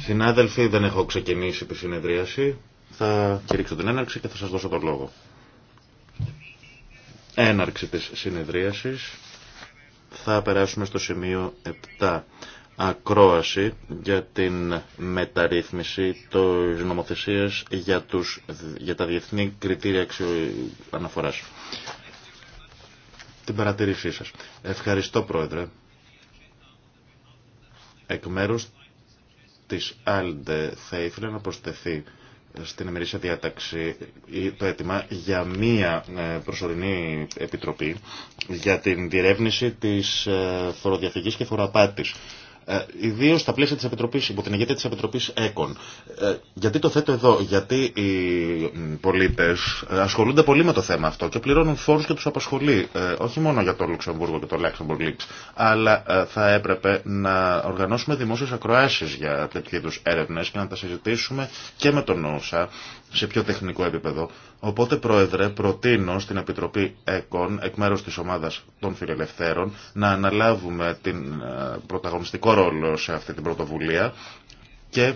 Συνάδελφοι, δεν έχω ξεκινήσει τη συνεδρίαση. Θα κηρύξω την έναρξη και θα σας δώσω τον λόγο. Έναρξη της συνεδρίασης. Θα περάσουμε στο σημείο 7. Ακρόαση για την μεταρρύθμιση της νομοθεσίας για, τους, για τα διεθνή κριτήρια αναφοράς την παρατηρήσή σας. Ευχαριστώ Πρόεδρε. Εκ μέρους της Άλντε θα ήθελα να προσθεθεί στην ημερήσια διάταξη το αίτημα για μία ε, προσωρινή επιτροπή για την διερεύνηση της ε, φοροδιαφυγής και φοροαπάτης ε, Ιδίω στα πλαίσια τη Επιτροπή, υπό την ηγέτη τη Επιτροπή ΕΚΟΝ. Ε, γιατί το θέτω εδώ, Γιατί οι πολίτε ε, ασχολούνται πολύ με το θέμα αυτό και πληρώνουν φόρου και του απασχολεί. Ε, όχι μόνο για το Λουξεμβούργο και το Luxembourg αλλά θα έπρεπε να οργανώσουμε δημόσιε ακροάσει για τέτοιου είδου έρευνε και να τα συζητήσουμε και με τον ΩΣΑ σε πιο τεχνικό επίπεδο. Οπότε, Πρόεδρε, προτείνω στην Επιτροπή ΕΚΟΝ, εκ μέρου τη ομάδα των Φιλελευθέρων, να αναλάβουμε την ε, πρωταγωνιστικό ρόλο σε αυτή την πρωτοβουλία και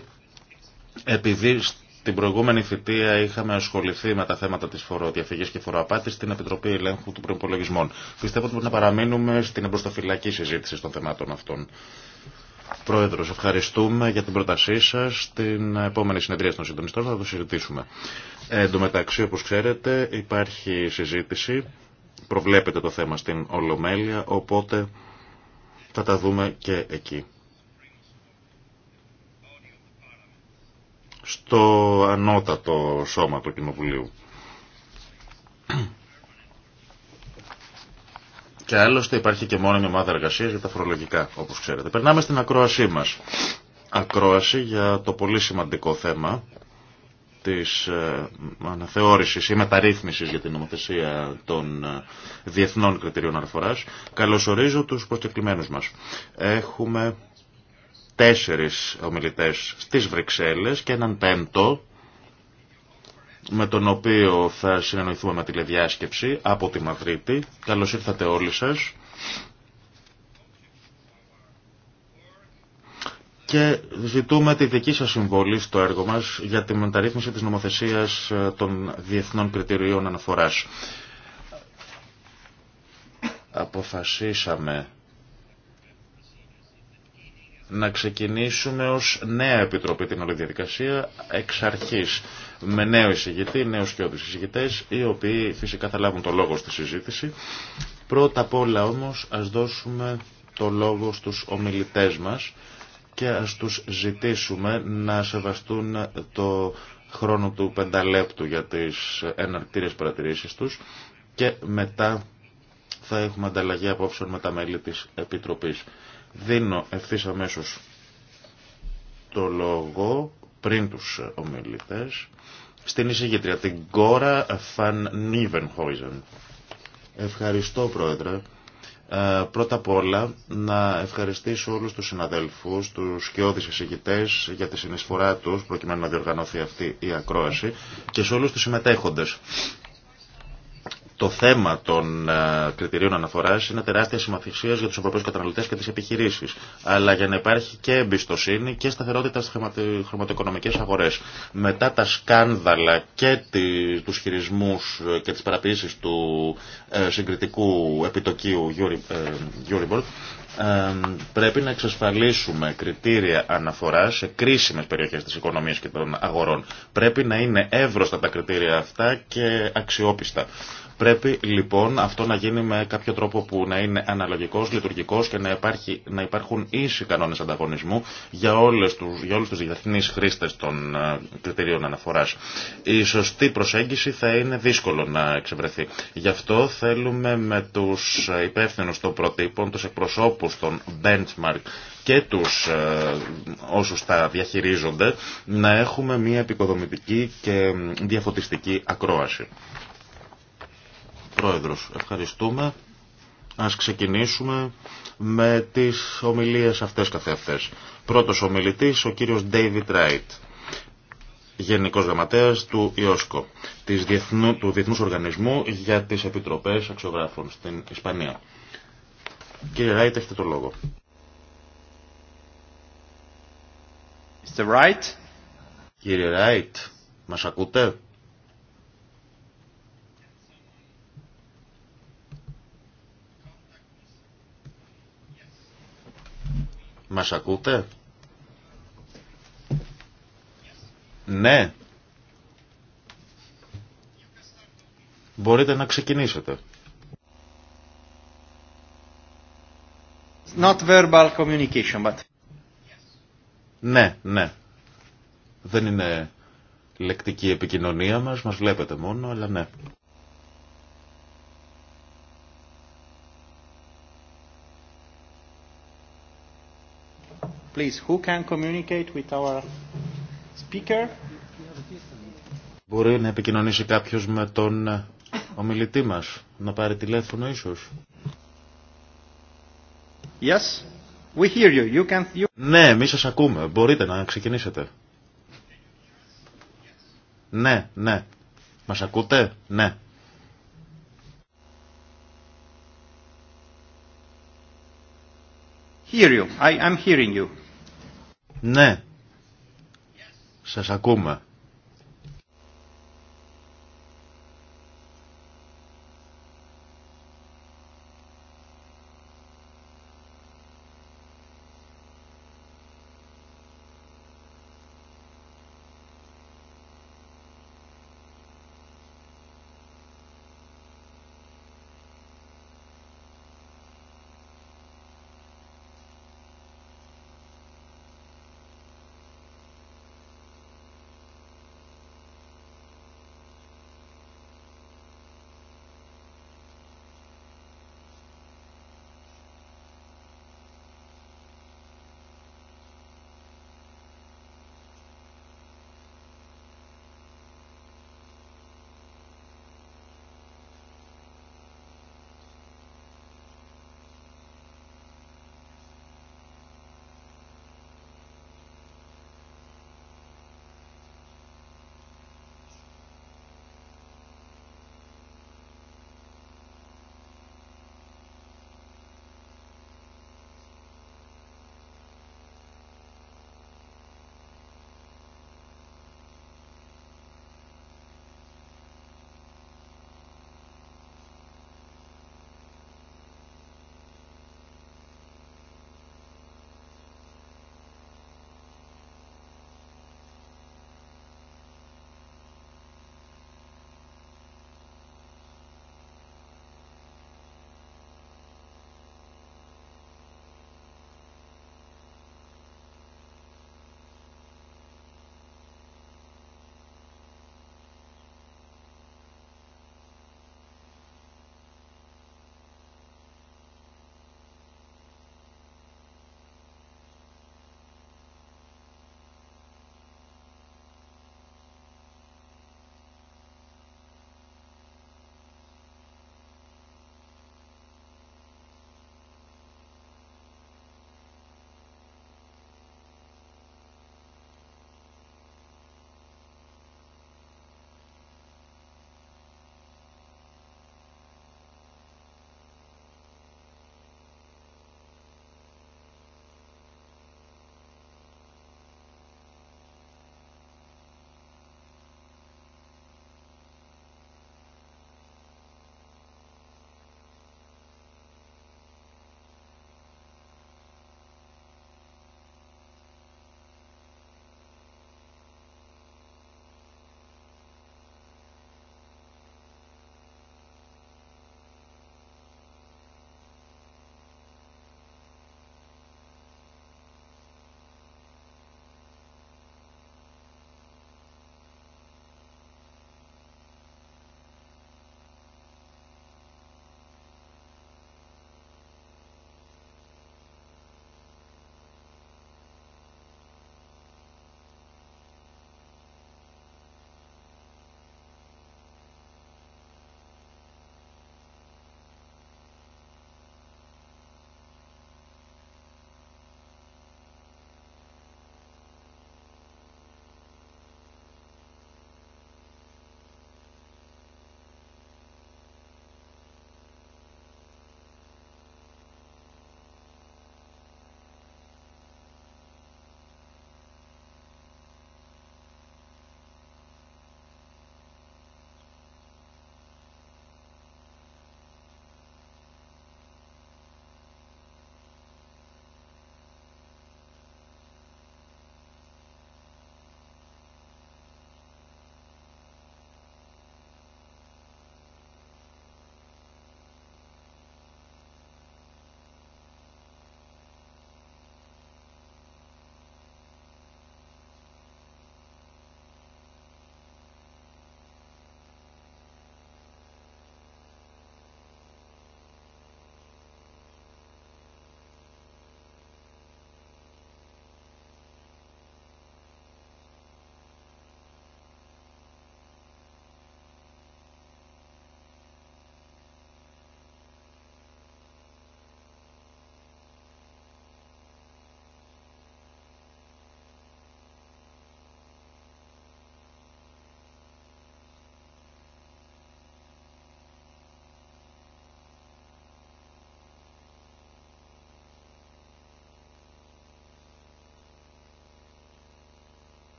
επειδή την προηγούμενη θητεία είχαμε ασχοληθεί με τα θέματα τη φοροδιαφυγή και φοροαπάτη στην Επιτροπή Ελέγχου του Προπολογισμών. Πιστεύω ότι να παραμείνουμε στην εμπροστοφυλακή συζήτηση των θεμάτων αυτών. Πρόεδρος, ευχαριστούμε για την πρότασή σας. στην επόμενη συνεδρία των συντονιστών θα το συζητήσουμε. Ε, εν τω μεταξύ, όπως ξέρετε, υπάρχει συζήτηση. Προβλέπετε το θέμα στην Ολομέλεια, οπότε θα τα δούμε και εκεί. Στο ανώτατο σώμα του Κοινοβουλίου. Και άλλωστε υπάρχει και μόνιμη ομάδα εργασία για τα φορολογικά, όπω ξέρετε. Περνάμε στην ακρόασή μα. Ακρόαση για το πολύ σημαντικό θέμα τη ε, αναθεώρηση ή μεταρρύθμιση για την νομοθεσία των ε, διεθνών κριτηρίων αναφορά. Καλωσορίζω του προσκεκλημένου μα. Έχουμε τέσσερι ομιλητές στις Βρυξέλλες και έναν πέμπτο με τον οποίο θα συνεννοηθούμε με τηλεδιάσκεψη από τη Μαδρίτη. Καλώς ήρθατε όλοι σας. Και ζητούμε τη δική σας συμβολή στο έργο μας για τη μεταρρύθμιση της νομοθεσίας ε, των διεθνών κριτηρίων αναφοράς. Αποφασίσαμε να ξεκινήσουμε ως νέα επιτροπή την όλη διαδικασία εξ αρχής με νέο εισηγητή, νέους και όδους εισηγητές, οι οποίοι φυσικά θα λάβουν το λόγο στη συζήτηση. Πρώτα απ' όλα όμως ας δώσουμε το λόγο στους ομιλητές μας και ας τους ζητήσουμε να σεβαστούν το χρόνο του πενταλέπτου για τις εναρκτήρες παρατηρήσεις τους και μετά θα έχουμε ανταλλαγή απόψεων με τα μέλη της Επιτροπής. Δίνω ευθύς αμέσως το λόγο πριν τους ομιλητές στην εισηγήτρια, την Κόρα Φαν Νίβενχόιζεν. Ευχαριστώ Πρόεδρε. Ε, πρώτα απ' όλα να ευχαριστήσω όλους τους συναδέλφους, τους σκιώδεις εισηγητές για τη συνεισφορά τους προκειμένου να διοργανωθεί αυτή η ακρόαση και σε όλους τους συμμετέχοντες. Το θέμα των ε, κριτηρίων αναφορά είναι τεράστια σημασία για του Ευρωπαίου καταναλωτέ και τι επιχειρήσει. Αλλά για να υπάρχει και εμπιστοσύνη και σταθερότητα στι χρηματοοικονομικέ αγορέ. Μετά τα σκάνδαλα και ε, του χειρισμού και τι παραποιήσει του συγκριτικού επιτοκίου Euribor, ε, πρέπει να εξασφαλίσουμε κριτήρια αναφορά σε κρίσιμε περιοχέ τη οικονομία και των αγορών. Πρέπει να είναι εύρωστα τα κριτήρια αυτά και αξιόπιστα. Πρέπει λοιπόν αυτό να γίνει με κάποιο τρόπο που να είναι αναλογικός, λειτουργικός και να, υπάρχει, να υπάρχουν ίσοι κανόνες ανταγωνισμού για, όλου του για όλους τους διεθνείς χρήστες των ε, κριτηρίων αναφοράς. Η σωστή προσέγγιση θα είναι δύσκολο να εξευρεθεί. Γι' αυτό θέλουμε με τους υπεύθυνους των προτύπων, τους εκπροσώπους των benchmark και τους ε, όσου τα διαχειρίζονται να έχουμε μια επικοδομητική και διαφωτιστική ακρόαση. Πρόεδρος, ευχαριστούμε. Ας ξεκινήσουμε με τις ομιλίες αυτές καθεαυτές. Πρώτος ομιλητής, ο κύριος David Wright, Γενικός Γραμματέας του ΙΟΣΚΟ, της Διεθνού, του Διεθνούς Οργανισμού για τις Επιτροπές Αξιογράφων στην Ισπανία. Κύριε Wright, έχετε το λόγο. Mr. Wright. Κύριε Ράιτ, μας ακούτε? Μας ακούτε? Ναι. Μπορείτε να ξεκινήσετε. not verbal communication, but... Ναι, ναι. Δεν είναι λεκτική επικοινωνία μας, μας βλέπετε μόνο, αλλά ναι. Please, who can communicate with our speaker? Μπορεί να επικοινωνήσει κάποιος με τον ε, ομιλητή μας, να πάρει τηλέφωνο ίσως. Yes, we hear you. You can... You... Ναι, εμείς σας ακούμε. Μπορείτε να ξεκινήσετε. Ναι, ναι. Μας ακούτε, ναι. Hear you. I am hearing you. Ναι. Σας ακούμε.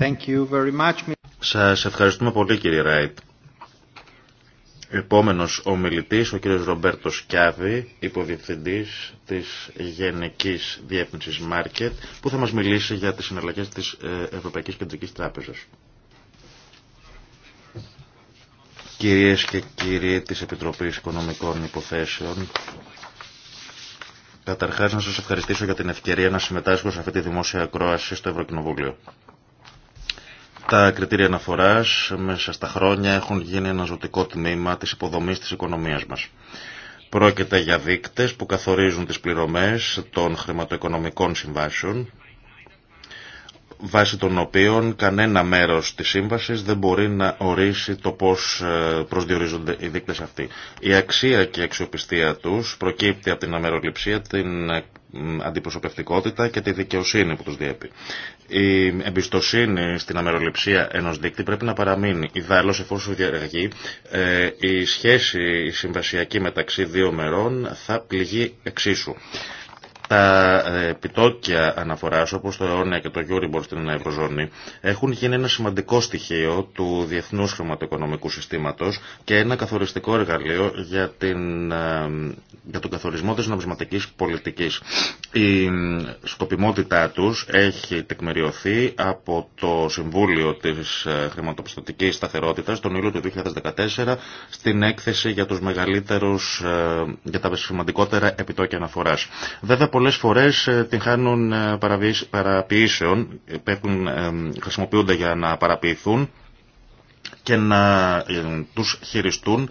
Thank Σας ευχαριστούμε πολύ κύριε Ράιτ. Επόμενος ο μιλητής ο κύριος Ρομπέρτος Κιάβη, υποδιευθυντής της Γενικής Διεύθυνσης Μάρκετ, που θα μας μιλήσει για τις συναλλαγές της ε, Ευρωπαϊκής Κεντρικής Τράπεζας. Κυρίες και κύριοι της Επιτροπής Οικονομικών Υποθέσεων, καταρχάς να σας ευχαριστήσω για την ευκαιρία να συμμετάσχω σε αυτή τη δημόσια ακρόαση στο Ευρωκοινοβούλιο. Τα κριτήρια αναφοράς μέσα στα χρόνια έχουν γίνει ένα ζωτικό τμήμα της υποδομής της οικονομίας μας. Πρόκειται για δείκτες που καθορίζουν τις πληρωμές των χρηματοοικονομικών συμβάσεων, βάσει των οποίων κανένα μέρος της σύμβασης δεν μπορεί να ορίσει το πώς ε, προσδιορίζονται οι δείκτες αυτοί. Η αξία και η αξιοπιστία τους προκύπτει από την αμεροληψία, την ε, αντιπροσωπευτικότητα και τη δικαιοσύνη που τους διέπει. Η εμπιστοσύνη στην αμεροληψία ενός δείκτη πρέπει να παραμείνει. Ιδάλλως, εφόσον διαργεί, ε, η σχέση συμβασιακή μεταξύ δύο μερών θα πληγεί εξίσου. Τα ε, επιτόκια αναφορά όπω το αιώνια και το Euribor στην Ευρωζώνη έχουν γίνει ένα σημαντικό στοιχείο του διεθνού χρηματοοικονομικού συστήματο και ένα καθοριστικό εργαλείο για, την, ε, για τον καθορισμό τη νομισματική πολιτική. Η σκοπιμότητά του έχει τεκμηριωθεί από το Συμβούλιο τη ε, Χρηματοπιστωτική Σταθερότητα τον Ιούλιο του 2014 στην έκθεση για, τους μεγαλύτερους, για τα σημαντικότερα επιτόκια αναφορά. Βέβαια, πολλές φορές ε, την χάνουν ε, παραποιήσεων, ε, χρησιμοποιούνται για να παραποιηθούν και να τους χειριστούν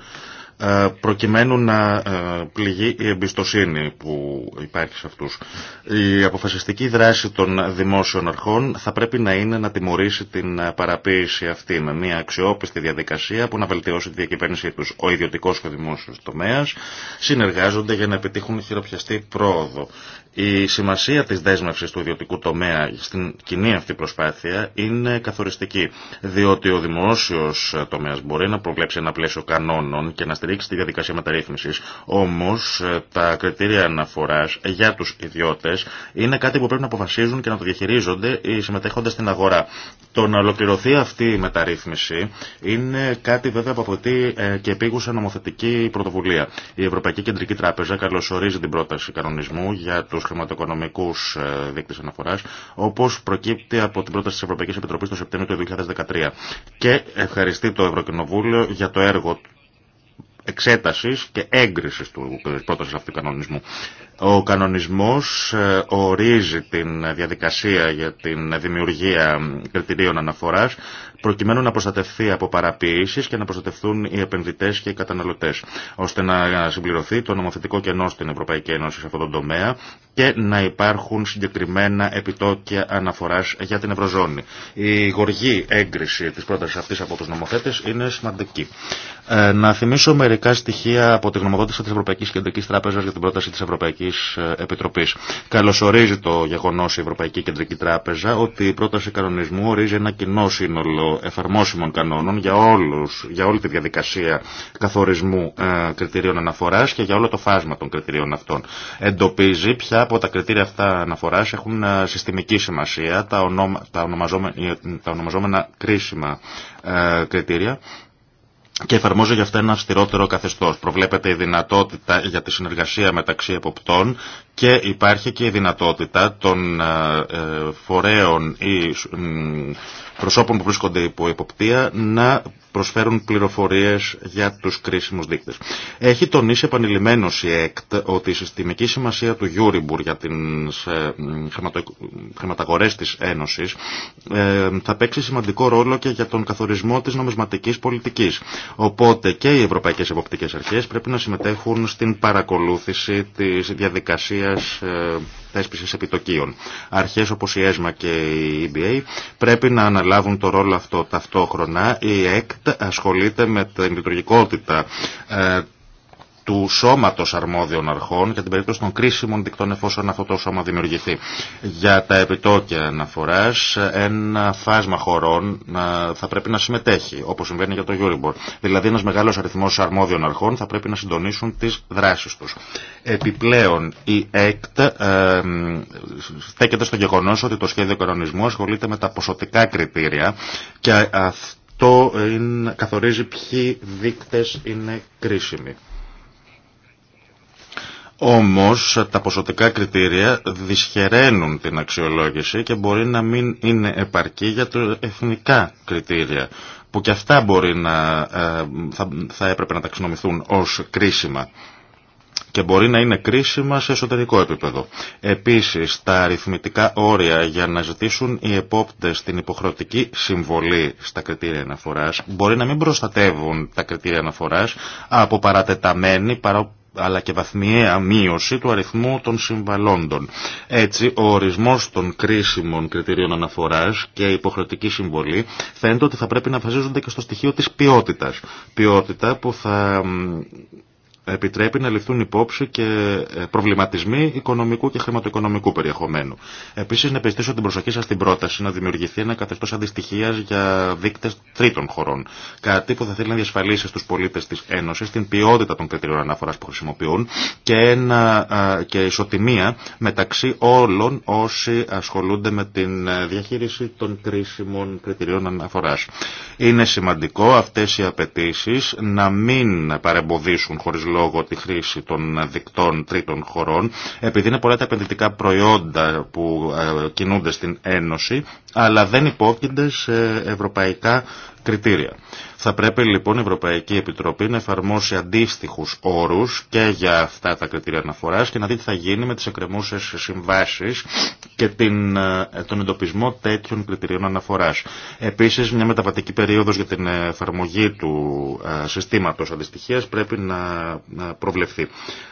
ε, προκειμένου να ε, πληγεί η εμπιστοσύνη που υπάρχει σε αυτούς. Η αποφασιστική δράση των δημόσιων αρχών θα πρέπει να είναι να τιμωρήσει την παραποίηση αυτή με μια αξιόπιστη διαδικασία που να βελτιώσει τη διακυβέρνησή τους. Ο ιδιωτικός και ο δημόσιος τομέας συνεργάζονται για να επιτύχουν χειροπιαστή πρόοδο. Η σημασία της δέσμευσης του ιδιωτικού τομέα στην κοινή αυτή προσπάθεια είναι καθοριστική, διότι ο δημόσιος τομέας μπορεί να προβλέψει ένα πλαίσιο κανόνων και να στηρίξει τη διαδικασία μεταρρύθμισης. Όμως τα κριτήρια αναφοράς για τους ιδιώτες είναι κάτι που πρέπει να αποφασίζουν και να το διαχειρίζονται οι συμμετέχοντες στην αγορά. Το να ολοκληρωθεί αυτή η μεταρρύθμιση είναι κάτι βέβαια που αποτελεί ε, και επίγουσα νομοθετική πρωτοβουλία. Η Ευρωπαϊκή Κεντρική Τράπεζα καλωσορίζει την πρόταση κανονισμού για τους χρηματοοικονομικούς ε, δείκτες αναφοράς, όπως προκύπτει από την πρόταση της Ευρωπαϊκής Επιτροπής το Σεπτέμβριο του 2013. Και ευχαριστεί το Ευρωκοινοβούλιο για το έργο εξέτασης και έγκρισης του πρότασης αυτού του κανονισμού. Ο κανονισμός ε, ορίζει την διαδικασία για την δημιουργία κριτηρίων αναφοράς προκειμένου να προστατευθεί από παραποίησεις και να προστατευτούν οι επενδυτές και οι καταναλωτές ώστε να συμπληρωθεί το νομοθετικό κενό στην Ευρωπαϊκή Ένωση σε αυτόν τον τομέα και να υπάρχουν συγκεκριμένα επιτόκια αναφοράς για την Ευρωζώνη. Η γοργή έγκριση της πρότασης αυτής από τους νομοθέτες είναι σημαντική. Ε, να θυμίσω μερικά στοιχεία από τη γνωμοδότηση της Ευρωπαϊκής Κεντρικής Τράπεζας για την πρόταση της Ευρωπαϊκή. Ευρωπαϊκής ε, Επιτροπής. Καλωσορίζει το γεγονός η Ευρωπαϊκή Κεντρική Τράπεζα ότι η πρόταση κανονισμού ορίζει ένα κοινό σύνολο εφαρμόσιμων κανόνων για, όλους, για όλη τη διαδικασία καθορισμού ε, κριτηρίων αναφοράς και για όλο το φάσμα των κριτηρίων αυτών. Εντοπίζει ποια από τα κριτήρια αυτά αναφοράς έχουν ε, συστημική σημασία, τα, ονομαζόμενα κρίσιμα κριτήρια και εφαρμόζει για αυτά ένα αυστηρότερο καθεστώς. Προβλέπεται η δυνατότητα για τη συνεργασία μεταξύ εποπτών και υπάρχει και η δυνατότητα των ε, ε, φορέων ή προσώπων που βρίσκονται υπό υποπτία να προσφέρουν πληροφορίες για τους κρίσιμους δείκτες. Έχει τονίσει επανειλημμένος η ΕΚΤ ότι η συστημική σημασία του Γιούριμπουρ για τις ε, χρηματαγορές της Ένωσης θα παίξει σημαντικό ρόλο και για τον καθορισμό της νομισματικής πολιτικής. Οπότε και οι Ευρωπαϊκές Εποπτικές Αρχές πρέπει να συμμετέχουν στην παρακολούθηση της διαδικασίας διαδικασίας ε, θέσπισης επιτοκίων. Αρχές όπω η ΕΣΜΑ και η EBA πρέπει να αναλάβουν το ρόλο αυτό ταυτόχρονα. Η ΕΚΤ ασχολείται με την λειτουργικότητα ε, του σώματος αρμόδιων αρχών για την περίπτωση των κρίσιμων δικτών εφόσον αυτό το σώμα δημιουργηθεί. Για τα επιτόκια αναφοράς, ένα φάσμα χωρών ε, θα πρέπει να συμμετέχει, όπως συμβαίνει για το Euribor. Δηλαδή ένας μεγάλος αριθμός αρμόδιων αρχών θα πρέπει να συντονίσουν τις δράσεις τους. Επιπλέον η ΕΚΤ ε, στέκεται στο γεγονός ότι το σχέδιο κανονισμού ασχολείται με τα ποσοτικά κριτήρια και αυτό ε, καθορίζει ποιοι δείκτες είναι κρίσιμοι. Όμως τα ποσοτικά κριτήρια δυσχεραίνουν την αξιολόγηση και μπορεί να μην είναι επαρκή για τα εθνικά κριτήρια που και αυτά μπορεί να, ε, θα, θα έπρεπε να ταξινομηθούν ως κρίσιμα και μπορεί να είναι κρίσιμα σε εσωτερικό επίπεδο. Επίσης, τα αριθμητικά όρια για να ζητήσουν οι επόπτες την υποχρεωτική συμβολή στα κριτήρια αναφοράς μπορεί να μην προστατεύουν τα κριτήρια αναφοράς από παρατεταμένη αλλά και βαθμιαία μείωση του αριθμού των συμβαλλόντων. Έτσι, ο ορισμός των κρίσιμων κριτηρίων αναφοράς και η υποχρεωτική συμβολή φαίνεται ότι θα πρέπει να βασίζονται και στο στοιχείο της ποιότητας. Ποιότητα που θα επιτρέπει να ληφθούν υπόψη και ε, προβληματισμοί οικονομικού και χρηματοοικονομικού περιεχομένου. Επίση, να επιστήσω την προσοχή σα στην πρόταση να δημιουργηθεί ένα καθεστώ αντιστοιχία για δείκτε τρίτων χωρών. Κάτι που θα θέλει να διασφαλίσει στου πολίτε τη Ένωση την ποιότητα των κριτηρίων αναφορά που χρησιμοποιούν και, ένα, και ισοτιμία μεταξύ όλων όσοι ασχολούνται με την ε, διαχείριση των κρίσιμων κριτηρίων αναφορά. Είναι σημαντικό αυτέ οι απαιτήσει να μην παρεμποδίσουν χωρί λόγο τη χρήση των δικτών τρίτων χωρών, επειδή είναι πολλά τα επενδυτικά προϊόντα που ε, κινούνται στην Ένωση, αλλά δεν υπόκεινται σε ευρωπαϊκά κριτήρια. Θα πρέπει λοιπόν η Ευρωπαϊκή Επιτροπή να εφαρμόσει αντίστοιχου όρου και για αυτά τα κριτήρια αναφορά και να δει τι θα γίνει με τι εκκρεμούσε συμβάσει και την, ε, τον εντοπισμό τέτοιων κριτηρίων αναφορά. Επίση, μια μεταβατική περίοδο για την εφαρμογή του ε, συστήματο αντιστοιχία πρέπει να προβλεφθεί.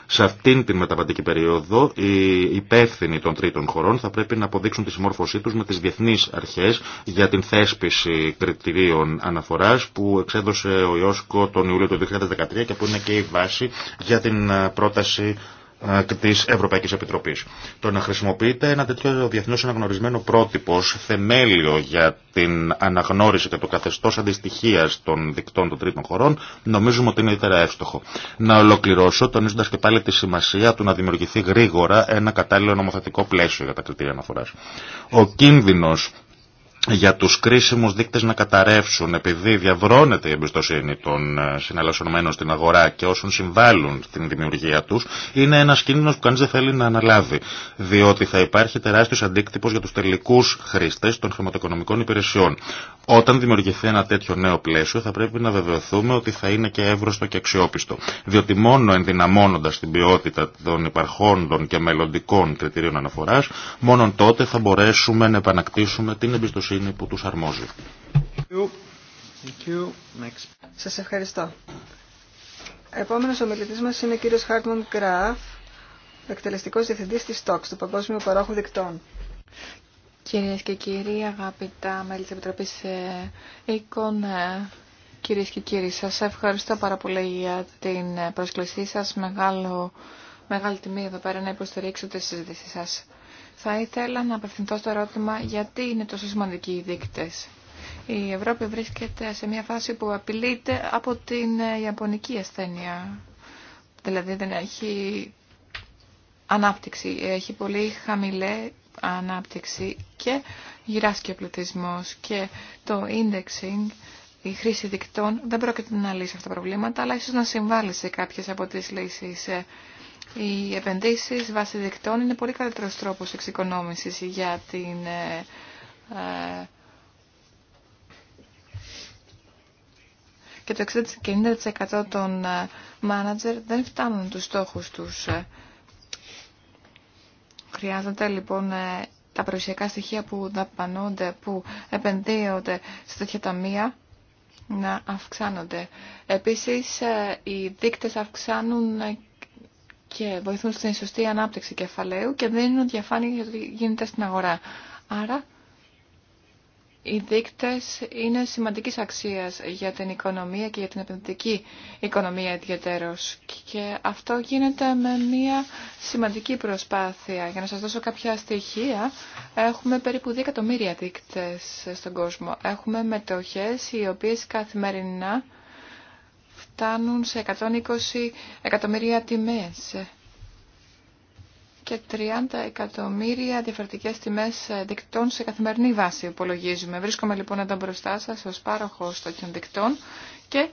Σε αυτήν την μεταβατική περίοδο οι υπεύθυνοι των τρίτων χωρών θα πρέπει να αποδείξουν τη συμμόρφωσή τους με τις διεθνείς αρχές για την θέσπιση κριτηρίων αναφοράς που εξέδωσε ο Ιώσκο τον Ιούλιο του 2013 και που είναι και η βάση για την ε, πρόταση ε, τη Ευρωπαϊκή Επιτροπή. Το να χρησιμοποιείται ένα τέτοιο διεθνώ αναγνωρισμένο πρότυπο θεμέλιο για την αναγνώριση και το καθεστώ αντιστοιχία των δικτών των τρίτων χωρών νομίζουμε ότι είναι ιδιαίτερα εύστοχο. Να ολοκληρώσω τονίζοντα και πάλι τη σημασία του να δημιουργηθεί γρήγορα ένα κατάλληλο νομοθετικό πλαίσιο για τα κριτήρια αναφορά. Ο κίνδυνο για τους κρίσιμους δείκτες να καταρρεύσουν επειδή διαβρώνεται η εμπιστοσύνη των ε, συναλλασσομένων στην αγορά και όσων συμβάλλουν στην δημιουργία τους είναι ένας κίνδυνος που κανείς δεν θέλει να αναλάβει διότι θα υπάρχει τεράστιος αντίκτυπος για τους τελικούς χρήστες των χρηματοοικονομικών υπηρεσιών. Όταν δημιουργηθεί ένα τέτοιο νέο πλαίσιο θα πρέπει να βεβαιωθούμε ότι θα είναι και εύρωστο και αξιόπιστο διότι μόνο ενδυναμώνοντας την ποιότητα των υπαρχόντων και μελλοντικών κριτηρίων αναφοράς μόνο τότε θα μπορέσουμε να επανακτήσουμε την εμπιστοσύνη δικαιοσύνη που τους αρμόζει. Σας ευχαριστώ. Επόμενος ομιλητής μας είναι ο κύριος Χάρτμον Γκράφ, εκτελεστικός διευθυντής της STOX, του Παγκόσμιου Παρόχου Δικτών. Κυρίες και κύριοι, αγαπητά μέλη της Επιτροπής Οίκων, ε, ε, κυρίες και κύριοι, σας ευχαριστώ πάρα πολύ για την ε, πρόσκλησή σας. Μεγάλο, μεγάλη τιμή εδώ πέρα να υποστηρίξω τη συζήτηση σας. Θα ήθελα να απευθυνθώ στο ερώτημα γιατί είναι τόσο σημαντικοί οι δείκτες. Η Ευρώπη βρίσκεται σε μια φάση που απειλείται από την ε, Ιαπωνική ασθένεια. Δηλαδή δεν έχει ανάπτυξη, έχει πολύ χαμηλή ανάπτυξη και γυράσκει ο πληθυσμό και το indexing, η χρήση δικτών δεν πρόκειται να λύσει αυτά τα προβλήματα, αλλά ίσως να συμβάλλει σε κάποιες από τις λύσεις ε, οι επενδύσεις βάσει δικτών είναι πολύ καλύτερο τρόπος εξοικονόμησης για την ε, ε, και το 60-90% των ε, μάνατζερ δεν φτάνουν τους στόχους τους. Χρειάζονται, λοιπόν τα περιουσιακά στοιχεία που δαπανώνται, που επενδύονται σε τέτοια ταμεία να αυξάνονται. Επίσης οι δείκτες αυξάνουν και βοηθούν στην σωστή ανάπτυξη κεφαλαίου και δίνουν διαφάνεια για το τι γίνεται στην αγορά. Άρα οι δείκτες είναι σημαντικής αξίας για την οικονομία και για την επενδυτική οικονομία ιδιαίτερως. Και αυτό γίνεται με μια σημαντική προσπάθεια. Για να σας δώσω κάποια στοιχεία, έχουμε περίπου 2 εκατομμύρια δείκτες στον κόσμο. Έχουμε μετοχές οι οποίες καθημερινά φτάνουν σε 120 εκατομμύρια τιμές και 30 εκατομμύρια διαφορετικές τιμές δικτών σε καθημερινή βάση υπολογίζουμε. Βρίσκομαι λοιπόν εδώ μπροστά σας ως πάροχος τέτοιων δικτών και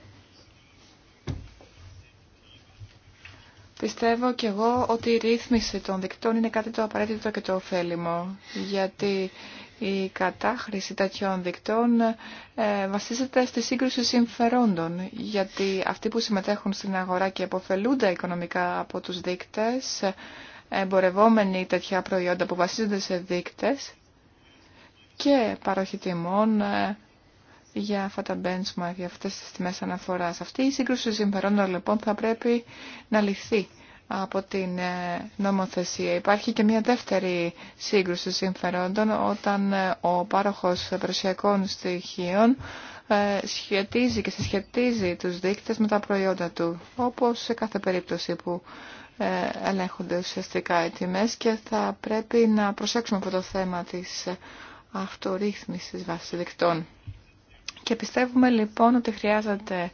Πιστεύω και εγώ ότι η ρύθμιση των δικτών είναι κάτι το απαραίτητο και το ωφέλιμο, γιατί η κατάχρηση τέτοιων δικτών ε, βασίζεται στη σύγκρουση συμφερόντων, γιατί αυτοί που συμμετέχουν στην αγορά και αποφελούνται οικονομικά από τους δείκτες, εμπορευόμενοι τέτοια προϊόντα που βασίζονται σε δείκτες και παροχή τιμών ε, για αυτά τα benchmark, για αυτές τις τιμές αναφοράς. Αυτή η σύγκρουση συμφερόντων λοιπόν θα πρέπει να λυθεί από την ε, νομοθεσία. Υπάρχει και μια δεύτερη σύγκρουση συμφερόντων όταν ε, ο πάροχος περιουσιακών στοιχείων ε, σχετίζει και συσχετίζει τους δείκτες με τα προϊόντα του, όπως σε κάθε περίπτωση που ελέγχονται ουσιαστικά οι τιμές και θα πρέπει να προσέξουμε από το θέμα της αυτορύθμισης βάσης δικτών. Και πιστεύουμε λοιπόν ότι χρειάζεται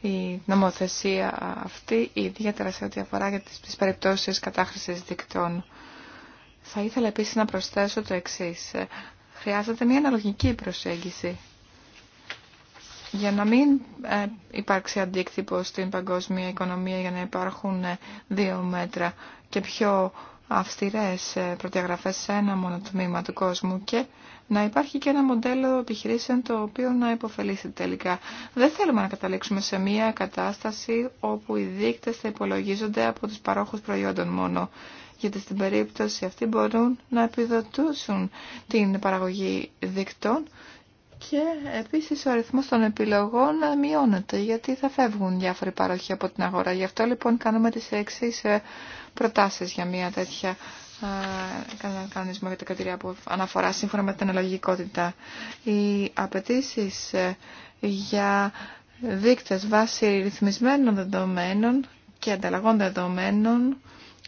η νομοθεσία αυτή, ιδιαίτερα σε ό,τι αφορά για τις περιπτώσεις κατάχρησης δικτών. Θα ήθελα επίσης να προσθέσω το εξής. Χρειάζεται μια αναλογική προσέγγιση για να μην ε, υπάρξει αντίκτυπο στην παγκόσμια οικονομία, για να υπάρχουν ε, δύο μέτρα και πιο αυστηρές ε, προδιαγραφές σε ένα μόνο τμήμα του κόσμου και να υπάρχει και ένα μοντέλο επιχειρήσεων το οποίο να υποφελήσει τελικά. Δεν θέλουμε να καταλήξουμε σε μια κατάσταση όπου οι δείκτες θα υπολογίζονται από τους παρόχους προϊόντων μόνο γιατί στην περίπτωση αυτή μπορούν να επιδοτούσουν την παραγωγή δείκτων και επίσης ο αριθμός των επιλογών μειώνεται γιατί θα φεύγουν διάφοροι παροχοί από την αγορά. Γι' αυτό λοιπόν κάνουμε τις εξή ε, προτάσεις για μια τέτοια κανονισμό για τα κατηρία που αναφορά σύμφωνα με την αναλογικότητα. Οι απαιτήσει ε, για δείκτες βάσει ρυθμισμένων δεδομένων και ανταλλαγών δεδομένων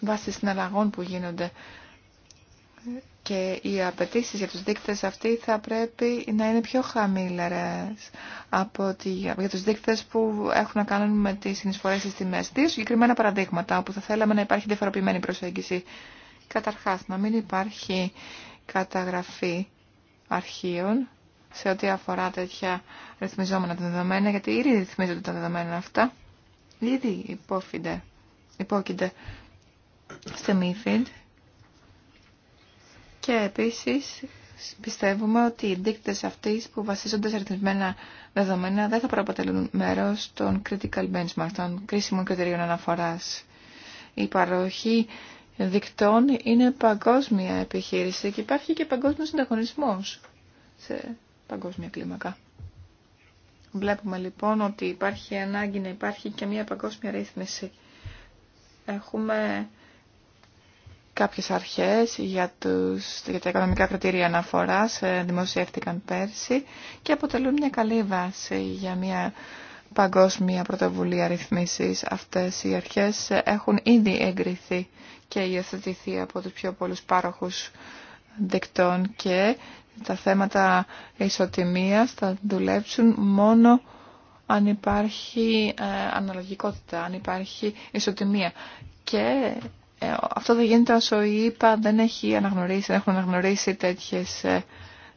βάσει συναλλαγών που γίνονται και οι απαιτήσει για τους δείκτες αυτοί θα πρέπει να είναι πιο χαμήλερες από τη, για τους δείκτες που έχουν να κάνουν με τις συνεισφορές στις τιμές. Δύο συγκεκριμένα παραδείγματα όπου θα θέλαμε να υπάρχει διαφοροποιημένη προσέγγιση. Καταρχάς, να μην υπάρχει καταγραφή αρχείων σε ό,τι αφορά τέτοια ρυθμιζόμενα τα δεδομένα, γιατί ήδη ρυθμίζονται τα δεδομένα αυτά, ήδη υπόκεινται στη MIFID και επίσης πιστεύουμε ότι οι δείκτες αυτής που βασίζονται σε αριθμισμένα δεδομένα δεν θα προαποτελούν μέρος των critical benchmarks, των κρίσιμων κριτηρίων αναφοράς. Η παροχή δικτών είναι παγκόσμια επιχείρηση και υπάρχει και παγκόσμιο συνταγωνισμό σε παγκόσμια κλίμακα. Βλέπουμε λοιπόν ότι υπάρχει ανάγκη να υπάρχει και μια παγκόσμια ρύθμιση. Έχουμε Κάποιες αρχές για, τους, για τα οικονομικά κριτήρια αναφοράς ε, δημοσιεύτηκαν πέρσι και αποτελούν μια καλή βάση για μια παγκόσμια πρωτοβουλία ρυθμίσης. Αυτές οι αρχές έχουν ήδη εγκριθεί και υιοθετηθεί από τους πιο πολλούς πάροχους δεκτών και τα θέματα ισοτιμίας θα δουλέψουν μόνο αν υπάρχει ε, αναλογικότητα, αν υπάρχει ισοτιμία. Και ε, αυτό δεν γίνεται όσο η ΕΠΑ ΕΕ δεν έχει αναγνωρίσει, έχουν αναγνωρίσει τέτοιες, ε,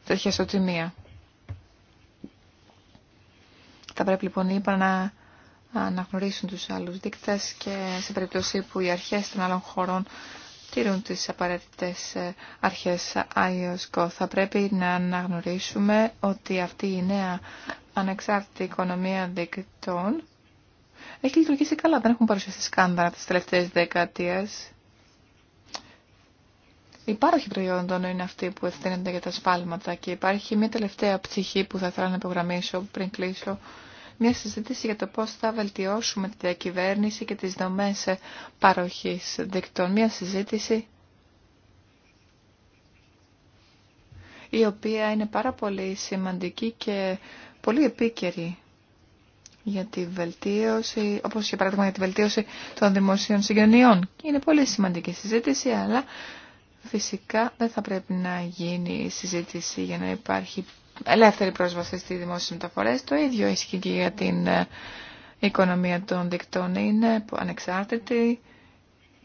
τέτοια σωτημία. Θα πρέπει λοιπόν η ΕΕ να αναγνωρίσουν τους άλλους δείκτες και σε περίπτωση που οι αρχές των άλλων χωρών τηρούν τις απαραίτητες ε, αρχές ΑΙΟΣΚΟ. E θα πρέπει να αναγνωρίσουμε ότι αυτή η νέα ανεξάρτητη οικονομία δείκτων έχει λειτουργήσει καλά. Δεν έχουν παρουσιαστεί σκάνδαρα τις τελευταίες δεκαετίες. Υπάρχει προϊόντων είναι αυτή που ευθύνονται για τα σφάλματα και υπάρχει μια τελευταία ψυχή που θα ήθελα να υπογραμμίσω πριν κλείσω. Μια συζήτηση για το πώς θα βελτιώσουμε τη διακυβέρνηση και τις δομές παροχής δικτών. Μια συζήτηση η οποία είναι πάρα πολύ σημαντική και πολύ επίκαιρη για τη βελτίωση, όπως για παράδειγμα για τη βελτίωση των δημοσίων συγγενειών. Είναι πολύ σημαντική συζήτηση, αλλά φυσικά δεν θα πρέπει να γίνει συζήτηση για να υπάρχει ελεύθερη πρόσβαση στι δημόσιε μεταφορέ. Το ίδιο ισχύει και για την ε, οικονομία των δικτών. Είναι ανεξάρτητη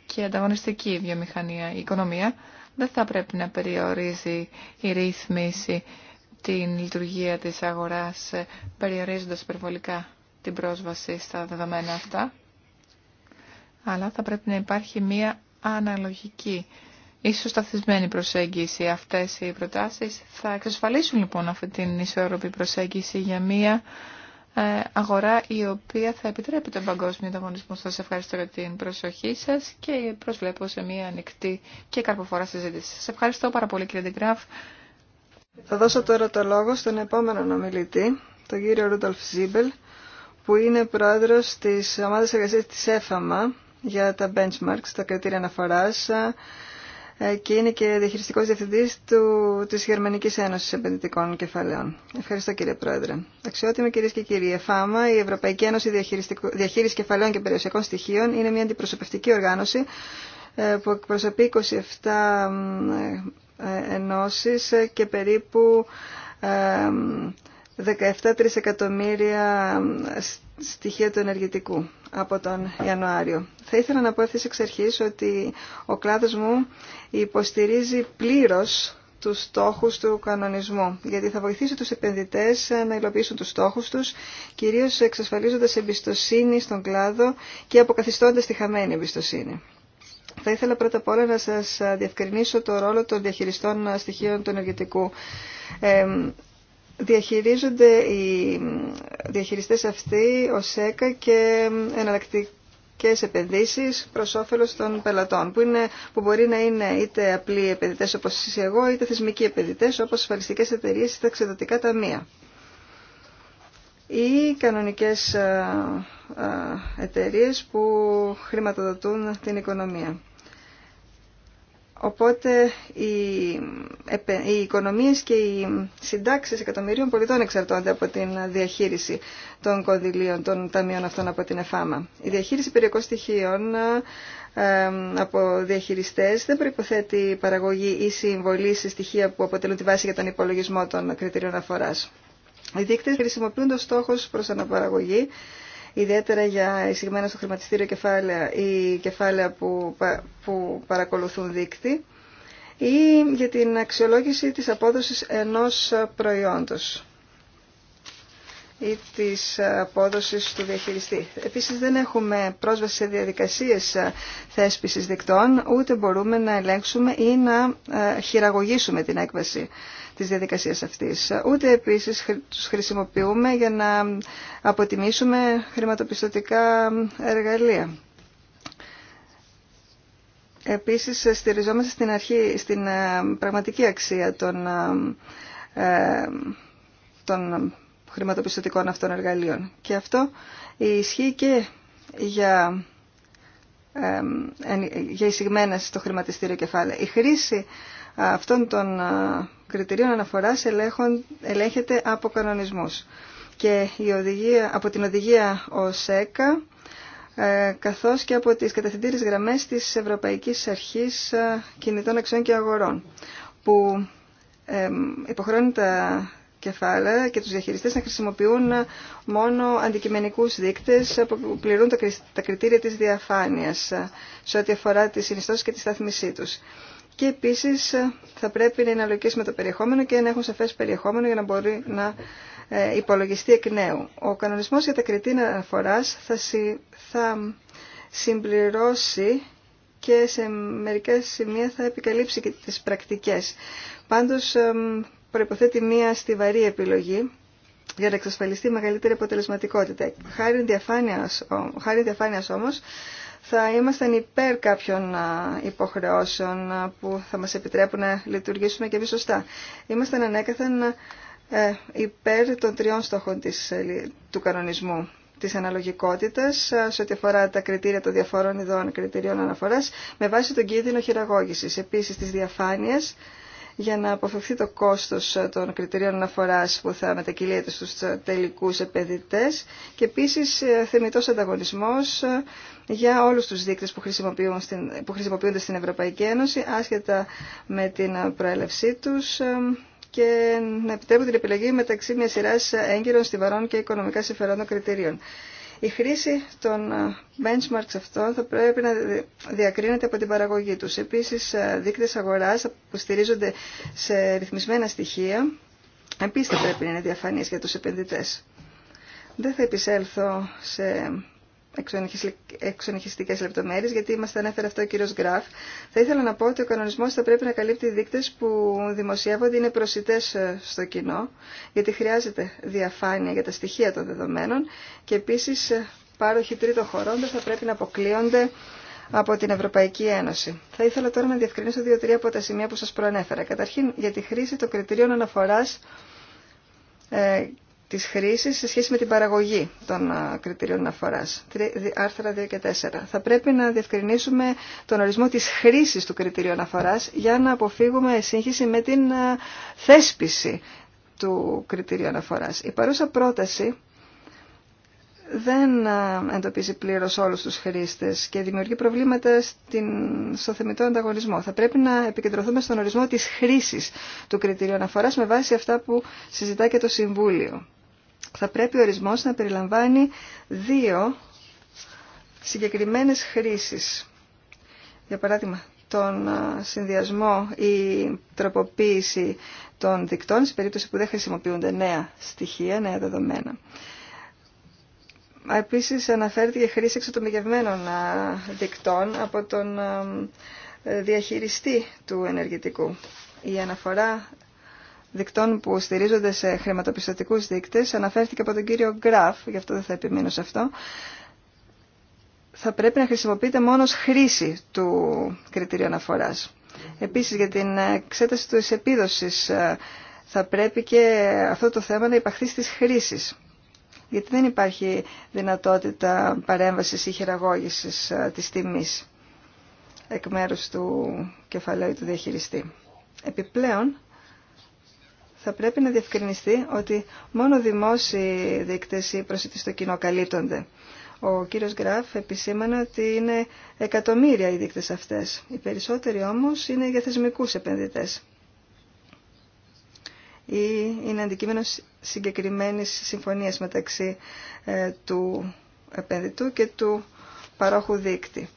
και ανταγωνιστική η βιομηχανία, η οικονομία. Δεν θα πρέπει να περιορίζει η ρύθμιση την λειτουργία της αγοράς ε, περιορίζοντας υπερβολικά την πρόσβαση στα δεδομένα αυτά, αλλά θα πρέπει να υπάρχει μία αναλογική, ίσως σταθισμένη προσέγγιση. Αυτές οι προτάσεις θα εξασφαλίσουν λοιπόν αυτή την ισορροπή προσέγγιση για μία ε, αγορά η οποία θα επιτρέπει τον παγκόσμιο ανταγωνισμό. σα ευχαριστώ για την προσοχή σα και προσβλέπω σε μία ανοιχτή και καρποφορά συζήτηση. Σα ευχαριστώ πάρα πολύ κύριε Ντεγκράφ. Θα δώσω τώρα το λόγο στον επόμενο ομιλητή, τον κύριο Ρούντολφ Ζίμπελ, που είναι πρόεδρος της ομάδας εργασίας της ΕΦΑΜΑ για τα benchmarks, τα κριτήρια αναφοράς ε, και είναι και διαχειριστικός διευθυντής του, της Γερμανικής Ένωσης Επενδυτικών Κεφαλαίων. Ευχαριστώ κύριε Πρόεδρε. Αξιότιμο κυρίες και κύριοι, ΕΦΑΜΑ, η Ευρωπαϊκή Ένωση Διαχείρισης Κεφαλαίων και Περιοσιακών Στοιχείων, είναι μια αντιπροσωπευτική οργάνωση ε, που εκπροσωπεί 27 ε, ενώσεις και περίπου 17 τρισεκατομμύρια στοιχεία του ενεργητικού από τον Ιανουάριο. Θα ήθελα να πω αυτής εξ αρχής ότι ο κλάδος μου υποστηρίζει πλήρως τους στόχους του κανονισμού, γιατί θα βοηθήσει τους επενδυτές να υλοποιήσουν τους στόχους τους, κυρίως εξασφαλίζοντας εμπιστοσύνη στον κλάδο και αποκαθιστώντας τη χαμένη εμπιστοσύνη. Θα ήθελα πρώτα απ' όλα να σας διευκρινίσω το ρόλο των διαχειριστών στοιχείων του ενεργητικού διαχειρίζονται οι διαχειριστές αυτοί ως ΕΚΑ και εναλλακτικές επενδύσεις προ όφελο των πελατών που, είναι, που μπορεί να είναι είτε απλοί επενδυτές όπως εσείς εγώ είτε θεσμικοί επενδυτέ, όπως ασφαλιστικέ εταιρείε, ή ταξιδωτικά ταμεία. Ή κανονικές ε, ε, εταιρείε που χρηματοδοτούν την οικονομία. Οπότε οι, οι οικονομίες και οι συντάξεις εκατομμυρίων πολιτών εξαρτώνται από την διαχείριση των κονδυλίων των ταμείων αυτών από την ΕΦΑΜΑ. Η διαχείριση περιοχών στοιχείων από διαχειριστές δεν προϋποθέτει παραγωγή ή συμβολή σε στοιχεία που αποτελούν τη βάση για τον υπολογισμό των κριτηρίων αφοράς. Οι δείκτες χρησιμοποιούν το στόχο προς αναπαραγωγή ιδιαίτερα για εισηγμένα στο χρηματιστήριο κεφάλαια ή κεφάλαια που, που παρακολουθούν δίκτυ ή για την αξιολόγηση της απόδοσης ενός προϊόντος ή της απόδοσης του διαχειριστή. Επίσης δεν έχουμε πρόσβαση σε διαδικασίες θέσπισης δικτών, ούτε μπορούμε να ελέγξουμε ή να ε, χειραγωγήσουμε την έκβαση της διαδικασίας αυτής. Ούτε επίσης τους χρησιμοποιούμε για να αποτιμήσουμε χρηματοπιστωτικά εργαλεία. Επίσης στηριζόμαστε στην αρχή, στην ε, πραγματική αξία των, ε, ε, των χρηματοπιστωτικών αυτών εργαλείων. Και αυτό ισχύει και για για εισηγμένες στο χρηματιστήριο κεφάλαιο. Η χρήση αυτών των κριτηρίων αναφοράς ελέγχον, ελέγχεται από κανονισμούς. Και η οδηγία, από την οδηγία ΟΣΕΚΑ, ε, καθώς και από τις κατευθυντήρες γραμμές της Ευρωπαϊκής Αρχής ε, Κινητών Αξιών και Αγορών, που ε, υποχρώνει τα κεφάλαια και τους διαχειριστές να χρησιμοποιούν μόνο αντικειμενικούς δείκτες που πληρούν τα κριτήρια της διαφάνειας σε ό,τι αφορά τις συνιστώσεις και τη στάθμισή τους και επίσης ε, θα πρέπει να είναι με το περιεχόμενο και να έχουν σαφές περιεχόμενο για να μπορεί να ε, υπολογιστεί εκ νέου. Ο κανονισμός για τα κριτήρια αναφορά θα, συ, θα συμπληρώσει και σε μερικά σημεία θα επικαλύψει και τις πρακτικές. Πάντως προϋποθέτει μία στιβαρή επιλογή για να εξασφαλιστεί μεγαλύτερη αποτελεσματικότητα. Χάρη διαφάνειας, χάρη διαφάνειας όμως θα ήμασταν υπέρ κάποιων υποχρεώσεων που θα μας επιτρέπουν να λειτουργήσουμε και εμείς σωστά. Ήμασταν ανέκαθεν υπέρ των τριών στόχων της, του κανονισμού της αναλογικότητας σε ό,τι αφορά τα κριτήρια των διαφορών ειδών κριτηρίων αναφοράς με βάση τον κίνδυνο χειραγώγησης. Επίσης της διαφάνειας για να αποφευθεί το κόστος ε, των κριτηρίων αναφοράς που θα μετακυλείται στους ε, τελικούς επενδυτές και επίσης ε, θεμητός ανταγωνισμός για όλους τους δείκτες που, χρησιμοποιούν στην, χρησιμοποιούνται στην Ευρωπαϊκή Ένωση άσχετα με την προέλευσή τους και να επιτρέπουν την επιλογή μεταξύ μια σειρά έγκυρων, στιβαρών και οικονομικά συμφερόντων κριτηρίων. Η χρήση των ε, benchmarks αυτών θα πρέπει να διακρίνεται από την παραγωγή τους. Επίσης, ε, δείκτες αγοράς που στηρίζονται σε ρυθμισμένα στοιχεία, επίσης θα πρέπει να είναι διαφανείς για τους επενδυτές. Δεν θα επισέλθω σε εξονυχιστικέ λεπτομέρειε γιατί μα τα ανέφερε αυτό ο κύριο Γκραφ. Θα ήθελα να πω ότι ο κανονισμό θα πρέπει να καλύπτει δείκτε που δημοσιεύονται, είναι προσιτέ ε, στο κοινό, γιατί χρειάζεται διαφάνεια για τα στοιχεία των δεδομένων και επίση, ε, πάροχοι τρίτων χωρών δεν θα πρέπει να αποκλείονται από την Ευρωπαϊκή Ένωση. Θα ήθελα τώρα να διευκρινίσω δύο-τρία από τα σημεία που σα προανέφερα. Καταρχήν για τη χρήση των κριτηρίων αναφορά. Ε, της χρήσης σε σχέση με την παραγωγή των ε, κριτηρίων αναφοράς. Άρθρα 2 και 4. Θα πρέπει να διευκρινίσουμε τον ορισμό της χρήσης του κριτηρίου αναφοράς για να αποφύγουμε σύγχυση με την ε, θέσπιση του κριτηρίου αναφοράς. Η παρούσα πρόταση δεν ε, εντοπίζει πλήρως όλους τους χρήστες και δημιουργεί προβλήματα στην, στο θεμητό ανταγωνισμό. Θα πρέπει να επικεντρωθούμε στον ορισμό της χρήσης του κριτηρίου αναφοράς με βάση αυτά που συζητά και το Συμβούλιο θα πρέπει ο ορισμός να περιλαμβάνει δύο συγκεκριμένες χρήσεις. Για παράδειγμα, τον συνδυασμό ή τροποποίηση των δικτών σε περίπτωση που δεν χρησιμοποιούνται νέα στοιχεία, νέα δεδομένα. Επίσης αναφέρεται η χρήση εξωτομικευμένων δικτών από τον διαχειριστή του ενεργητικού. Η αναφορά δικτών που στηρίζονται σε χρηματοπιστωτικούς δείκτες αναφέρθηκε από τον κύριο Γκραφ, γι' αυτό δεν θα επιμείνω σε αυτό, θα πρέπει να χρησιμοποιείται μόνος χρήση του κριτήριου αναφοράς. Επίσης για την εξέταση της επίδοσης ε, θα πρέπει και αυτό το θέμα να υπαχθεί στις χρήσεις. Γιατί δεν υπάρχει δυνατότητα παρέμβασης ή χειραγώγησης ε, της τιμής εκ μέρους του κεφαλαίου του διαχειριστή. Επιπλέον, θα πρέπει να διευκρινιστεί ότι μόνο δημόσιοι δείκτες ή προσιτοί στο κοινό καλύπτονται. Ο κύριος Γκράφ επισήμανε ότι είναι εκατομμύρια οι δείκτες αυτές. Οι περισσότεροι όμως είναι για θεσμικούς επενδυτές ή είναι αντικείμενο συγκεκριμένης συμφωνίας μεταξύ ε, του επενδυτού και του παρόχου δείκτη.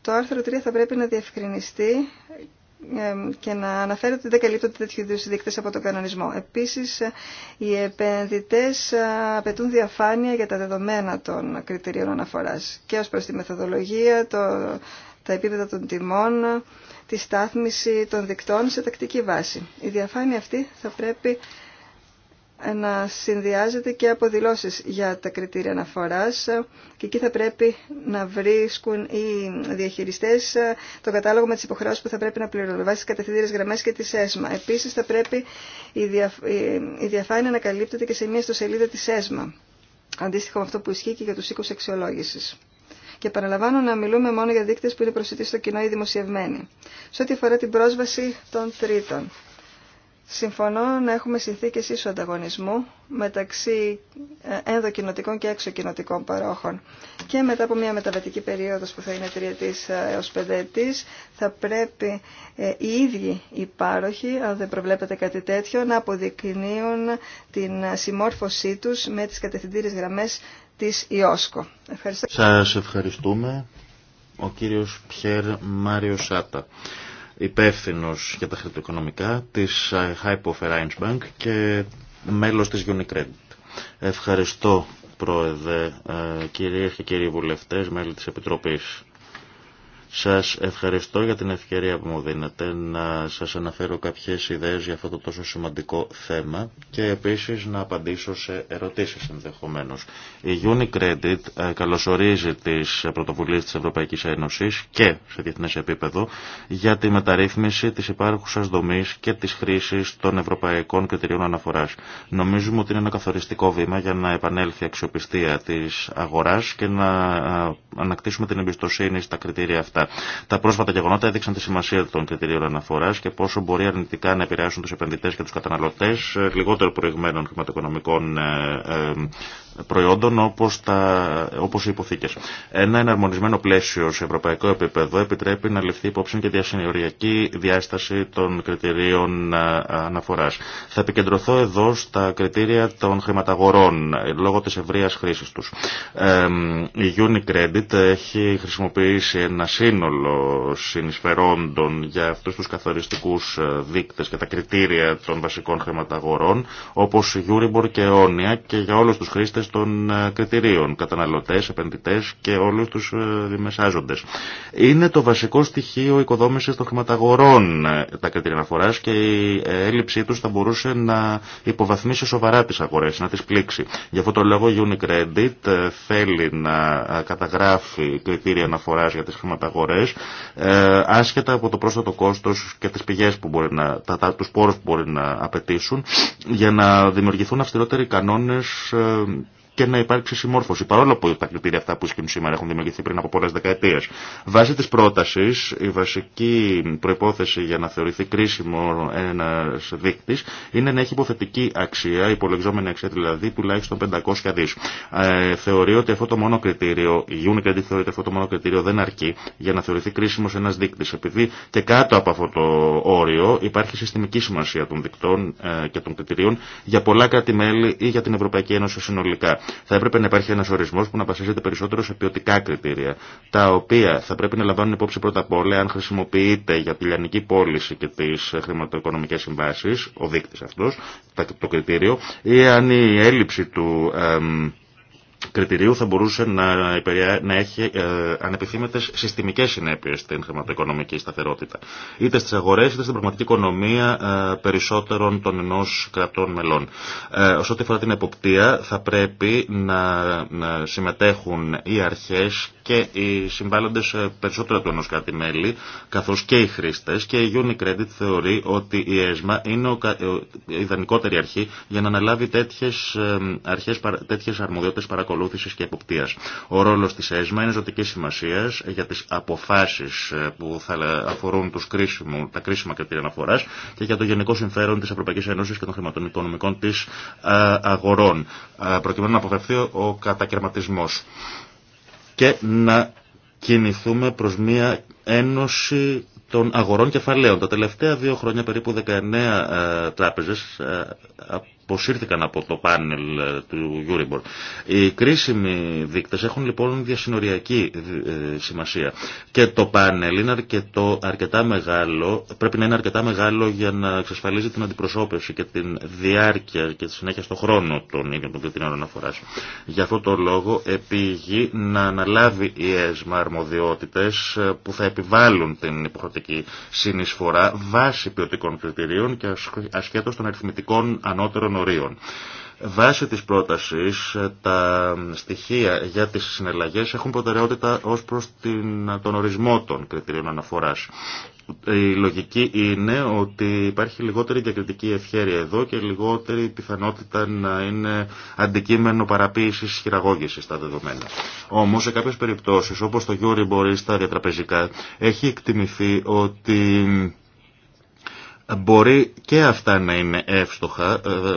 Το άρθρο 3 θα πρέπει να διευκρινιστεί και να αναφέρεται ότι δεν καλύπτονται τέτοιου είδου δείκτε από τον κανονισμό. Επίση, οι επενδυτέ απαιτούν διαφάνεια για τα δεδομένα των κριτηρίων αναφορά και ω προ τη μεθοδολογία, το, τα επίπεδα των τιμών, τη στάθμιση των δικτών σε τακτική βάση. Η διαφάνεια αυτή θα πρέπει να συνδυάζεται και από δηλώσεις για τα κριτήρια αναφοράς και εκεί θα πρέπει να βρίσκουν οι διαχειριστές το κατάλογο με τις υποχρεώσεις που θα πρέπει να πληρώνουν βάσει τις κατευθυντήρες γραμμές και της ΕΣΜΑ. Επίσης θα πρέπει η, διαφάνεια να καλύπτεται και σε μια ιστοσελίδα της ΕΣΜΑ. Αντίστοιχο με αυτό που ισχύει και για τους οίκους αξιολόγησης. Και παραλαμβάνω να μιλούμε μόνο για δείκτες που είναι προσιτοί στο κοινό ή δημοσιευμένοι. Σε ό,τι αφορά την πρόσβαση των τρίτων. Συμφωνώ να έχουμε συνθήκε ίσου ανταγωνισμού μεταξύ ε, ενδοκινοτικών και εξοκινοτικών παρόχων. Και μετά από μια μεταβατική περίοδο, που θα είναι τριετής ε, έω πεντετή, θα πρέπει ε, οι ίδιοι οι πάροχοι, αν δεν προβλέπετε κάτι τέτοιο, να αποδεικνύουν την συμμόρφωσή τους με τις κατευθυντήριες γραμμές της ΙΟΣΚΟ. Ευχαριστώ. Σας ευχαριστούμε. Ο κύριο Πιέρ Μάριο Σάτα υπεύθυνο για τα χρηματοοικονομικά της ε, Hypo Bank και μέλος της Unicredit. Ευχαριστώ Πρόεδρε, ε, κυρίε και κύριοι βουλευτές, μέλη της Επιτροπής σας ευχαριστώ για την ευκαιρία που μου δίνετε να σας αναφέρω κάποιες ιδέες για αυτό το τόσο σημαντικό θέμα και επίσης να απαντήσω σε ερωτήσεις ενδεχομένως. Η Unicredit ε, καλωσορίζει τις πρωτοβουλίες της Ευρωπαϊκής Ένωσης και σε διεθνές επίπεδο για τη μεταρρύθμιση της υπάρχουσας δομής και της χρήσης των ευρωπαϊκών κριτηρίων αναφοράς. Νομίζουμε ότι είναι ένα καθοριστικό βήμα για να επανέλθει η αξιοπιστία της αγοράς και να ε, ανακτήσουμε την εμπιστοσύνη στα κριτήρια αυτά τα πρόσφατα γεγονότα έδειξαν τη σημασία των κριτηρίων αναφορά και πόσο μπορεί αρνητικά να επηρεάσουν του επενδυτέ και του καταναλωτέ ε, λιγότερο προηγμένων χρηματοοικονομικών ε, ε, προϊόντων όπως, όπως οι υποθήκες. Ένα εναρμονισμένο πλαίσιο σε ευρωπαϊκό επίπεδο επιτρέπει να ληφθεί υπόψη και διασυνοριακή διάσταση των κριτηρίων ε, αναφοράς. Θα επικεντρωθώ εδώ στα κριτήρια των χρηματαγορών ε, λόγω της ευρείας χρήσης τους. Ε, η Unicredit έχει χρησιμοποιήσει ένα σύνολο συνεισφερόντων για αυτούς τους καθοριστικούς δείκτες και τα κριτήρια των βασικών χρηματαγορών όπως η Euribor και Όνια και για όλους τους χρήστες των ε, κριτηρίων, καταναλωτές, επενδυτές και όλους τους ε, δημεσάζοντες. Είναι το βασικό στοιχείο οικοδόμησης των χρηματαγορών ε, τα κριτήρια αναφοράς και η έλλειψή τους θα μπορούσε να υποβαθμίσει σοβαρά τις αγορές, να τις πλήξει. Γι' αυτό το λόγο Unicredit θέλει να καταγράφει κριτήρια αναφοράς για τις χρηματαγορές άσχετα από το πρόσθετο κόστος και τις πηγές που μπορεί να, τους πόρους που μπορεί να απαιτήσουν για να δημιουργηθούν αυστηρότεροι κανόνες και να υπάρξει συμμόρφωση. Παρόλο που τα κριτήρια αυτά που ισχύουν σήμερα έχουν δημιουργηθεί πριν από πολλέ δεκαετίε. Βάσει τη πρόταση, η βασική προπόθεση για να θεωρηθεί κρίσιμο ένα δείκτη είναι να έχει υποθετική αξία, υπολογιζόμενη αξία δηλαδή τουλάχιστον 500 δι. Ε, θεωρεί ότι αυτό το μόνο κριτήριο, η Unicredit θεωρεί ότι αυτό το μόνο κριτήριο δεν αρκεί για να θεωρηθεί κρίσιμο ένα δείκτη. Επειδή και κάτω από αυτό το όριο υπάρχει συστημική σημασία των δικτών ε, και των κριτηρίων για πολλά κράτη-μέλη ή για την Ευρωπαϊκή Ένωση συνολικά. Θα έπρεπε να υπάρχει ένα ορισμό που να βασίζεται περισσότερο σε ποιοτικά κριτήρια, τα οποία θα πρέπει να λαμβάνουν υπόψη πρώτα απ' όλα αν χρησιμοποιείται για τη λιανική πώληση και τι χρηματοοικονομικέ συμβάσει, ο δείκτη αυτό, το κριτήριο, ή αν η έλλειψη του κριτηρίου θα μπορούσε να έχει ε, ανεπιθύμητες συστημικές συνέπειες στην χρηματοοικονομική σταθερότητα. Είτε στις αγορές είτε στην πραγματική οικονομία ε, περισσότερων των ενός κρατών μελών. Σε ό,τι αφορά την εποπτεία θα πρέπει να συμμετέχουν οι αρχές και οι συμβάλλοντες ε, περισσότερο του ενός κράτη μέλη, καθώς και οι χρήστες και η Unicredit θεωρεί ότι η ΕΣΜΑ είναι η ιδανικότερη αρχή για να αναλάβει τέτοιες, αρχές, τέτοιες αρμοδιότητες και εποπτείας. Ο ρόλος της ΕΣΜΑ είναι ζωτική σημασία για τις αποφάσεις ε, που θα αφορούν τους κρίσιμου, τα κρίσιμα κριτήρια αναφοράς και για το γενικό συμφέρον τη Ευρωπαϊκής Ένωσης και των χρηματοοικονομικών της ε, αγορών, ε, προκειμένου να αποφευθεί ο κατακαιρματισμός και να κινηθούμε προς μια ένωση των αγορών κεφαλαίων. Τα τελευταία δύο χρόνια περίπου 19 τράπεζες ήρθηκαν από το πάνελ ε, του Euribor. Οι κρίσιμοι δείκτες έχουν λοιπόν διασυνοριακή ε, σημασία και το πάνελ είναι αρκετό, αρκετά μεγάλο, πρέπει να είναι αρκετά μεγάλο για να εξασφαλίζει την αντιπροσώπευση και την διάρκεια και τη συνέχεια στον χρόνο των ίδιων των κριτηρίων αναφορά. Γι' αυτό το λόγο επίγει να αναλάβει η ΕΣΜΑ αρμοδιότητε ε, που θα επιβάλλουν την υποχρεωτική συνεισφορά βάσει ποιοτικών κριτηρίων και ασχέτω των αριθμητικών ανώτερων ορίων. Βάσει της πρότασης, τα στοιχεία για τις συνελλαγές έχουν προτεραιότητα ως προς την, τον ορισμό των κριτηρίων αναφοράς. Η λογική είναι ότι υπάρχει λιγότερη διακριτική ευχέρεια εδώ και λιγότερη πιθανότητα να είναι αντικείμενο παραποίησης χειραγώγησης στα δεδομένα. Όμως σε κάποιες περιπτώσεις όπως το μπορεί στα διατραπεζικά έχει εκτιμηθεί ότι μπορεί και αυτά να είναι εύστοχα ε, ε,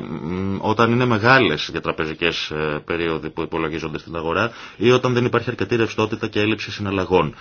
όταν είναι μεγάλες για τραπεζικές ε, περίοδοι που υπολογίζονται στην αγορά ή όταν δεν υπάρχει αρκετή ρευστότητα και έλλειψη συναλλαγών.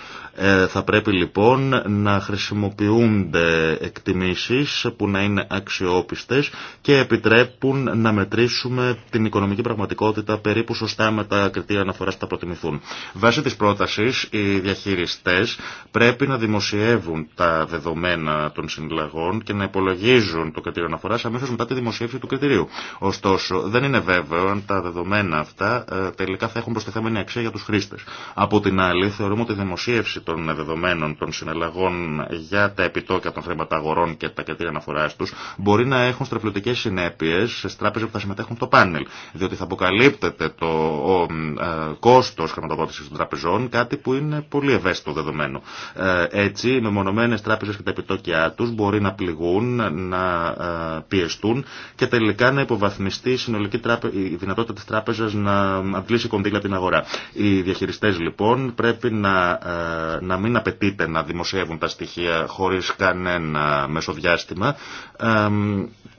Θα πρέπει λοιπόν να χρησιμοποιούνται εκτιμήσεις που να είναι αξιόπιστες και επιτρέπουν να μετρήσουμε την οικονομική πραγματικότητα περίπου σωστά με τα κριτήρια αναφοράς που θα προτιμηθούν. Βάσει της πρότασης οι διαχειριστές πρέπει να δημοσιεύουν τα δεδομένα των συναλλαγών να υπολογίζουν το κριτήριο αναφορά αμέσω μετά τη δημοσίευση του κριτηρίου. Ωστόσο, δεν είναι βέβαιο αν τα δεδομένα αυτά ε, τελικά θα έχουν προστιθέμενη αξία για του χρήστε. Από την άλλη, θεωρούμε ότι η δημοσίευση των δεδομένων των συναλλαγών για τα επιτόκια των αγορών και τα κριτήρια αναφορά του μπορεί να έχουν στρεφλωτικέ συνέπειε σε τράπεζε που θα συμμετέχουν στο πάνελ. Διότι θα αποκαλύπτεται το ε, κόστο χρηματοδότηση των τραπεζών, κάτι που είναι πολύ ευαίσθητο δεδομένο. Ε, έτσι, οι μεμονωμένε τράπεζε και τα επιτόκια του μπορεί να πληγούν μπορούν να ε, πιεστούν και τελικά να υποβαθμιστεί η, συνολική η δυνατότητα της τράπεζας να ε, αντλήσει κονδύλια την αγορά. Οι διαχειριστές λοιπόν πρέπει να, ε, να μην απαιτείται να δημοσιεύουν τα στοιχεία χωρίς κανένα μεσοδιάστημα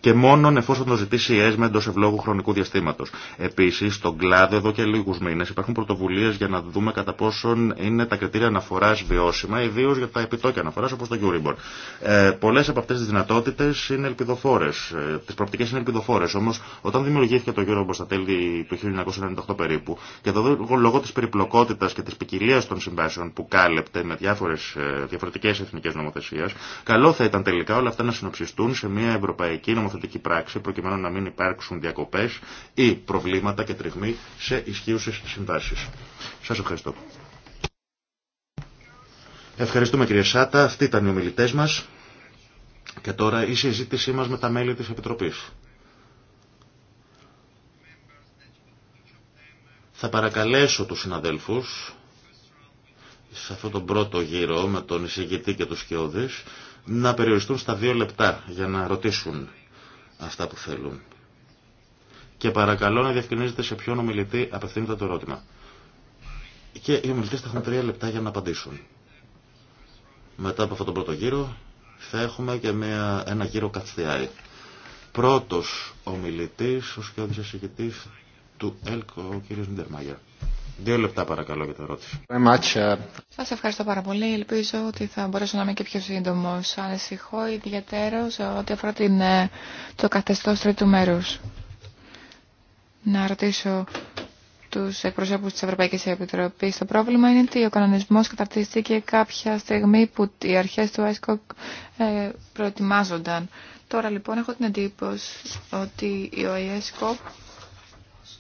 και μόνον εφόσον το ζητήσει η ΕΣΜΕ εντό ευλόγου χρονικού διαστήματο. Επίση, στον κλάδο εδώ και λίγου μήνε υπάρχουν πρωτοβουλίε για να δούμε κατά πόσον είναι τα κριτήρια αναφορά βιώσιμα, ιδίω για τα επιτόκια αναφορά όπω το Euribor. Ε, Πολλέ από αυτέ τι δυνατότητε είναι ελπιδοφόρε. Ε, τι προοπτικέ είναι ελπιδοφόρε. Όμω, όταν δημιουργήθηκε το Euribor στα τέλη του 1998 περίπου, και εδώ λόγω τη περιπλοκότητα και τη ποικιλία των συμβάσεων που κάλεπτε με διάφορε διαφορετικέ εθνικέ νομοθεσίε, καλό θα ήταν τελικά όλα αυτά να συνοψιστούν σε μια ευρωπαϊκή νομοθεσία νομοθετική πράξη προκειμένου να μην υπάρξουν διακοπές ή προβλήματα και τριγμοί σε ισχύουσες συμβάσεις. Σας ευχαριστώ. Ευχαριστούμε κύριε Σάτα. Αυτοί ήταν οι ομιλητές μας. Και τώρα η συζήτησή μας με τα μέλη της Επιτροπής. Θα παρακαλέσω τους συναδέλφους σε αυτό τον πρώτο γύρο με τον εισηγητή και τους σκιώδης να περιοριστούν στα δύο λεπτά για να ρωτήσουν αυτά που θέλουν. Και παρακαλώ να διευκρινίζετε σε ποιον ομιλητή απευθύνεται το ερώτημα. Και οι ομιλητέ θα έχουν τρία λεπτά για να απαντήσουν. Μετά από αυτόν τον πρώτο γύρο θα έχουμε και μια, ένα γύρο καθιάει. Πρώτος ομιλητής, ο σκιώδης εισηγητής του ΕΛΚΟ, ο κ. Ντερμάγερ. Δύο λεπτά παρακαλώ για το ερώτηση. Uh, Σας ευχαριστώ πάρα πολύ. Ελπίζω ότι θα μπορέσω να είμαι και πιο σύντομος. Ανησυχώ ιδιαίτερο σε ό,τι αφορά την, ε, το καθεστώς τρίτου μέρου. Να ρωτήσω του εκπροσώπους τη Ευρωπαϊκή Επιτροπή. Το πρόβλημα είναι ότι ο κανονισμό καταρτίστηκε κάποια στιγμή που οι αρχέ του ΆΙΣΚΟΚ ε, προετοιμάζονταν. Τώρα λοιπόν έχω την εντύπωση ότι ο ΆΙΣΚΟΚ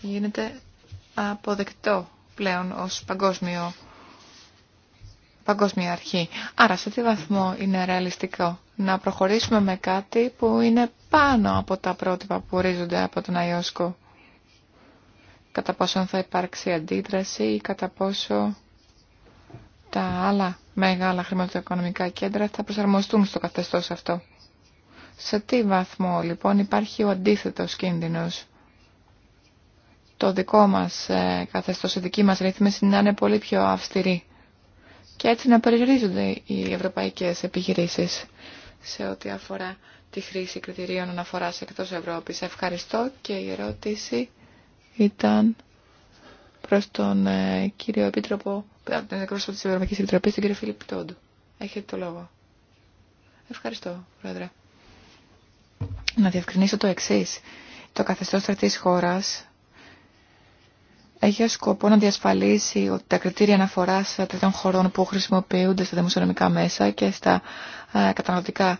γίνεται αποδεκτό πλέον ως παγκόσμιο, παγκόσμια αρχή. Άρα σε τι βαθμό είναι ρεαλιστικό να προχωρήσουμε με κάτι που είναι πάνω από τα πρότυπα που ορίζονται από τον Αϊόσκο. Κατά πόσο θα υπάρξει αντίδραση ή κατά πόσο τα άλλα μεγάλα χρηματοοικονομικά κέντρα θα προσαρμοστούν στο καθεστώς αυτό. Σε τι βαθμό λοιπόν υπάρχει ο αντίθετος κίνδυνος το δικό μας ε, καθεστώς, η δική μας ρύθμιση να είναι πολύ πιο αυστηρή. Και έτσι να περιορίζονται οι ευρωπαϊκές επιχειρήσεις σε ό,τι αφορά τη χρήση κριτηρίων αναφοράς εκτός Ευρώπης. Ευχαριστώ και η ερώτηση ήταν προς τον ε, κύριο Επίτροπο, ε, τον εκπρόσωπο της Ευρωπαϊκής Επιτροπής, τον κύριο Φίλιπ Τόντου. Έχετε το λόγο. Ευχαριστώ, Πρόεδρε. Να διευκρινίσω το εξής. Το καθεστώς τρατής χώρας έχει ως σκοπό να διασφαλίσει ότι τα κριτήρια αναφοράς τρίτων χωρών που χρησιμοποιούνται στα δημοσιονομικά μέσα και στα καταναλωτικά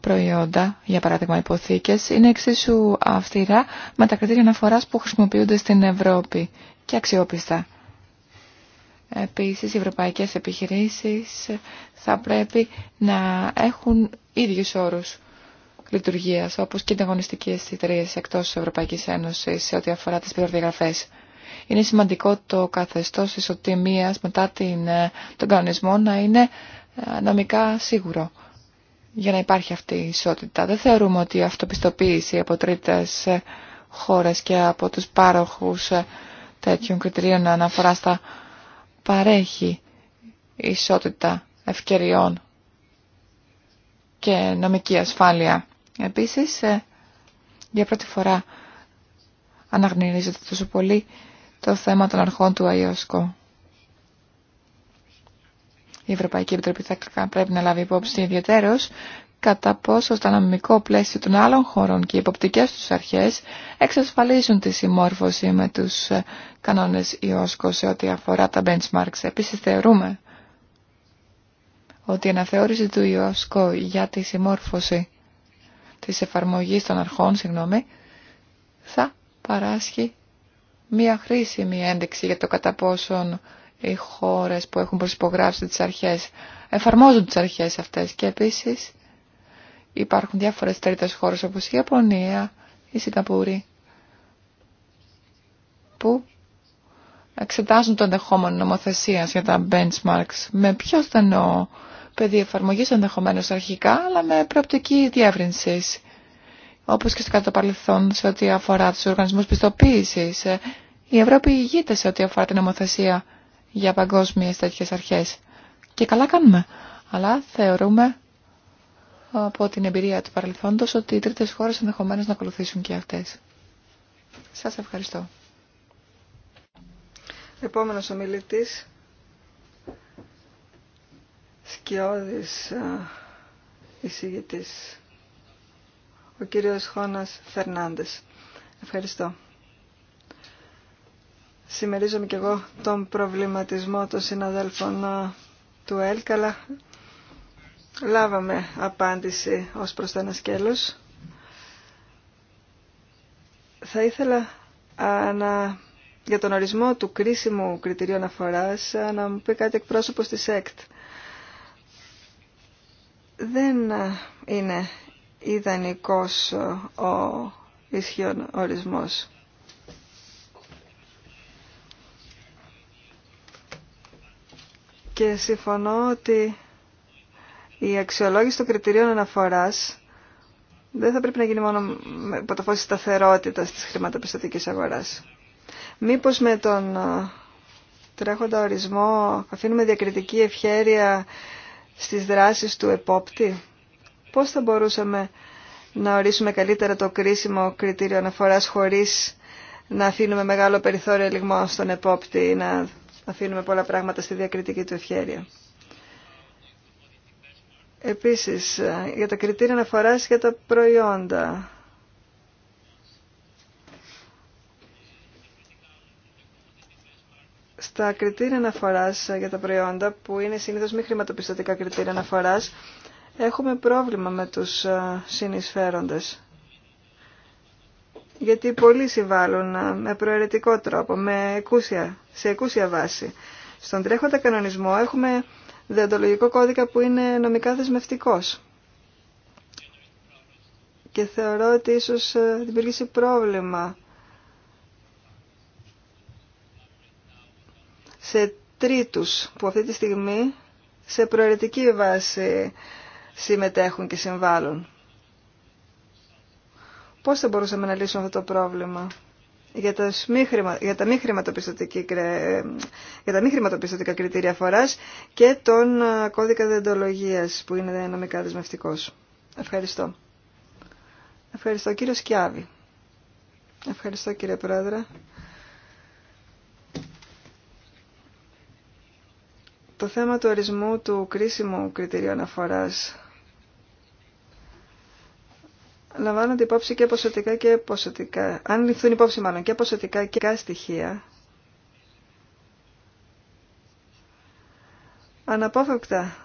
προϊόντα, για παράδειγμα υποθήκες, είναι εξίσου αυστηρά με τα κριτήρια αναφοράς που χρησιμοποιούνται στην Ευρώπη και αξιόπιστα. Επίσης, οι ευρωπαϊκές επιχειρήσεις θα πρέπει να έχουν ίδιους όρους λειτουργίας, όπως και οι ανταγωνιστικές εταιρείες εκτός της Ευρωπαϊκής Ένωσης σε ό,τι αφορά τις πληροδιαγραφές. Είναι σημαντικό το καθεστώς ισοτιμίας μετά την, ε, τον κανονισμό να είναι ε, νομικά σίγουρο για να υπάρχει αυτή η ισότητα. Δεν θεωρούμε ότι η αυτοπιστοποίηση από τρίτες ε, χώρες και από τους πάροχους τέτοιων κριτηρίων αναφορά θα παρέχει ισότητα ευκαιριών και νομική ασφάλεια. Επίσης, για πρώτη φορά αναγνωρίζεται τόσο πολύ το θέμα των αρχών του ΑΙΟΣΚΟ. Η Ευρωπαϊκή Επιτροπή θα πρέπει να λάβει υπόψη ιδιαίτερως κατά πόσο στο νομικό πλαίσιο των άλλων χωρών και οι υποπτικές τους αρχές εξασφαλίζουν τη συμμόρφωση με τους ε, κανόνες ΙΟΣΚΟ σε ό,τι αφορά τα benchmarks. Επίσης θεωρούμε ότι η αναθεώρηση του ΙΟΣΚΟ για τη συμμόρφωση της εφαρμογής των αρχών συγγνώμη, θα παράσχει μια χρήσιμη ένδειξη για το κατά πόσον οι χώρες που έχουν προσυπογράψει τις αρχές εφαρμόζουν τις αρχές αυτές και επίσης υπάρχουν διάφορες τρίτες χώρες όπως η Ιαπωνία, η Σιγκαπούρη που εξετάζουν το ενδεχόμενο νομοθεσίας για τα benchmarks με πιο στενό πεδίο εφαρμογής ενδεχομένω αρχικά αλλά με προοπτική διεύρυνση όπως και στο κάτω παρελθόν σε ό,τι αφορά τους οργανισμούς πιστοποίησης ε, η Ευρώπη ηγείται σε ό,τι αφορά την νομοθεσία για παγκόσμιες τέτοιε αρχές. Και καλά κάνουμε. Αλλά θεωρούμε από την εμπειρία του παρελθόντος ότι οι τρίτες χώρες ενδεχομένως να ακολουθήσουν και αυτές. Σας ευχαριστώ. Επόμενος ομιλητής, σκιώδης εισηγητής, ο κύριος Χώνας Φερνάντες. Ευχαριστώ. Συμμερίζομαι και εγώ τον προβληματισμό των συναδέλφων ε, του Έλκαλα. αλλά λάβαμε απάντηση ως προς το ένα σκέλος. Θα ήθελα να, για τον ορισμό του κρίσιμου κριτηρίου αναφοράς να μου πει κάτι εκπρόσωπος της ΕΚΤ. Δεν είναι ιδανικός ο ισχυρός ορισμός. και συμφωνώ ότι η αξιολόγηση των κριτηρίων αναφοράς δεν θα πρέπει να γίνει μόνο με το φως της σταθερότητας της χρηματοπιστωτικής αγοράς. Μήπως με τον τρέχοντα ορισμό αφήνουμε διακριτική ευχέρεια στις δράσεις του επόπτη. Πώς θα μπορούσαμε να ορίσουμε καλύτερα το κρίσιμο κριτήριο αναφοράς χωρίς να αφήνουμε μεγάλο περιθώριο λιγμό στον επόπτη να αφήνουμε πολλά πράγματα στη διακριτική του ευχέρεια. Επίσης, για τα κριτήρια αναφοράς για τα προϊόντα. Στα κριτήρια αναφοράς για τα προϊόντα, που είναι συνήθως μη χρηματοπιστωτικά κριτήρια αναφοράς, έχουμε πρόβλημα με τους ε, συνεισφέροντες γιατί πολλοί συμβάλλουν ε, με προαιρετικό τρόπο, με εκούσια, σε εκούσια βάση. Στον τρέχοντα κανονισμό έχουμε δεοντολογικό κώδικα που είναι νομικά δεσμευτικός. Και θεωρώ ότι ίσως ε, δημιουργήσει πρόβλημα σε τρίτους που αυτή τη στιγμή σε προαιρετική βάση συμμετέχουν και συμβάλλουν. Πώς θα μπορούσαμε να λύσουμε αυτό το πρόβλημα για τα μη, για τα μη, για τα μη χρηματοπιστωτικά κριτήρια αφοράς και τον κώδικα δεντολογίας που είναι νομικά δεσμευτικός. Ευχαριστώ. Ευχαριστώ κύριο Σκιάβη. Ευχαριστώ κύριε Πρόεδρε. Το θέμα του ορισμού του κρίσιμου κριτηρίου αναφοράς λαμβάνονται υπόψη και ποσοτικά και ποσοτικά. Αν ληφθούν υπόψη μάλλον και ποσοτικά και στοιχεία, αναπόφευκτα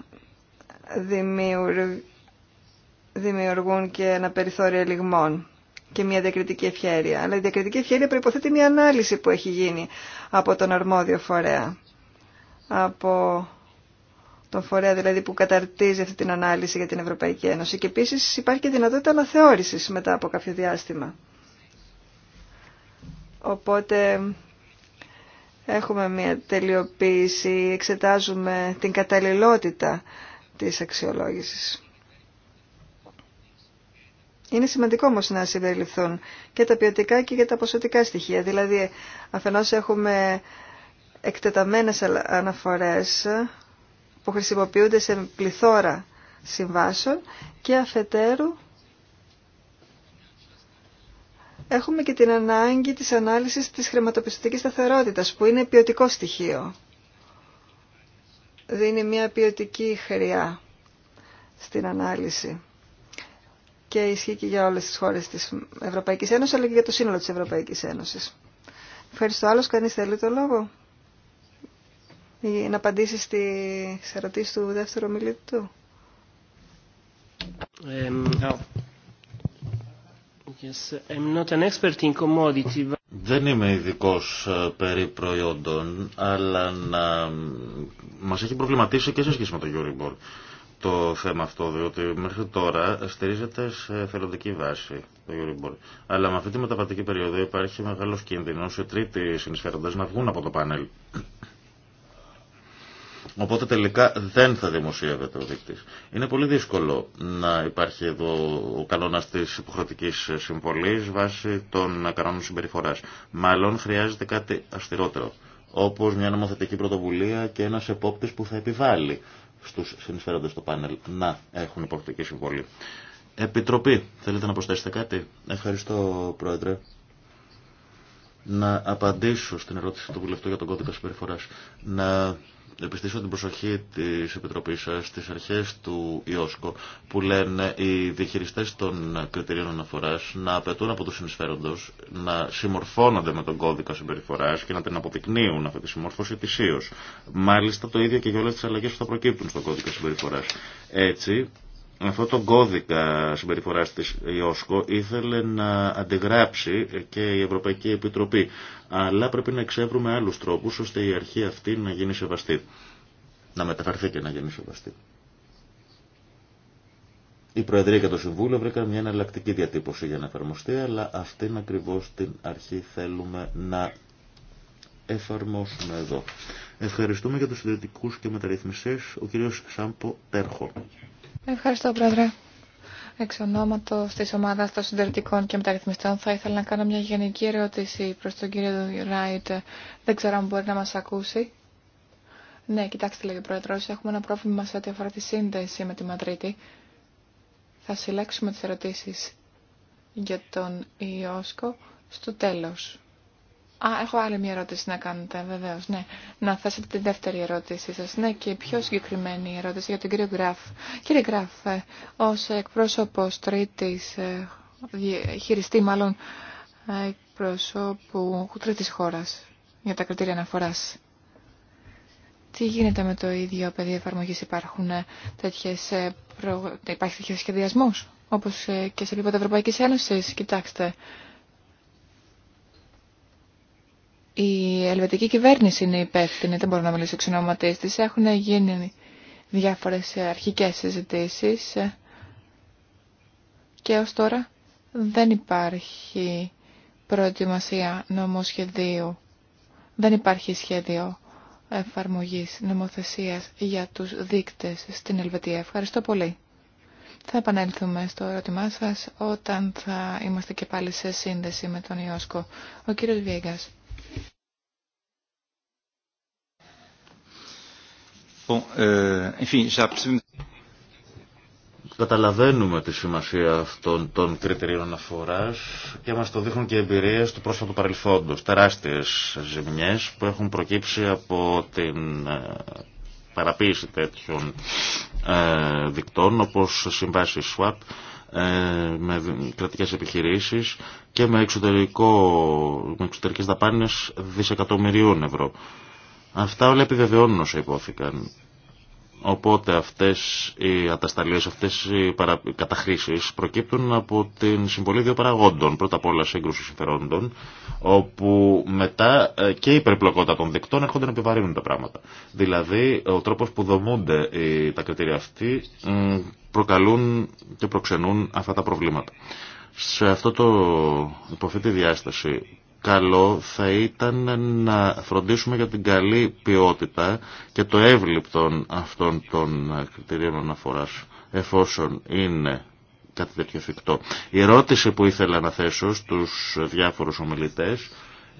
δημιουργούν και ένα περιθώριο λιγμών και μια διακριτική ευχαίρεια. Αλλά η διακριτική ευχαίρεια προϋποθέτει μια ανάλυση που έχει γίνει από τον αρμόδιο φορέα, από τον φορέα δηλαδή που καταρτίζει αυτή την ανάλυση για την Ευρωπαϊκή Ένωση και επίσης υπάρχει και δυνατότητα αναθεώρησης μετά από κάποιο διάστημα. Οπότε έχουμε μια τελειοποίηση, εξετάζουμε την καταλληλότητα της αξιολόγησης. Είναι σημαντικό όμως να συμπεριληφθούν και τα ποιοτικά και, για τα ποσοτικά στοιχεία. Δηλαδή, αφενός έχουμε εκτεταμένες αναφορές που χρησιμοποιούνται σε πληθώρα συμβάσεων και αφετέρου έχουμε και την ανάγκη της ανάλυσης της χρηματοπιστωτικής σταθερότητας που είναι ποιοτικό στοιχείο. Δίνει μια ποιοτική χρειά στην ανάλυση και ισχύει και για όλες τις χώρες της Ευρωπαϊκής Ένωσης αλλά και για το σύνολο της Ευρωπαϊκής Ένωσης. Ευχαριστώ. Άλλος κανείς θέλει το λόγο να απαντήσει στις ερωτήσεις του δεύτερου ομιλητού του. Oh. Δεν είμαι ειδικό ε, περί προϊόντων, αλλά να... μας έχει προβληματίσει και σε σχέση με το Euribor το θέμα αυτό, διότι μέχρι τώρα στηρίζεται σε θελοντική βάση το Euribor. Αλλά με αυτή τη μεταβατική περίοδο υπάρχει μεγάλος κίνδυνος οι τρίτοι συνεισφέροντες να βγουν από το πάνελ. Οπότε τελικά δεν θα δημοσιεύεται ο δείκτη. Είναι πολύ δύσκολο να υπάρχει εδώ ο κανόνα τη υποχρεωτική συμβολή βάσει των κανόνων συμπεριφορά. Μάλλον χρειάζεται κάτι αυστηρότερο, Όπω μια νομοθετική πρωτοβουλία και ένα επόπτη που θα επιβάλλει στου συνεισφέροντε στο πάνελ να έχουν υποχρεωτική συμβολή. Επιτροπή, θέλετε να προσθέσετε κάτι. Ευχαριστώ, Πρόεδρε να απαντήσω στην ερώτηση του βουλευτού για τον κώδικα συμπεριφορά. Να επιστήσω την προσοχή της Επιτροπής σας στις αρχές του ΙΟΣΚΟ που λένε οι διαχειριστές των κριτηρίων αναφοράς να απαιτούν από τους συνεισφέροντος να συμμορφώνονται με τον κώδικα συμπεριφοράς και να την αποδεικνύουν αυτή τη συμμόρφωση ετησίως. Μάλιστα το ίδιο και για όλες τις αλλαγές που θα προκύπτουν στον κώδικα συμπεριφοράς. Έτσι αυτό το κώδικα συμπεριφοράς της ΙΟΣΚΟ ήθελε να αντιγράψει και η Ευρωπαϊκή Επιτροπή. Αλλά πρέπει να εξεύρουμε άλλους τρόπους ώστε η αρχή αυτή να γίνει σεβαστή. Να μεταφερθεί και να γίνει σεβαστή. Η Προεδρία και το Συμβούλιο βρήκαν μια εναλλακτική διατύπωση για να εφαρμοστεί, αλλά αυτήν ακριβώς την αρχή θέλουμε να εφαρμόσουμε εδώ. Ευχαριστούμε για τους συντηρητικούς και μεταρρυθμιστές, ο κύριος Σάμπο Τέρχο. Ευχαριστώ, Πρόεδρε. Εξ ονόματο τη ομάδα των συντηρητικών και μεταρρυθμιστών, θα ήθελα να κάνω μια γενική ερώτηση προ τον κύριο Ράιτ. Δεν ξέρω αν μπορεί να μα ακούσει. Ναι, κοιτάξτε, λέει ο Πρόεδρο, έχουμε ένα πρόβλημα σε ό,τι αφορά τη σύνδεση με τη Μαδρίτη. Θα συλλέξουμε τι ερωτήσει για τον Ιώσκο στο τέλος. Α, έχω άλλη μια ερώτηση να κάνετε, βεβαίω. Ναι. Να θέσετε τη δεύτερη ερώτησή σα. Ναι, και πιο συγκεκριμένη ερώτηση για τον κύριο Γκράφ. Κύριε Γκράφ, ε, ω εκπρόσωπο τρίτη, ε, χειριστή μάλλον ε, εκπροσώπου τρίτη χώρα για τα κριτήρια αναφορά. Τι γίνεται με το ίδιο πεδίο εφαρμογή, υπάρχουν τέτοιες προ... υπάρχει τέτοιο σχεδιασμό, όπω και σε επίπεδο Ευρωπαϊκή Ένωση. Κοιτάξτε, η ελβετική κυβέρνηση είναι υπεύθυνη, δεν μπορώ να μιλήσω εξ ονόματής Έχουν γίνει διάφορες αρχικές συζητήσεις και ως τώρα δεν υπάρχει προετοιμασία νομοσχεδίου. Δεν υπάρχει σχέδιο εφαρμογής νομοθεσίας για τους δείκτες στην Ελβετία. Ευχαριστώ πολύ. Θα επανέλθουμε στο ερώτημά σας όταν θα είμαστε και πάλι σε σύνδεση με τον Ιώσκο. Ο κύριος Βίγκας. Euh, Καταλαβαίνουμε τη σημασία αυτών των κριτηρίων αφορά και μα το δείχνουν και οι εμπειρίε του πρόσφατου παρελθόντο. Τεράστιε ζημιέ που έχουν προκύψει από την ε, παραποίηση τέτοιων ε, δικτών όπω συμβάσει SWAP ε, με κρατικές επιχειρήσεις και με, εξωτερικό, με εξωτερικές δαπάνες δισεκατομμυρίων ευρώ. Αυτά όλα επιβεβαιώνουν όσο υπόθηκαν. Οπότε αυτές οι ατασταλίες, αυτές οι καταχρήσεις προκύπτουν από την συμβολή δύο παραγόντων. Πρώτα απ' όλα σύγκρουση συμφερόντων, όπου μετά ε, και η υπερπλοκότητα των δικτών έρχονται να επιβαρύνουν τα πράγματα. Δηλαδή, ο τρόπος που δομούνται τα κριτήρια αυτοί προκαλούν και προξενούν αυτά τα προβλήματα. Σε αυτό το υποθέτη διάσταση καλό θα ήταν να φροντίσουμε για την καλή ποιότητα και το εύληπτο αυτών των κριτηρίων αναφοράς εφόσον είναι κάτι τέτοιο εφικτό. Η ερώτηση που ήθελα να θέσω στους διάφορους ομιλητές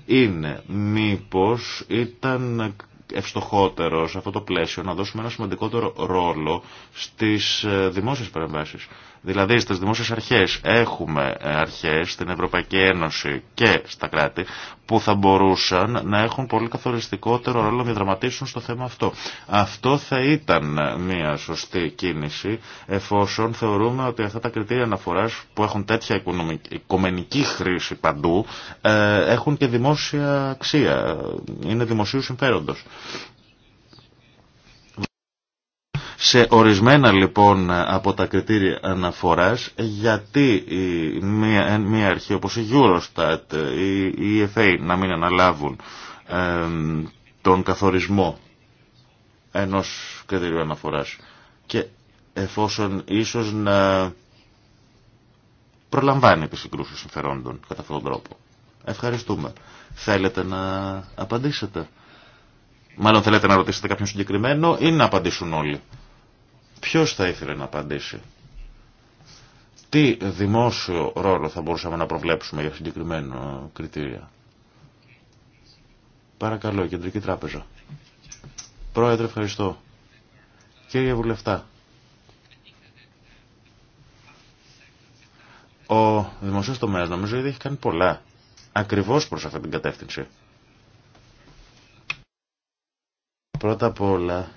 είναι μήπως ήταν ευστοχότερο σε αυτό το πλαίσιο να δώσουμε ένα σημαντικότερο ρόλο στις ε, δημόσιες παρεμβάσεις. Δηλαδή στις δημόσιες αρχές έχουμε ε, αρχές στην Ευρωπαϊκή Ένωση και στα κράτη που θα μπορούσαν να έχουν πολύ καθοριστικότερο ρόλο να διαδραματίσουν στο θέμα αυτό. Αυτό θα ήταν μια σωστή κίνηση εφόσον θεωρούμε ότι αυτά τα κριτήρια αναφοράς που έχουν τέτοια οικομενική χρήση παντού ε, έχουν και δημόσια αξία, ε, είναι δημοσίου συμφέροντος. Σε ορισμένα λοιπόν από τα κριτήρια αναφοράς, γιατί μια, αρχή όπως η Eurostat, η, η EFA να μην αναλάβουν τον καθορισμό ενός κριτήριου αναφοράς και εφόσον ίσως να προλαμβάνει τις συγκρούσεις συμφερόντων κατά αυτόν τον τρόπο. Ευχαριστούμε. Θέλετε να απαντήσετε. Μάλλον θέλετε να ρωτήσετε κάποιον συγκεκριμένο ή να απαντήσουν όλοι. Ποιος θα ήθελε να απαντήσει. Τι δημόσιο ρόλο θα μπορούσαμε να προβλέψουμε για συγκεκριμένα κριτήρια. Παρακαλώ, Κεντρική Τράπεζα. Πρόεδρε, ευχαριστώ. Κύριε Βουλευτά. Ο δημοσίος τομέας νομίζω ήδη έχει κάνει πολλά. Ακριβώς προς αυτή την κατεύθυνση. Πρώτα απ' όλα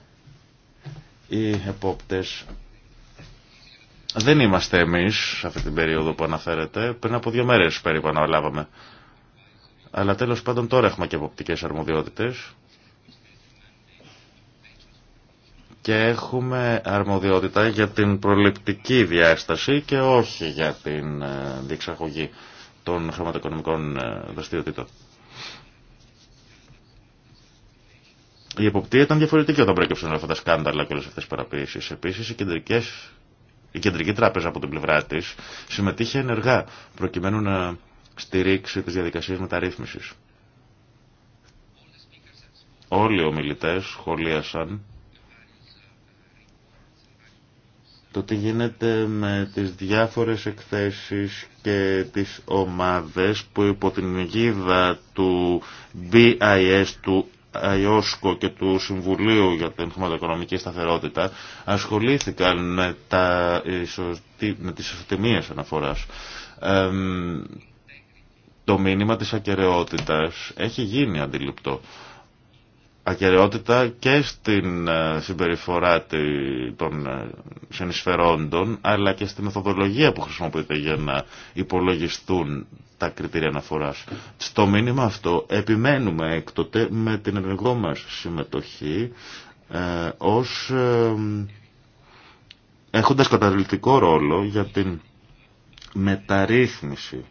οι επόπτες δεν είμαστε εμείς αυτή την περίοδο που αναφέρεται. Πριν από δύο μέρες περίπου αναλάβαμε. Αλλά τέλος πάντων τώρα έχουμε και εποπτικές αρμοδιότητες. Και έχουμε αρμοδιότητα για την προληπτική διάσταση και όχι για την ε, διεξαγωγή των χρηματοοικονομικών ε, δραστηριοτήτων. η εποπτεία ήταν διαφορετική όταν προέκυψαν αυτά τα σκάνδαλα και όλε αυτέ τι παραποίησει. Επίση, οι κεντρικές, η κεντρική τράπεζα από την πλευρά τη συμμετείχε ενεργά προκειμένου να στηρίξει τι διαδικασίε μεταρρύθμιση. Όλοι οι ομιλητέ σχολίασαν το τι γίνεται με τις διάφορες εκθέσει και τι ομάδε που υπό την αιγίδα του BIS, του ΑΙΟΣΚΟ και του Συμβουλίου για την Χρηματοοικονομική Σταθερότητα ασχολήθηκαν με, τα, με τις ισοτιμίες αναφοράς. το μήνυμα της ακεραιότητας έχει γίνει αντιληπτό ακεραιότητα και στην ε, συμπεριφορά των ε, συνεισφερόντων αλλά και στη μεθοδολογία που χρησιμοποιείται για να υπολογιστούν τα κριτήρια αναφοράς. Στο μήνυμα αυτό επιμένουμε έκτοτε με την ενεργό μας συμμετοχή ε, ως ε, έχοντας καταλητικό ρόλο για την μεταρρύθμιση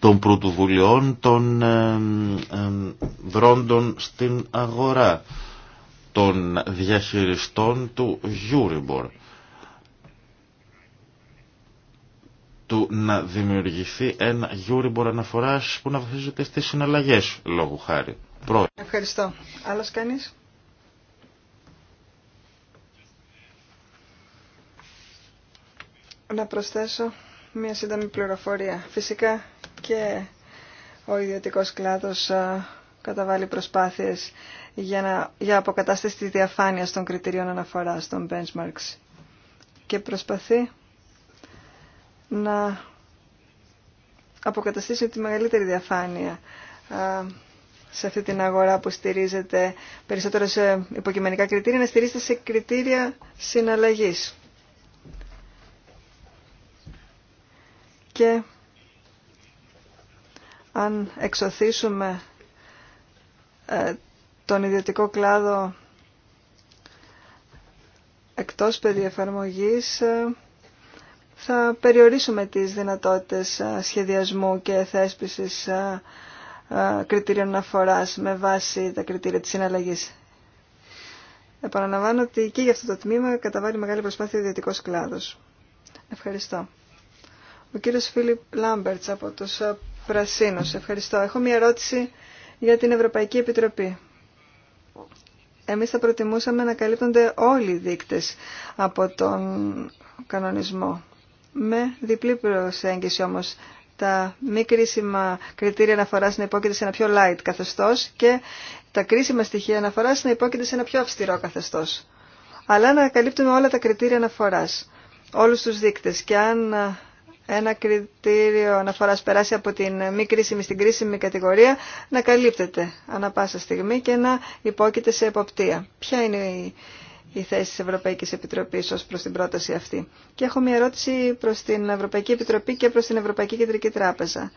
των πρωτοβουλειών των δρόντων στην αγορά, των διαχειριστών του Euribor. του να δημιουργηθεί ένα Euribor αναφοράς που να βασίζεται στις συναλλαγές λόγου χάρη. Ευχαριστώ. Άλλος κανείς? Να προσθέσω μία σύντομη πληροφορία. Φυσικά και ο ιδιωτικός κλάδος καταβάλει προσπάθειες για, να, για αποκατάσταση της διαφάνειας των κριτηρίων αναφοράς των benchmarks και προσπαθεί να αποκαταστήσει τη μεγαλύτερη διαφάνεια σε αυτή την αγορά που στηρίζεται περισσότερο σε υποκειμενικά κριτήρια, να στηρίζεται σε κριτήρια συναλλαγής. και αν εξωθήσουμε ε, τον ιδιωτικό κλάδο εκτός περιεφαρμογής ε, θα περιορίσουμε τις δυνατότητες ε, σχεδιασμού και θέσπισης κριτήριων αφοράς με βάση τα κριτήρια της συναλλαγής. Επαναλαμβάνω ότι και για αυτό το τμήμα καταβάλει μεγάλη προσπάθεια ο ιδιωτικός κλάδος. Ευχαριστώ. Ο κύριος Φίλιπ Λάμπερτς από τους ε, Πρασίνους. Ευχαριστώ. Έχω μια ερώτηση για την Ευρωπαϊκή Επιτροπή. Εμείς θα προτιμούσαμε να καλύπτονται όλοι οι δείκτες από τον κανονισμό. Με διπλή προσέγγιση όμως τα μη κρίσιμα κριτήρια αναφορά να υπόκειται σε ένα πιο light καθεστώ και τα κρίσιμα στοιχεία αναφορά να υπόκειται σε ένα πιο αυστηρό καθεστώ. Αλλά να καλύπτουμε όλα τα κριτήρια αναφορά, όλου του δείκτε. Και αν ε, ένα κριτήριο αναφορά περάσει από την μη κρίσιμη στην κρίσιμη κατηγορία να καλύπτεται ανα πάσα στιγμή και να υπόκειται σε εποπτεία. Ποια είναι η, η θέση της Ευρωπαϊκής Επιτροπής ως προς την πρόταση αυτή. Και έχω μια ερώτηση προς την Ευρωπαϊκή Επιτροπή και προς την Ευρωπαϊκή Κεντρική Τράπεζα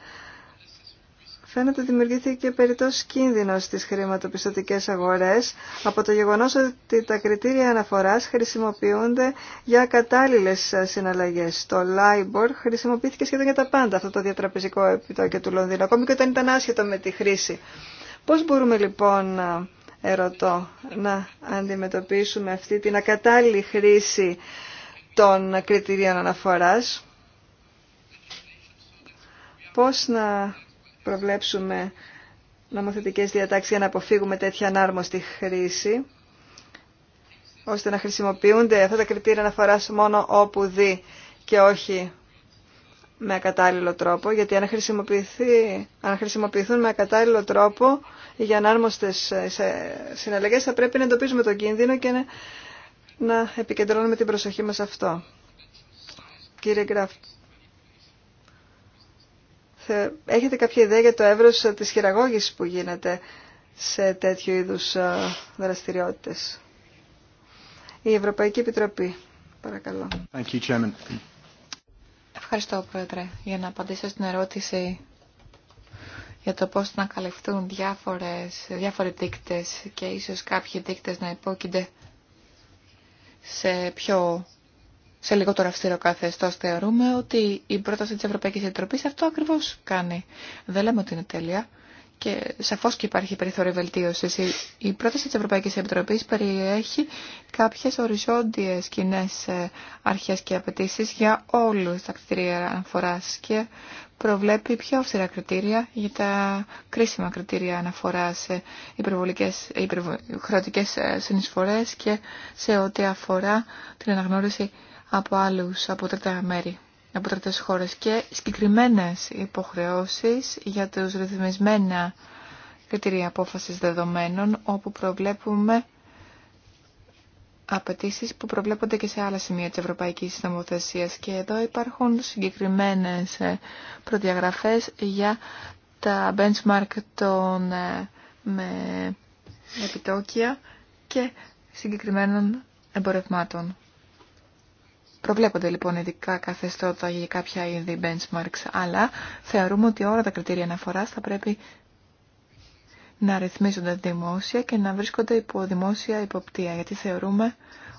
φαίνεται ότι δημιουργήθηκε περιττός κίνδυνο στι χρηματοπιστωτικές αγορές από το γεγονός ότι τα κριτήρια αναφοράς χρησιμοποιούνται για κατάλληλε συναλλαγέ. Το LIBOR χρησιμοποιήθηκε σχεδόν για τα πάντα αυτό το διατραπεζικό επιτόκιο του Λονδίνου, ακόμη και όταν ήταν άσχετο με τη χρήση. Πώ μπορούμε λοιπόν, ερωτώ, να αντιμετωπίσουμε αυτή την ακατάλληλη χρήση των κριτηρίων αναφοράς, πώς να προβλέψουμε νομοθετικές διατάξεις για να αποφύγουμε τέτοια ανάρμοστη χρήση, ώστε να χρησιμοποιούνται αυτά τα κριτήρια να αναφορά μόνο όπου δει και όχι με ακατάλληλο τρόπο, γιατί αν, χρησιμοποιηθεί, αν χρησιμοποιηθούν με ακατάλληλο τρόπο για ανάρμοστες ε, συναλλαγές θα πρέπει να εντοπίζουμε τον κίνδυνο και να, επικεντρώνουμε την προσοχή μας αυτό. Κύριε Γκραφτ. Ε, έχετε κάποια ιδέα για το εύρος ε, της χειραγώγησης που γίνεται σε τέτοιου είδους ε, δραστηριότητες. Η Ευρωπαϊκή Επιτροπή, παρακαλώ. you, Ευχαριστώ, Πρόεδρε, για να απαντήσω στην ερώτηση για το πώς να καλυφθούν διάφορες, διάφοροι δείκτες και ίσως κάποιοι δείκτες να υπόκεινται σε πιο σε λιγότερο αυστηρό καθεστώ, θεωρούμε ότι η πρόταση τη Ευρωπαϊκή Επιτροπή αυτό ακριβώ κάνει. Δεν λέμε ότι είναι τέλεια και σαφώ και υπάρχει περιθώριο βελτίωση. Η πρόταση τη Ευρωπαϊκή Επιτροπή περιέχει κάποιε οριζόντιε κοινέ ε, αρχέ και απαιτήσει για όλου τα κτίρια αναφορά και προβλέπει πιο αυστηρά κριτήρια για τα κρίσιμα κριτήρια αναφορά σε υπερβολικές, χρεωτικέ ε, συνεισφορέ και σε ό,τι αφορά την αναγνώριση από άλλους, από τρίτα μέρη, από τρίτες χώρες και συγκεκριμένες υποχρεώσεις για τους ρυθμισμένα κριτήρια απόφασης δεδομένων όπου προβλέπουμε απαιτήσει που προβλέπονται και σε άλλα σημεία της Ευρωπαϊκής Νομοθεσίας και εδώ υπάρχουν συγκεκριμένες ε, προδιαγραφές για τα benchmark των ε, με επιτόκια και συγκεκριμένων εμπορευμάτων. Προβλέπονται λοιπόν ειδικά καθεστώτα για κάποια είδη benchmarks, αλλά θεωρούμε ότι όλα τα κριτήρια αναφοράς θα πρέπει να ρυθμίζονται δημόσια και να βρίσκονται υπό δημόσια υποπτία, γιατί θεωρούμε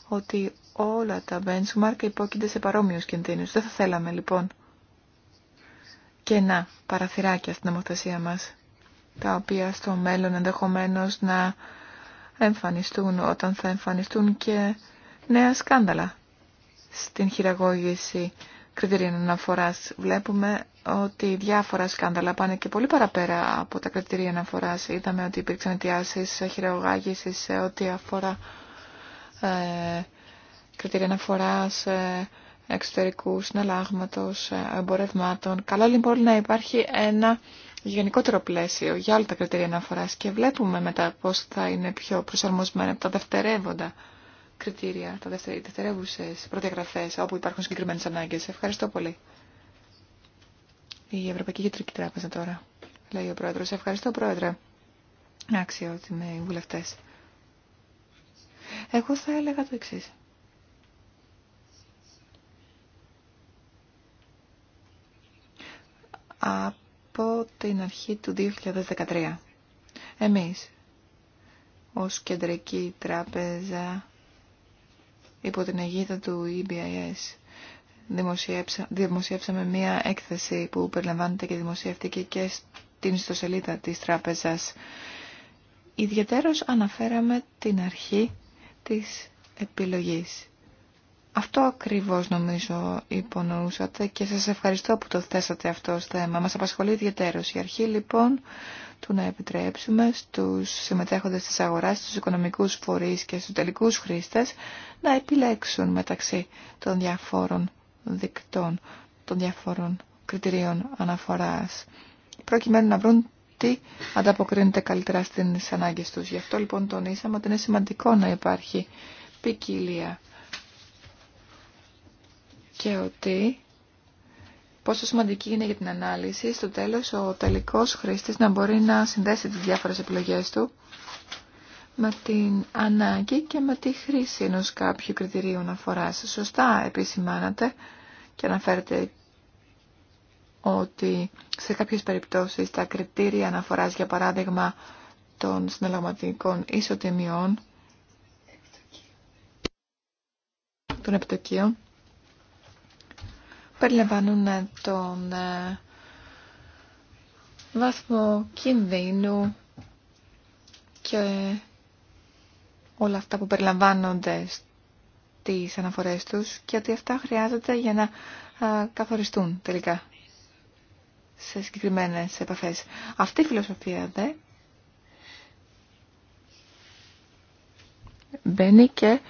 ότι όλα τα benchmark υπόκεινται σε παρόμοιους κινδύνους. Δεν θα θέλαμε λοιπόν και να παραθυράκια στην νομοθεσία μας, τα οποία στο μέλλον ενδεχομένως να εμφανιστούν όταν θα εμφανιστούν και νέα σκάνδαλα στην χειραγώγηση κριτηρίων αναφοράς. Βλέπουμε ότι διάφορα σκάνδαλα πάνε και πολύ παραπέρα από τα κριτηρία αναφοράς. Είδαμε ότι υπήρξαν αιτιάσεις χειραγωγάγησης σε ό,τι αφορά ε, κριτήρια αναφοράς, ε, εξωτερικού συναλλάγματος, ε, εμπορευμάτων. Καλό λοιπόν να υπάρχει ένα γενικότερο πλαίσιο για όλα τα κριτήρια αναφοράς και βλέπουμε μετά πώς θα είναι πιο προσαρμοσμένα από τα δευτερεύοντα κριτήρια, τα δευτερεύουσε προδιαγραφέ όπου υπάρχουν συγκεκριμένε ανάγκε. Ευχαριστώ πολύ. Η Ευρωπαϊκή Κεντρική Τράπεζα τώρα, λέει ο Πρόεδρο. Ευχαριστώ, Πρόεδρε. Άξιο ότι είμαι οι βουλευτέ. Εγώ θα έλεγα το εξή. Από την αρχή του 2013, εμείς ως κεντρική τράπεζα υπό την αιγίδα του EBIS. Δημοσιεύσα, δημοσιεύσαμε μία έκθεση που περιλαμβάνεται και δημοσιεύτηκε και στην ιστοσελίδα της τράπεζας. Ιδιαίτερος αναφέραμε την αρχή της επιλογής. Αυτό ακριβώς νομίζω υπονοούσατε και σας ευχαριστώ που το θέσατε αυτό ως θέμα. Μας απασχολεί ιδιαίτερως η αρχή λοιπόν του να επιτρέψουμε στους συμμετέχοντες της αγοράς, στους οικονομικούς φορείς και στους τελικούς χρήστες να επιλέξουν μεταξύ των διαφόρων δικτών, των διαφόρων κριτηρίων αναφοράς προκειμένου να βρουν τι ανταποκρίνεται καλύτερα στις ανάγκες τους. Γι' αυτό λοιπόν τονίσαμε ότι είναι σημαντικό να υπάρχει ποικιλία και ότι πόσο σημαντική είναι για την ανάλυση στο τέλος ο τελικός χρήστης να μπορεί να συνδέσει τις διάφορες επιλογές του με την ανάγκη και με τη χρήση ενός κάποιου κριτηρίου αναφοράς. Σωστά επισημάνατε και αναφέρετε ότι σε κάποιες περιπτώσεις τα κριτήρια αναφοράς, για παράδειγμα, των συναλλαγματικών ισοτιμιών των επιτοκίων περιλαμβάνουν τον ε, βάθμο κινδύνου και όλα αυτά που περιλαμβάνονται στις αναφορές τους και ότι αυτά χρειάζονται για να ε, καθοριστούν τελικά σε συγκεκριμένες επαφές. Αυτή η φιλοσοφία δε μπαίνει και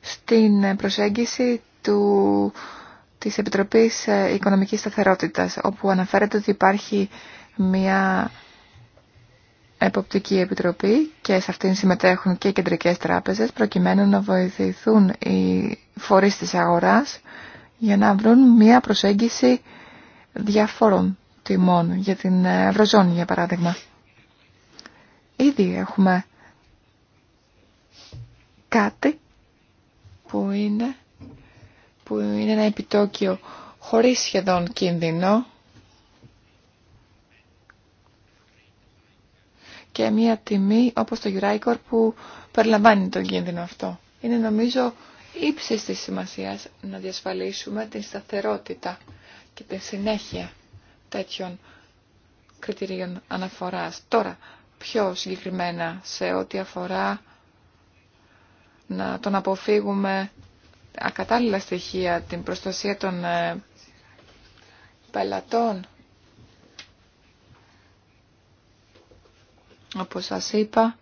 στην προσέγγιση του της Επιτροπής ε, Οικονομικής Σταθερότητας, όπου αναφέρεται ότι υπάρχει μια Εποπτική Επιτροπή και σε αυτήν συμμετέχουν και οι κεντρικές τράπεζες προκειμένου να βοηθηθούν οι φορείς της αγοράς για να βρουν μια προσέγγιση διαφόρων τιμών για την Ευρωζώνη για παράδειγμα. Ήδη έχουμε κάτι που είναι που είναι ένα επιτόκιο χωρίς σχεδόν κίνδυνο και μια τιμή όπως το Euricor που περιλαμβάνει τον κίνδυνο αυτό. Είναι νομίζω ύψης της σημασίας να διασφαλίσουμε την σταθερότητα και την συνέχεια τέτοιων κριτηρίων αναφοράς. Τώρα, πιο συγκεκριμένα σε ό,τι αφορά να τον αποφύγουμε ακατάλληλα στοιχεία, την προστασία των ε, πελατών. Όπως σας είπα,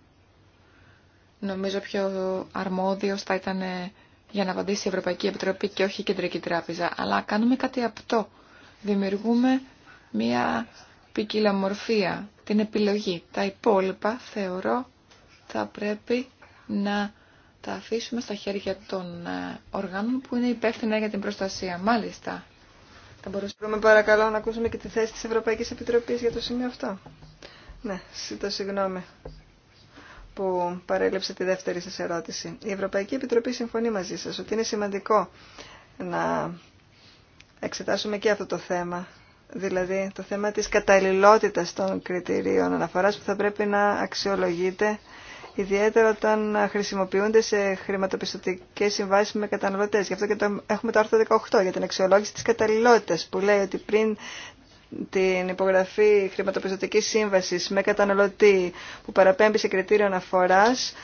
νομίζω πιο αρμόδιος θα ήταν ε, για να απαντήσει η Ευρωπαϊκή Επιτροπή και όχι η Κεντρική Τράπεζα. Αλλά κάνουμε κάτι απτό. Δημιουργούμε μία ποικιλομορφία, την επιλογή. Τα υπόλοιπα, θεωρώ, θα πρέπει να τα αφήσουμε στα χέρια των ε, οργάνων που είναι υπεύθυνα για την προστασία. Μάλιστα. Θα μπορούσαμε παρακαλώ να ακούσουμε και τη θέση της Ευρωπαϊκής Επιτροπής για το σημείο αυτό. Ναι, το συγγνώμη που παρέλειψε τη δεύτερη σας ερώτηση. Η Ευρωπαϊκή Επιτροπή συμφωνεί μαζί σας ότι είναι σημαντικό να εξετάσουμε και αυτό το θέμα. Δηλαδή το θέμα της καταλληλότητας των κριτηρίων αναφοράς που θα πρέπει να αξιολογείται ιδιαίτερα όταν χρησιμοποιούνται σε χρηματοπιστωτικές συμβάσει με καταναλωτέ, Γι' αυτό και το, έχουμε το άρθρο 18 για την αξιολόγηση της καταλληλότητα, που λέει ότι πριν την υπογραφή χρηματοπιστωτικής σύμβασης με καταναλωτή που παραπέμπει σε κριτήριο αναφοράς,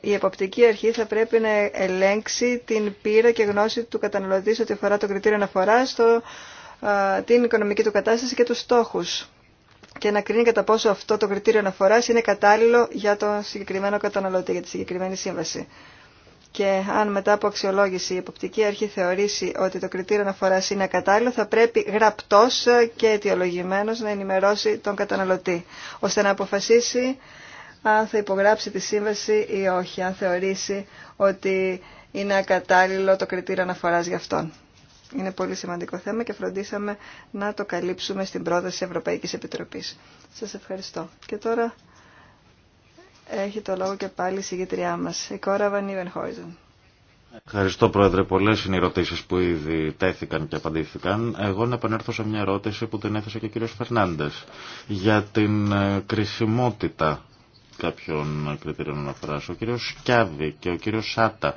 η εποπτική αρχή θα πρέπει να ελέγξει την πείρα και γνώση του καταναλωτή ό,τι αφορά το κριτήριο αναφοράς, την οικονομική του κατάσταση και τους στόχους και να κρίνει κατά πόσο αυτό το κριτήριο αναφοράς είναι κατάλληλο για τον συγκεκριμένο καταναλωτή, για τη συγκεκριμένη σύμβαση. Και αν μετά από αξιολόγηση η εποπτική αρχή θεωρήσει ότι το κριτήριο αναφοράς είναι κατάλληλο, θα πρέπει γραπτός και αιτιολογημένο να ενημερώσει τον καταναλωτή, ώστε να αποφασίσει αν θα υπογράψει τη σύμβαση ή όχι, αν θεωρήσει ότι είναι ακατάλληλο το κριτήριο αναφοράς για αυτόν. Είναι πολύ σημαντικό θέμα και φροντίσαμε να το καλύψουμε στην πρόταση Ευρωπαϊκής Επιτροπής. Σας ευχαριστώ. Και τώρα έχει το λόγο και πάλι η συγγετριά μας, η Κόρα Βαν Ιβενχόιζεν. Ευχαριστώ Πρόεδρε. Πολλές είναι οι ερωτήσεις που ήδη τέθηκαν και απαντήθηκαν. Εγώ να επανέλθω σε μια ερώτηση που την έθεσε και ο κύριος Φερνάντες για την ε, κρισιμότητα κάποιων κριτήριων αναφοράς. Ο κύριος Σκιάβη και ο κύριος Σάτα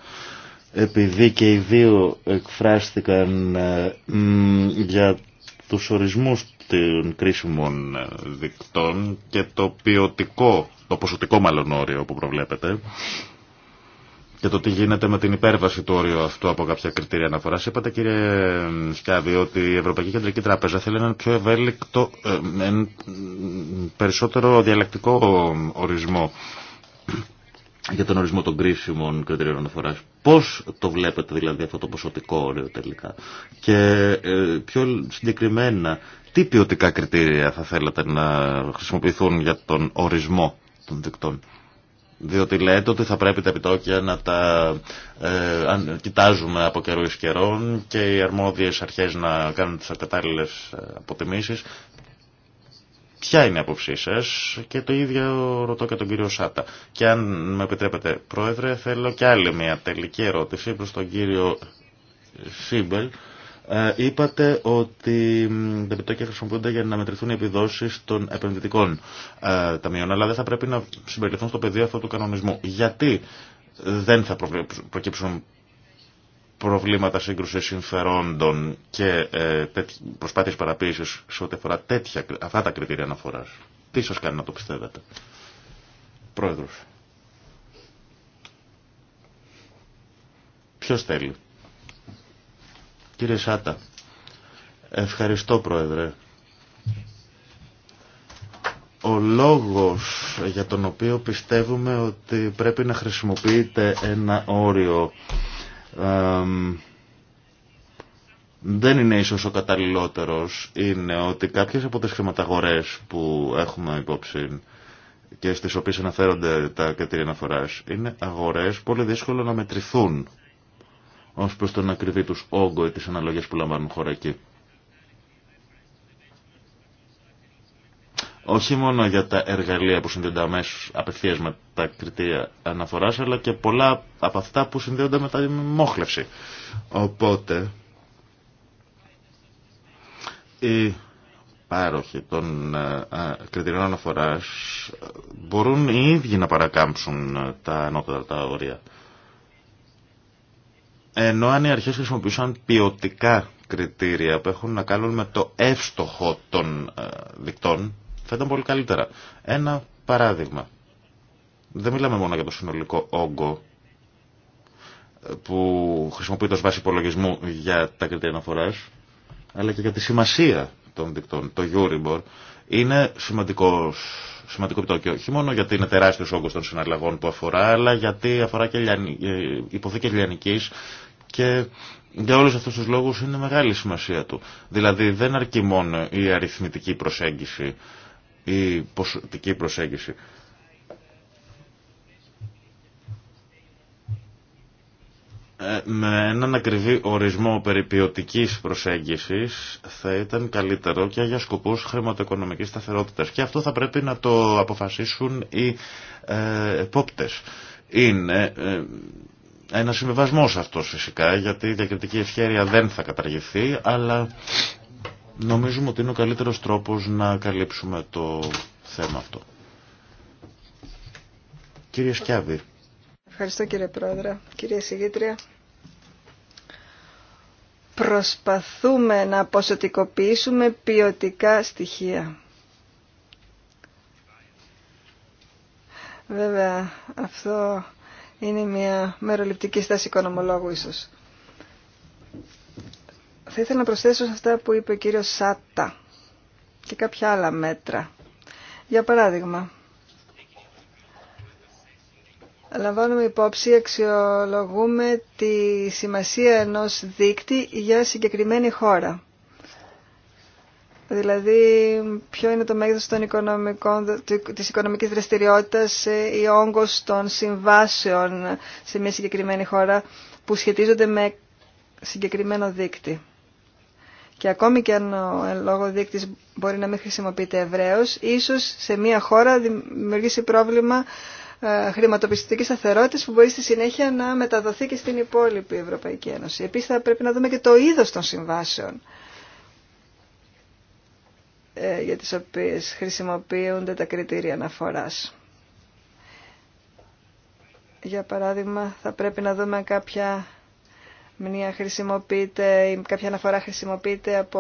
επειδή και οι δύο εκφράστηκαν ε, για τους ορισμούς των κρίσιμων ε, δικτών και το ποιοτικό, το ποσοτικό μάλλον όριο που προβλέπετε και το τι γίνεται με την υπέρβαση του όριου αυτού από κάποια κριτήρια αναφοράς. Είπατε κύριε Σκιάδη ότι η Ευρωπαϊκή Κεντρική Τράπεζα θέλει έναν πιο ευέλικτο, ε, περισσότερο διαλεκτικό ορισμό για τον ορισμό των κρίσιμων κριτηρίων αναφορά. Πώ το βλέπετε δηλαδή αυτό το ποσοτικό όριο τελικά και ε, πιο συγκεκριμένα τι ποιοτικά κριτήρια θα θέλατε να χρησιμοποιηθούν για τον ορισμό των δικτών. Διότι λέτε ότι θα πρέπει τα επιτόκια να τα ε, αν, κοιτάζουμε από καιρού εις καιρών και οι αρμόδιες αρχές να κάνουν τις κατάλληλες ε, αποτιμήσεις. Ποια είναι η άποψή σα και το ίδιο ρωτώ και τον κύριο Σάτα. Και αν με επιτρέπετε, Πρόεδρε, θέλω και άλλη μια τελική ερώτηση προ τον κύριο Σίμπελ. Ε, είπατε ότι τα επιτόκια χρησιμοποιούνται για να μετρηθούν οι επιδόσεις των επενδυτικών ε, ταμείων, αλλά δεν θα πρέπει να συμπεριληφθούν στο πεδίο αυτού του κανονισμού. Γιατί δεν θα προκύψουν προβλήματα σύγκρουσης συμφερόντων και ε, προσπάθειες παραποίησης σε ό,τι αφορά τέτοια, αυτά τα κριτήρια αναφοράς. Τι σας κάνει να το πιστεύετε. Πρόεδρος. Ποιος θέλει. Κύριε Σάτα. Ευχαριστώ Πρόεδρε. Ο λόγος για τον οποίο πιστεύουμε ότι πρέπει να χρησιμοποιείται ένα όριο δεν είναι ίσως ο καταλληλότερος είναι ότι κάποιες από τις χρηματαγορές που έχουμε υπόψη και στις οποίες αναφέρονται τα κατήρια αναφοράς είναι αγορές πολύ δύσκολο να μετρηθούν ως προς τον ακριβή τους όγκο ή τις αναλογίες που λαμβάνουν χώρα εκεί. όχι μόνο για τα εργαλεία που συνδέονται αμέσω απευθεία με τα κριτήρια αναφορά, αλλά και πολλά από αυτά που συνδέονται με τα μόχλευση. Οπότε, οι πάροχοι των ε, ε, κριτηρίων αναφοράς μπορούν οι ίδιοι να παρακάμψουν ε, τα τα όρια. Ενώ αν οι αρχές χρησιμοποιούσαν ποιοτικά κριτήρια που έχουν να κάνουν με το εύστοχο των δικτών, θα ήταν πολύ καλύτερα. Ένα παράδειγμα. Δεν μιλάμε μόνο για το συνολικό όγκο ε, που χρησιμοποιείται ως βάση υπολογισμού για τα κριτήρια αναφορά, αλλά και για τη σημασία των δικτών. Το Euribor είναι σημαντικός, σημαντικό επιτόκιο, όχι μόνο γιατί είναι τεράστιος όγκος των συναλλαγών που αφορά, αλλά γιατί αφορά και ε, υποθήκες λιανικής και για όλους αυτούς τους λόγους είναι μεγάλη σημασία του. Δηλαδή δεν αρκεί μόνο η αριθμητική προσέγγιση η ποσοτική προσέγγιση. Ε, με έναν ακριβή ορισμό περί ποιοτικής προσέγγισης θα ήταν καλύτερο και για σκοπούς χρηματοοικονομικής σταθερότητας. Και αυτό θα πρέπει να το αποφασίσουν οι ε, επόπτες. Είναι ε, ένα συμβιβασμό αυτός φυσικά, γιατί η διακριτική ευχέρεια δεν θα καταργηθεί, αλλά νομίζουμε ότι είναι ο καλύτερος τρόπος να καλύψουμε το θέμα αυτό. Κύριε Σκιάβη. Ευχαριστώ κύριε Πρόεδρε. Κύριε Συγήτρια. Προσπαθούμε να ποσοτικοποιήσουμε ποιοτικά στοιχεία. Βέβαια, αυτό είναι μια μεροληπτική στάση οικονομολόγου ίσως. Θα ήθελα να προσθέσω σε αυτά που είπε ο κύριος Σάτα και κάποια άλλα μέτρα. Για παράδειγμα, λαμβάνουμε υπόψη, αξιολογούμε τη σημασία ενός δίκτυ για συγκεκριμένη χώρα. Δηλαδή, ποιο είναι το μέγεθος των οικονομικών, της οικονομικής δραστηριότητας ε, ή όγκος των συμβάσεων σε μια συγκεκριμένη χώρα που σχετίζονται με συγκεκριμένο δίκτυο και ακόμη και αν ο ε, λόγο δείκτης μπορεί να μην χρησιμοποιείται ευρέως, ίσως σε μια χώρα δημιουργήσει πρόβλημα ε, χρηματοπιστωτική σταθερότητα που μπορεί στη συνέχεια να μεταδοθεί και στην υπόλοιπη Ευρωπαϊκή Ένωση. Επίση, θα πρέπει να δούμε και το είδο των συμβάσεων ε, για τι οποίε χρησιμοποιούνται τα κριτήρια αναφορά. Για παράδειγμα, θα πρέπει να δούμε κάποια Μία χρησιμοποιείται ή κάποια αναφορά χρησιμοποιείται από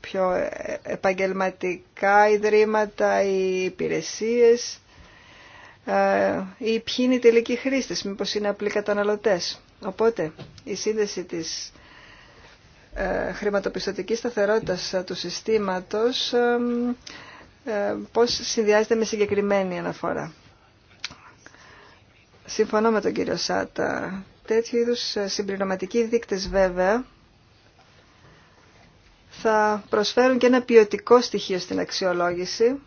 πιο επαγγελματικά ιδρύματα ή υπηρεσίες ε, ή ποιοι είναι οι τελικοί χρήστες, μήπως είναι απλοί καταναλωτές. Οπότε η σύνδεση της ε, χρηματοπιστωτικής σταθερότητας του συστήματος ε, πώς συνδυάζεται με συγκεκριμένη αναφορά. Συμφωνώ με τον κύριο Σάτα τέτοιου είδους ε, συμπληρωματικοί δείκτες βέβαια θα προσφέρουν και ένα ποιοτικό στοιχείο στην αξιολόγηση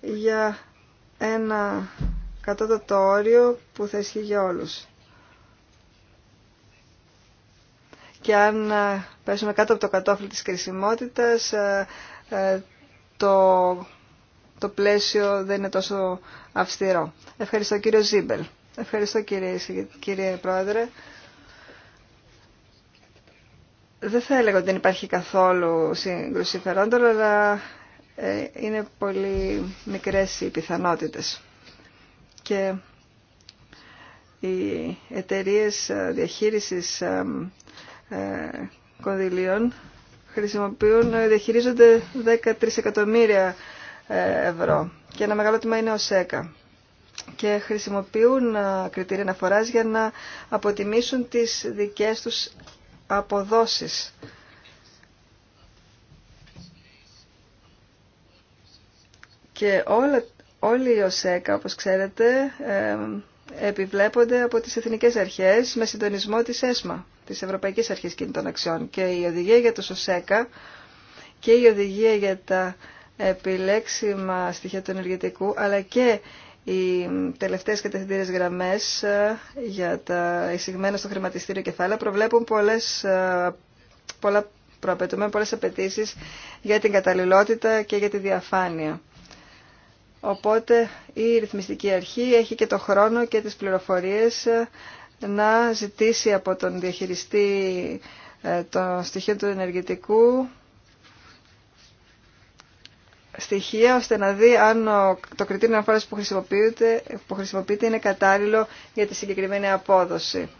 για ένα κατώτατο όριο που θα ισχύει για όλους. Και αν ε, πέσουμε κάτω από το κατόφλι της κρισιμότητας, ε, το το πλαίσιο δεν είναι τόσο αυστηρό. Ευχαριστώ κύριο Ζίμπελ. Ευχαριστώ κύριε, κύριε Πρόεδρε. Δεν θα έλεγα ότι δεν υπάρχει καθόλου σύγκρουση αλλά ε, είναι πολύ μικρές οι πιθανότητες. Και οι εταιρείε ε, διαχείρισης ε, κονδυλίων χρησιμοποιούν, διαχειρίζονται 13 εκατομμύρια ευρώ. Και ένα μεγάλο τμήμα είναι ο ΣΕΚΑ. Και χρησιμοποιούν κριτήρια αναφορά για να αποτιμήσουν τις δικές τους αποδόσεις. Και όλα, όλοι οι ΟΣΕΚΑ, όπως ξέρετε, επιβλέπονται από τις εθνικές αρχές με συντονισμό της ΕΣΜΑ, της Ευρωπαϊκής Αρχής Κινητών Αξιών. Και η οδηγία για τους ΟΣΕΚΑ και η οδηγία για τα επιλέξιμα στοιχεία του ενεργητικού, αλλά και οι τελευταίες κατευθυντήρες γραμμές ε, για τα εισηγμένα στο χρηματιστήριο κεφάλαια προβλέπουν πολλές, ε, πολλά πολλές απαιτήσει για την καταλληλότητα και για τη διαφάνεια. Οπότε η ρυθμιστική αρχή έχει και το χρόνο και τις πληροφορίες ε, να ζητήσει από τον διαχειριστή των στοιχείων του ενεργητικού στοιχεία ώστε να δει αν το κριτήριο αναφοράς που χρησιμοποιείται, που χρησιμοποιείται είναι κατάλληλο για τη συγκεκριμένη απόδοση.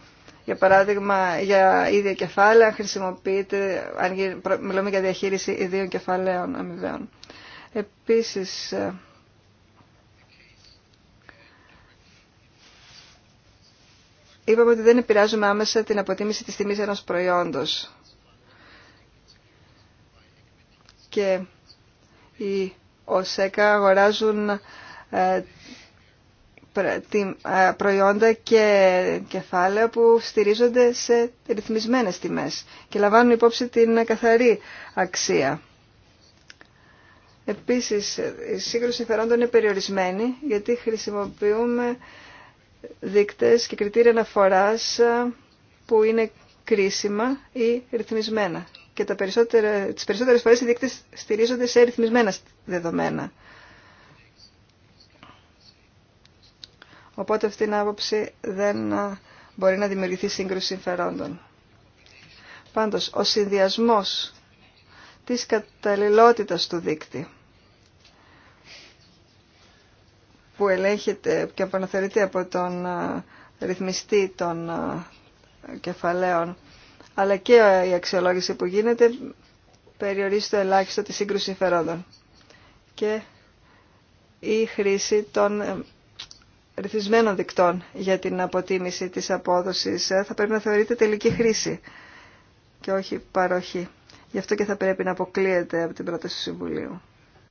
Για παράδειγμα, για ίδια κεφάλαια χρησιμοποιείται, αν μιλούμε για διαχείριση ιδίων κεφαλαίων αμοιβαίων. Επίσης, ε, είπαμε ότι δεν επηρεάζουμε άμεσα την αποτίμηση της τιμής ενός προϊόντος. Και οι ΟΣΕΚΑ αγοράζουν ε, ε, προϊόντα και κεφάλαια που στηρίζονται σε ρυθμισμένες τιμές και λαμβάνουν υπόψη την καθαρή αξία. Επίσης, η σύγκρουση συμφερόντων είναι περιορισμένη γιατί χρησιμοποιούμε δείκτες και κριτήρια αναφοράς ε, που είναι κρίσιμα ή ρυθμισμένα και τα περισσότερα, τις περισσότερες φορές οι δείκτες στηρίζονται σε ρυθμισμένα δεδομένα. Οπότε αυτή την άποψη δεν μπορεί να δημιουργηθεί σύγκρουση συμφερόντων. Πάντως, ο συνδυασμός της καταλληλότητας του δείκτη που ελέγχεται και απαναθεωρείται από τον ρυθμιστή των κεφαλαίων αλλά και η αξιολόγηση που γίνεται περιορίζει το ελάχιστο τη σύγκρουση συμφερόντων. και η χρήση των ε, ρυθμισμένων δικτών για την αποτίμηση της απόδοσης ε, θα πρέπει να θεωρείται τελική χρήση και όχι παροχή. Γι' αυτό και θα πρέπει να αποκλείεται από την πρόταση του Συμβουλίου.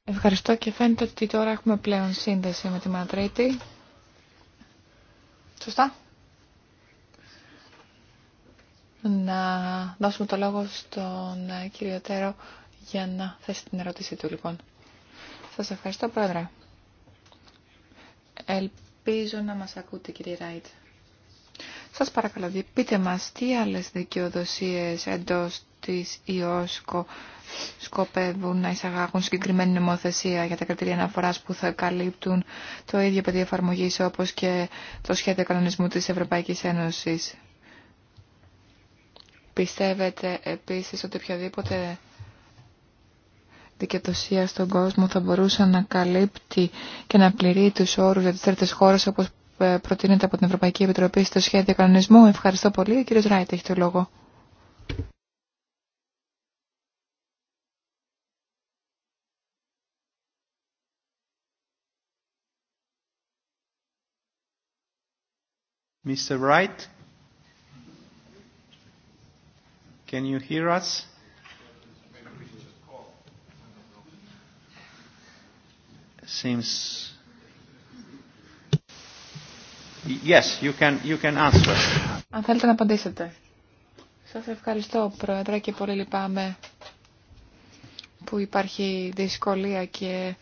Ευχαριστώ και φαίνεται ότι τώρα έχουμε πλέον σύνδεση με τη Μαδρίτη. Σωστά να δώσουμε το λόγο στον ε, κύριο Τέρο για να θέσει την ερώτησή του λοιπόν. Σας ευχαριστώ πρόεδρε. Ελπίζω να μας ακούτε κύριε Ράιτ. Σας παρακαλώ, πείτε μας τι άλλες δικαιοδοσίες εντός της ΙΟΣΚΟ σκοπεύουν να εισαγάγουν συγκεκριμένη νομοθεσία για τα κριτήρια αναφορά που θα καλύπτουν το ίδιο πεδίο εφαρμογή όπως και το σχέδιο κανονισμού της Ευρωπαϊκής Ένωσης. Πιστεύετε επίσης ότι οποιαδήποτε δικαιοδοσία στον κόσμο θα μπορούσε να καλύπτει και να πληρεί τους όρους για τις τρίτες χώρες όπως ε, προτείνεται από την Ευρωπαϊκή Επιτροπή στο σχέδιο κανονισμού. Ευχαριστώ πολύ. Ο κύριος Ράιτ έχει το λόγο. Mr. Wright. you can, Αν θέλετε να απαντήσετε. Σας ευχαριστώ, Πρόεδρε, και πολύ λυπάμαι που υπάρχει δυσκολία και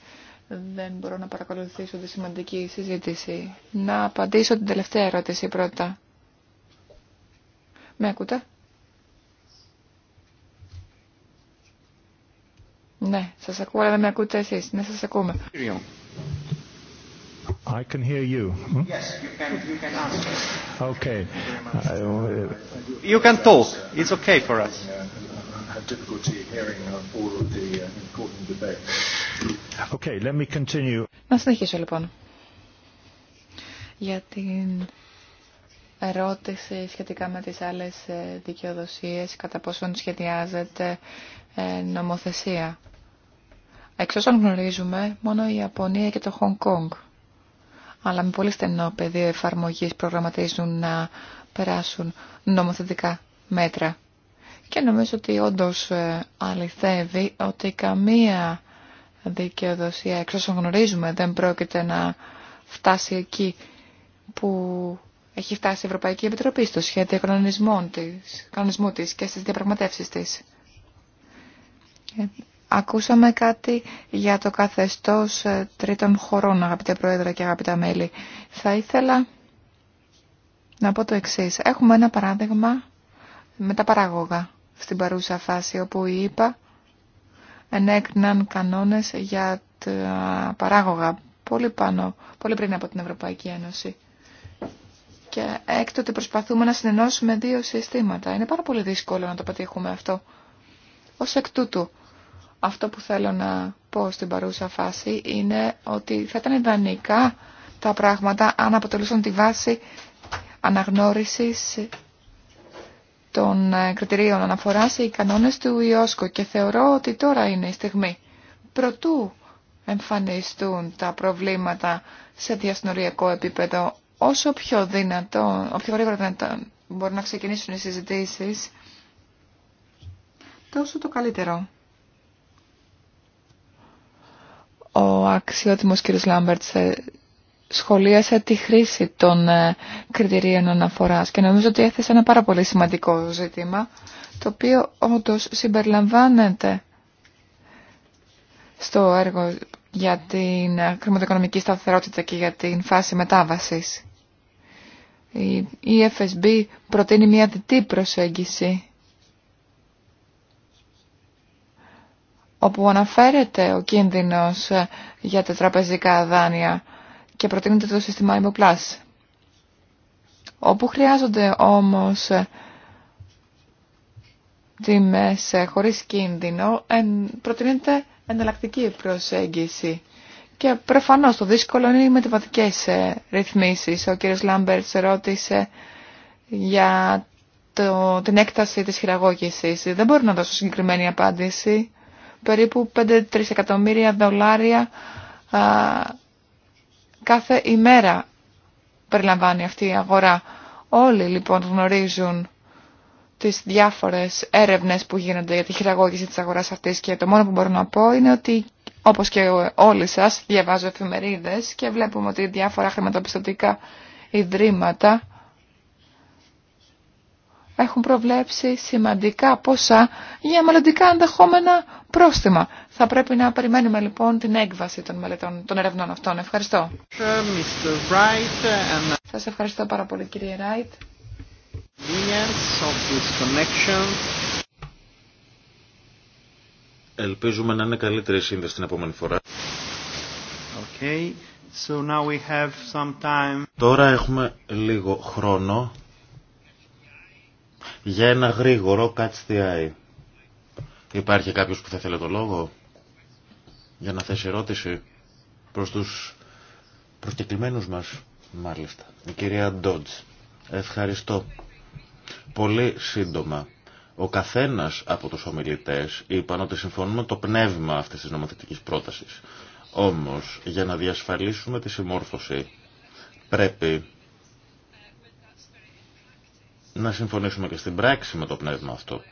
δεν μπορώ να παρακολουθήσω τη σημαντική συζήτηση. Να απαντήσω την τελευταία ερώτηση πρώτα. Με ακούτε? Ναι, σας ακούω, αλλά δεν με ακούτε εσείς. Ναι, σας ακούμε. I can hear you. Hmm? Yes, you can, you can answer. Okay. You can talk. It's okay for us. Have difficulty hearing uh, all the uh, important debate. Okay, let me continue. Να συνεχίσω λοιπόν. Για την ερώτηση σχετικά με τις άλλες ε, δικαιοδοσίες, κατά πόσον σχεδιάζεται ε, νομοθεσία Εξ όσων γνωρίζουμε, μόνο η Ιαπωνία και το Χονγκ Κόνγκ, αλλά με πολύ στενό πεδίο εφαρμογής προγραμματίζουν να περάσουν νομοθετικά μέτρα. Και νομίζω ότι όντως ε, αληθεύει ότι καμία δικαιοδοσία, εξ όσων γνωρίζουμε, δεν πρόκειται να φτάσει εκεί που έχει φτάσει η Ευρωπαϊκή Επιτροπή στο σχέδιο κανονισμού της και στις διαπραγματεύσεις της. Ε, Ακούσαμε κάτι για το καθεστώς ε, τρίτων χωρών, αγαπητέ Πρόεδρε και αγαπητά μέλη. Θα ήθελα να πω το εξής. Έχουμε ένα παράδειγμα με τα παράγωγα στην παρούσα φάση, όπου η ΕΠΑ ενέκριναν κανόνες για τα παράγωγα πολύ, πάνω, πολύ πριν από την Ευρωπαϊκή Ένωση. Και έκτοτε προσπαθούμε να συνενώσουμε δύο συστήματα. Είναι πάρα πολύ δύσκολο να το πετύχουμε αυτό. Ως εκ τούτου, αυτό που θέλω να πω στην παρούσα φάση είναι ότι θα ήταν ιδανικά τα πράγματα αν αποτελούσαν τη βάση αναγνώρισης των ε, κριτηρίων αναφοράς οι κανόνες του ΙΟΣΚΟ και θεωρώ ότι τώρα είναι η στιγμή. Προτού εμφανιστούν τα προβλήματα σε διασυνοριακό επίπεδο όσο πιο δυνατό, όποιο γρήγορα δυνατόν μπορούν να ξεκινήσουν οι συζητήσεις, τόσο το καλύτερο. Ο αξιότιμος κ. Λάμπερτ ε, σχολίασε τη χρήση των ε, κριτηρίων αναφοράς και νομίζω ότι έθεσε ένα πάρα πολύ σημαντικό ζήτημα το οποίο όντως συμπεριλαμβάνεται στο έργο για την ε, χρηματοοικονομική σταθερότητα και για την φάση μετάβασης. Η FSB προτείνει μια διτή προσέγγιση όπου αναφέρεται ο κίνδυνος ε, για τα τραπεζικά δάνεια και προτείνεται το σύστημα IMO+. Όπου χρειάζονται όμως ε, τιμές ε, χωρίς κίνδυνο, προτείνεται εναλλακτική προσέγγιση. Και προφανώς το δύσκολο είναι οι μεταβατικές ρυθμίσεις. Ο κ. Λάμπερτς ρώτησε για την έκταση της χειραγώγησης. Δεν μπορώ να δώσω συγκεκριμένη απάντηση περίπου 5-3 εκατομμύρια δολάρια α, κάθε ημέρα περιλαμβάνει αυτή η αγορά. Όλοι λοιπόν γνωρίζουν τις διάφορες έρευνες που γίνονται για τη χειραγώγηση της αγοράς αυτής και το μόνο που μπορώ να πω είναι ότι όπως και όλοι σας διαβάζω εφημερίδες και βλέπουμε ότι διάφορα χρηματοπιστωτικά ιδρύματα έχουν προβλέψει σημαντικά ποσά για μελλοντικά ενδεχόμενα πρόστιμα. Θα πρέπει να περιμένουμε λοιπόν την έκβαση των, μελετών, των ερευνών αυτών. Ευχαριστώ. And... Σας ευχαριστώ πάρα πολύ κύριε Ράιτ. Ελπίζουμε να είναι καλύτερη σύνδεση την επόμενη φορά. Okay. So now we have some time. Τώρα έχουμε λίγο χρόνο για ένα γρήγορο catch the eye. Υπάρχει κάποιος που θα θέλει το λόγο για να θέσει ερώτηση προς τους προσκεκλημένους μας. Μάλιστα. Η κυρία Ντότζ. Ευχαριστώ. Πολύ σύντομα. Ο καθένας από τους ομιλητές είπαν ότι συμφωνούμε το πνεύμα αυτής της νομοθετικής πρότασης. Όμως, για να διασφαλίσουμε τη συμμόρφωση, πρέπει να συμφωνήσουμε και στην πράξη με το πνεύμα αυτό.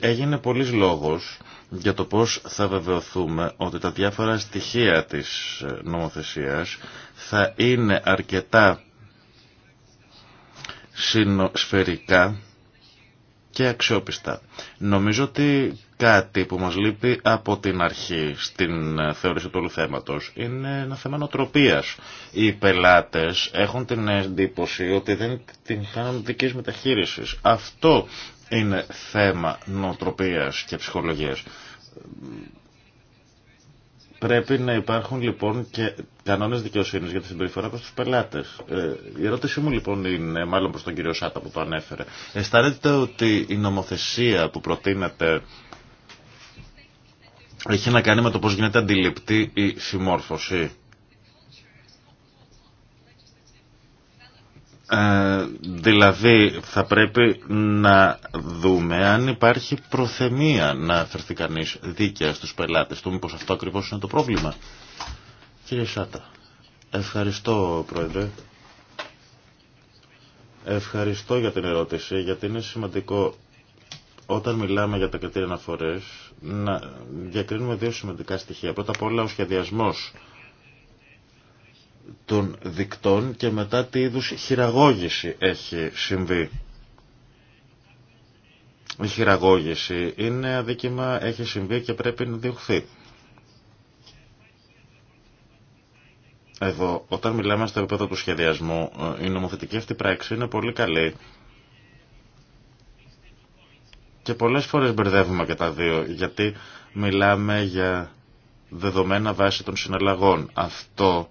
Έγινε πολλής λόγος για το πώς θα βεβαιωθούμε ότι τα διάφορα στοιχεία της ε, νομοθεσίας θα είναι αρκετά συνοσφαιρικά και αξιόπιστα. Νομίζω ότι κάτι που μας λείπει από την αρχή στην ε, θεώρηση του όλου θέματος. Είναι ένα θέμα νοοτροπίας. Οι πελάτες έχουν την εντύπωση ότι δεν την κάνουν δικής μεταχείρισης. Αυτό είναι θέμα νοτροπίας και ψυχολογίας. Πρέπει να υπάρχουν λοιπόν και κανόνες δικαιοσύνης για τη συμπεριφορά προς τους πελάτες. Ε, η ερώτησή μου λοιπόν είναι μάλλον προς τον κύριο Σάτα που το ανέφερε. Αισθάνεται ότι η νομοθεσία που προτείνεται έχει να κάνει με το πώς γίνεται αντιληπτή η συμμόρφωση. Ε, δηλαδή θα πρέπει να δούμε αν υπάρχει προθεμία να φερθεί κανείς δίκαια στους πελάτες του, μήπως αυτό ακριβώς είναι το πρόβλημα. Κύριε Σάτα, ευχαριστώ Πρόεδρε. Ευχαριστώ για την ερώτηση, γιατί είναι σημαντικό όταν μιλάμε για τα κριτήρια αναφορέ, να διακρίνουμε δύο σημαντικά στοιχεία. Πρώτα απ' όλα ο σχεδιασμός των δικτών και μετά τι είδου χειραγώγηση έχει συμβεί. Η χειραγώγηση είναι αδίκημα, έχει συμβεί και πρέπει να διωχθεί. Εδώ, όταν μιλάμε στο επίπεδο του σχεδιασμού, η νομοθετική αυτή πράξη είναι πολύ καλή και πολλές φορές μπερδεύουμε και τα δύο, γιατί μιλάμε για δεδομένα βάση των συναλλαγών. Αυτό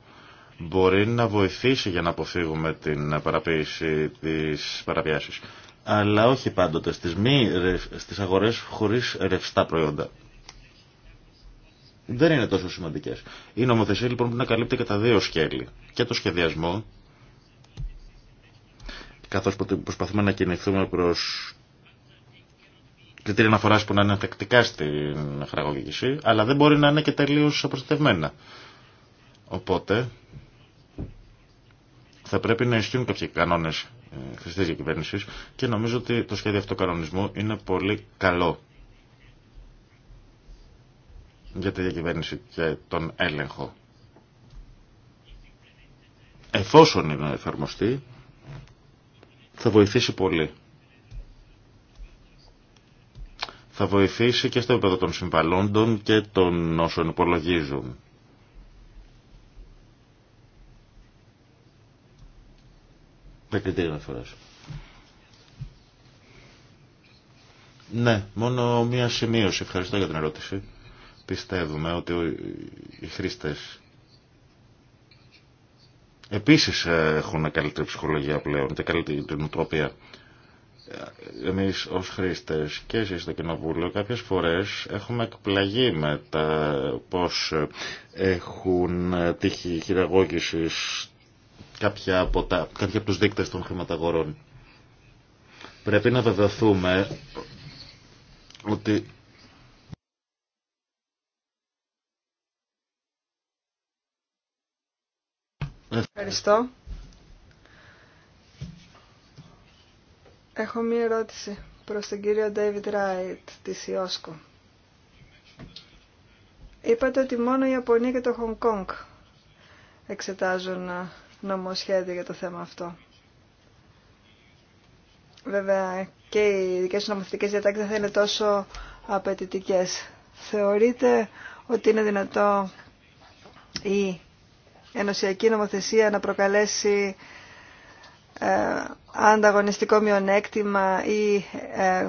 μπορεί να βοηθήσει για να αποφύγουμε την παραποίηση της παραπιάσης. Αλλά όχι πάντοτε στις, στις αγορές χωρίς ρευστά προϊόντα. Δεν είναι τόσο σημαντικές. Η νομοθεσία λοιπόν πρέπει να καλύπτει και τα δύο σκέλη. Και το σχεδιασμό, καθώς προσπαθούμε να κινηθούμε προς κριτήρια αναφορά που να είναι τακτικά στην χραγωγήση, αλλά δεν μπορεί να είναι και τελείω προστατευμένα. Οπότε θα πρέπει να ισχύουν κάποιοι κανόνε χρηστή διακυβέρνηση και νομίζω ότι το σχέδιο αυτοκανονισμού είναι πολύ καλό για τη διακυβέρνηση και τον έλεγχο. Εφόσον είναι εφαρμοστεί, θα βοηθήσει πολύ. θα βοηθήσει και στο επίπεδο των συμβαλόντων και των όσων υπολογίζουν. Τα κριτήρια Ναι, μόνο μία σημείωση. Ευχαριστώ για την ερώτηση. Πιστεύουμε ότι οι χρήστες επίσης έχουν καλύτερη ψυχολογία πλέον και καλύτερη νοοτροπία εμείς ως χρήστες και εσείς στο Κοινοβούλιο κάποιες φορές έχουμε εκπλαγεί με τα πώς έχουν τύχει χειραγώγησης κάποια από, τα, κάποια από τους δείκτες των χρηματαγορών. Πρέπει να βεβαιωθούμε ότι Ευχαριστώ. Έχω μία ερώτηση προς τον κύριο David Ράιτ της Ιόσκο. Είπατε ότι μόνο η Ιαπωνία και το Χονγκ Κόνγκ εξετάζουν νομοσχέδια για το θέμα αυτό. Βέβαια και οι δικές σου νομοθετικές διατάξεις δεν θα είναι τόσο απαιτητικέ. Θεωρείτε ότι είναι δυνατό η ενωσιακή νομοθεσία να προκαλέσει ε, ανταγωνιστικό μειονέκτημα ή ε,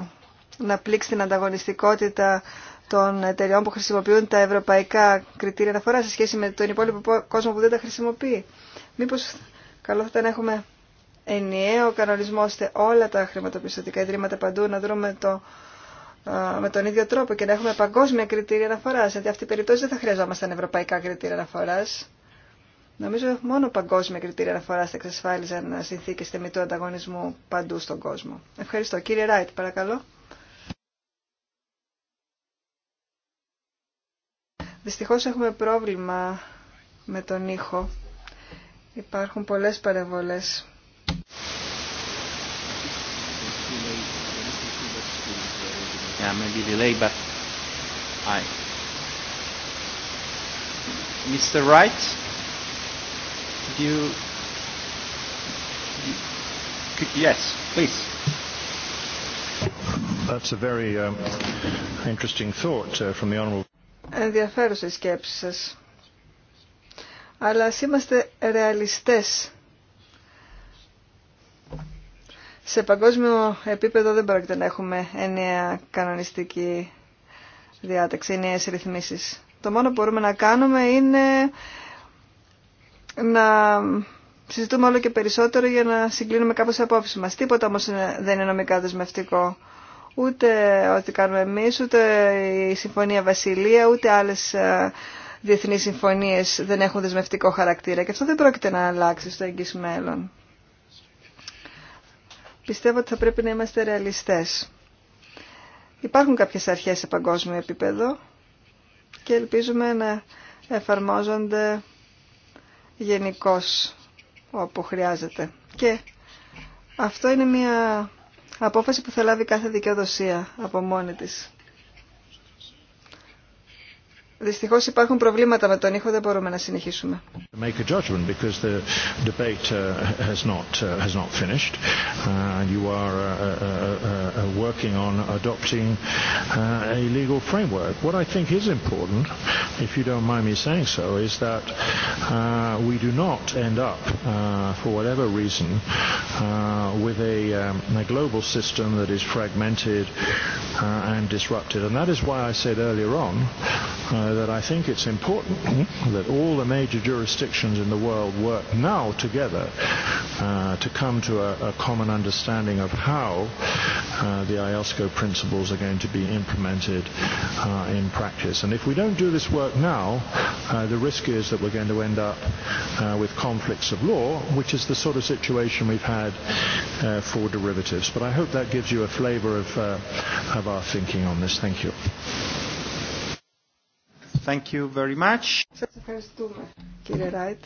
να πλήξει την ανταγωνιστικότητα των εταιριών που χρησιμοποιούν τα ευρωπαϊκά κριτήρια αναφορά σε σχέση με τον υπόλοιπο κόσμο που δεν τα χρησιμοποιεί. Μήπως καλό θα ήταν να έχουμε ενιαίο κανονισμό ώστε όλα τα χρηματοπιστωτικά ιδρύματα παντού να δρούμε το, ε, με τον ίδιο τρόπο και να έχουμε παγκόσμια κριτήρια αναφορά. Γιατί αυτή η περίπτωση δεν θα χρειαζόμασταν ευρωπαϊκά κριτήρια αναφορά. Νομίζω ότι μόνο παγκόσμια κριτήρια αναφορά θα εξασφάλιζαν συνθήκε θεμητού ανταγωνισμού παντού στον κόσμο. Ευχαριστώ. Κύριε Ράιτ, παρακαλώ. Δυστυχώς έχουμε πρόβλημα με τον ήχο. Υπάρχουν πολλές παρεμβολέ. Yeah, Mr. Wright, Do you, yes, please. That's a very um, interesting thought uh, from the honorable. Ενδιαφέρουσα η σκέψη σας. Αλλά ας είμαστε ρεαλιστές. Σε παγκόσμιο επίπεδο δεν πρόκειται να έχουμε ενιαία κανονιστική διάταξη, ενιαίες ρυθμίσεις. Το μόνο που μπορούμε να κάνουμε είναι να συζητούμε όλο και περισσότερο για να συγκλίνουμε κάπως απόψεις μας. Τίποτα όμως δεν είναι νομικά δεσμευτικό. Ούτε ό,τι κάνουμε εμείς, ούτε η Συμφωνία Βασιλεία, ούτε άλλες ε, διεθνείς συμφωνίες δεν έχουν δεσμευτικό χαρακτήρα και αυτό δεν πρόκειται να αλλάξει στο εγγύς μέλλον. Πιστεύω ότι θα πρέπει να είμαστε ρεαλιστές. Υπάρχουν κάποιες αρχές σε παγκόσμιο επίπεδο και ελπίζουμε να εφαρμόζονται γενικώ όπου χρειάζεται. Και αυτό είναι μια απόφαση που θα λάβει κάθε δικαιοδοσία από μόνη της. Δυστυχώς υπάρχουν προβλήματα με τον ήχο, δεν μπορούμε να συνεχίσουμε. Make a judgment because the debate has not has not finished. and You are working on adopting a legal framework. What I think is important, if you don't mind me saying so, is that we do not end up, for whatever reason, with a a global system that is fragmented and disrupted. And that is why I said earlier on that I think it's important that all the major jurisdictions in the world work now together to come to a common understanding of how the IOSCO principles are going to be implemented in practice. And if we don't do this work now, the risk is that we're going to end up with conflicts of law, which is the sort of situation we've had for derivatives. But I hope that gives you a flavor of our thinking on this. Thank you. Thank you Σας ευχαριστούμε, κύριε Ράιτ.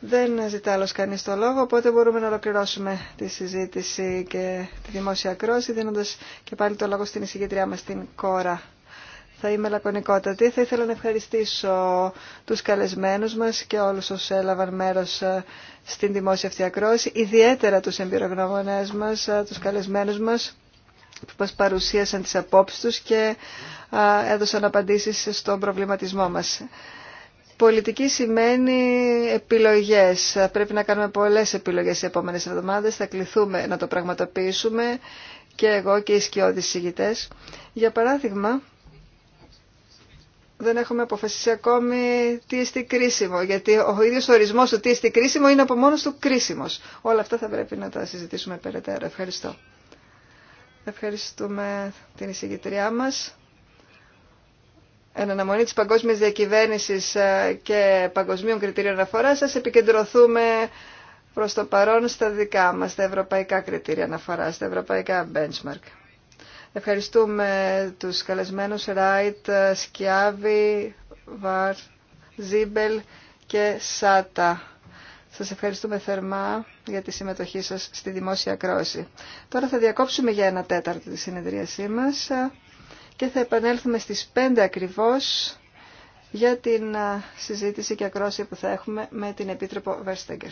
Δεν ζητά άλλος κανείς το λόγο, οπότε μπορούμε να ολοκληρώσουμε τη συζήτηση και τη δημόσια κρόση, δίνοντας και πάλι το λόγο στην εισηγητριά μας, την Κόρα. Θα είμαι λακωνικότατη. Θα ήθελα να ευχαριστήσω τους καλεσμένους μας και όλους όσους έλαβαν μέρος ε, στην δημόσια αυτή ακρόση, ιδιαίτερα τους εμπειρογνώμονές μας, ε, τους καλεσμένους μας, που μας παρουσίασαν τις απόψεις τους και έδωσαν απαντήσεις στον προβληματισμό μας. Πολιτική σημαίνει επιλογές. Πρέπει να κάνουμε πολλές επιλογές οι επόμενες εβδομάδες. Θα κληθούμε να το πραγματοποιήσουμε και εγώ και οι σκιώδεις συγητές. Για παράδειγμα, δεν έχουμε αποφασίσει ακόμη τι είστε κρίσιμο, γιατί ο ίδιος ορισμός του τι είστε κρίσιμο είναι από μόνος του κρίσιμος. Όλα αυτά θα πρέπει να τα συζητήσουμε περαιτέρω. Ευχαριστώ. Ευχαριστούμε την εισηγητριά μας. Εν αναμονή της παγκόσμιας διακυβέρνησης ε, και παγκοσμίων κριτηρίων αναφοράς σας επικεντρωθούμε προς το παρόν στα δικά μας, τα ευρωπαϊκά κριτήρια αναφοράς, στα ευρωπαϊκά benchmark. Ευχαριστούμε τους καλεσμένους Ράιτ, Σκιάβη, Βαρ, Ζίμπελ και Σάτα. Σας ευχαριστούμε θερμά για τη συμμετοχή σας στη δημόσια κρόση. Τώρα θα διακόψουμε για ένα τέταρτο τη συνεδρίασή μας ε, και θα επανέλθουμε στις 5 ακριβώς για την ε, συζήτηση και ακρόση που θα έχουμε με την Επίτροπο Βέρστεγκερ.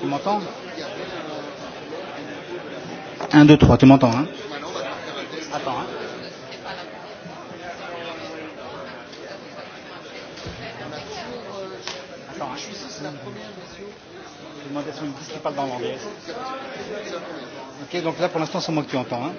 Tu m'entends 1, 2, 3, tu m'entends, hein Attends, hein Attends, je suis ici, c'est la première, monsieur. Je demandais si on qui parle dans l'anglais. Ok, donc là, pour l'instant, c'est moi que tu entends, hein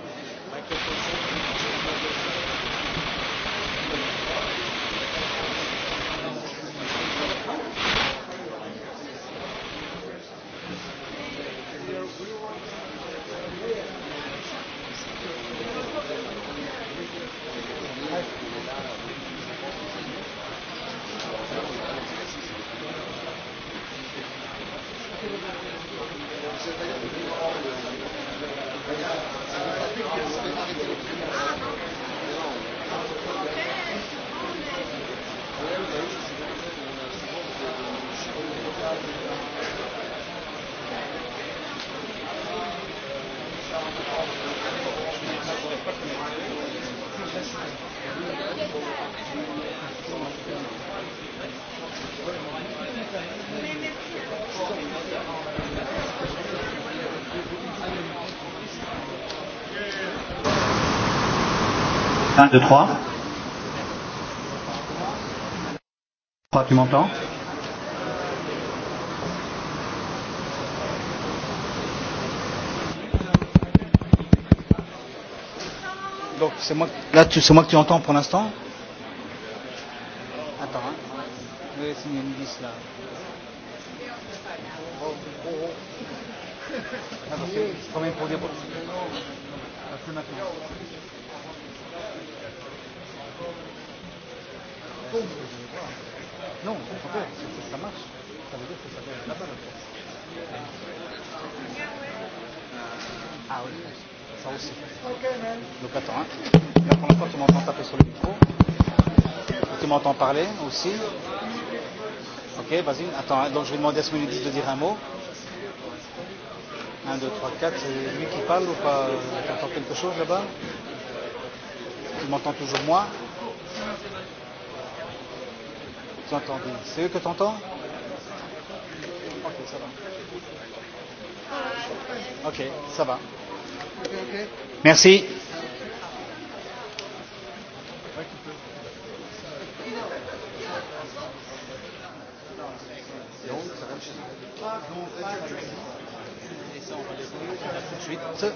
1, 2, 3. 3, tu m'entends Donc c'est moi, là c'est moi que tu entends pour l'instant Attends, hein. là. Je promets pour Non, au contraire, si ça marche, ça veut dire que ça doit être là-bas la Ah oui, ça aussi. Donc attends, hein. la première fois tu m'entends taper sur le micro. Tu m'entends parler aussi. Ok, vas-y, attends, donc je vais demander à ce minute de dire un mot. 1, 2, 3, 4, c'est lui qui parle ou pas Tu entends quelque chose là-bas Tu m'entends toujours moi entendez C'est eux que tu entends Ok, ça va. Ok, ça va. Merci. Donc, ça va.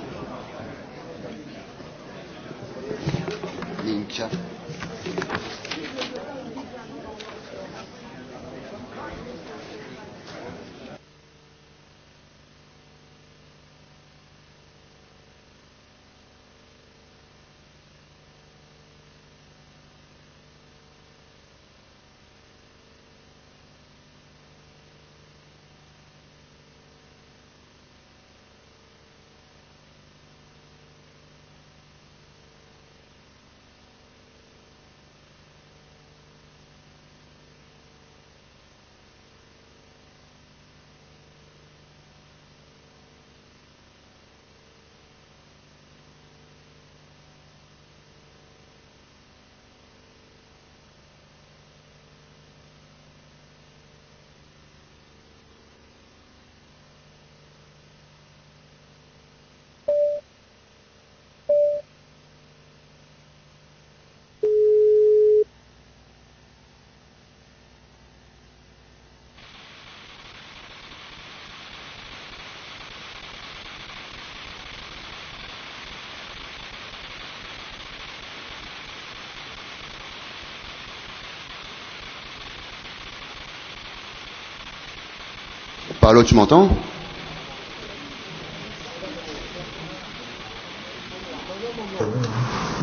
Allô, tu m'entends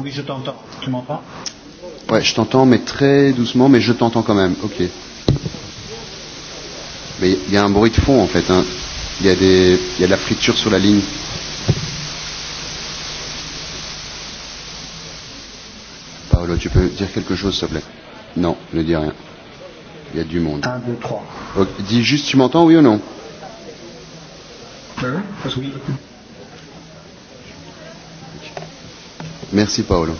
Oui, je t'entends. Tu m'entends Ouais, je t'entends, mais très doucement, mais je t'entends quand même. Ok. Mais il y a un bruit de fond en fait. Hein. Il y a des, y a de la friture sur la ligne. Paolo, tu peux dire quelque chose, s'il te plaît Non, ne dis rien. Il y a du monde. Un, deux, trois. Dis juste, tu m'entends, oui ou non Merci Paolo.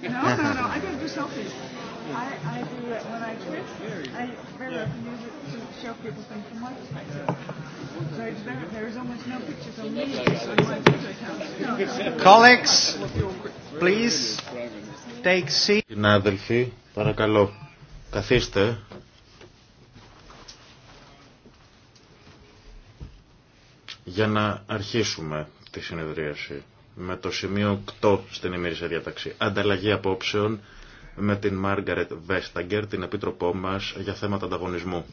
No, Συνάδελφοι, παρακαλώ, καθίστε. για να αρχίσουμε τη συνεδρίαση με το σημείο 8 στην ημερήσια διαταξή. Ανταλλαγή απόψεων με την Μάργαρετ Βέσταγκερ, την επίτροπό μας για θέματα ανταγωνισμού.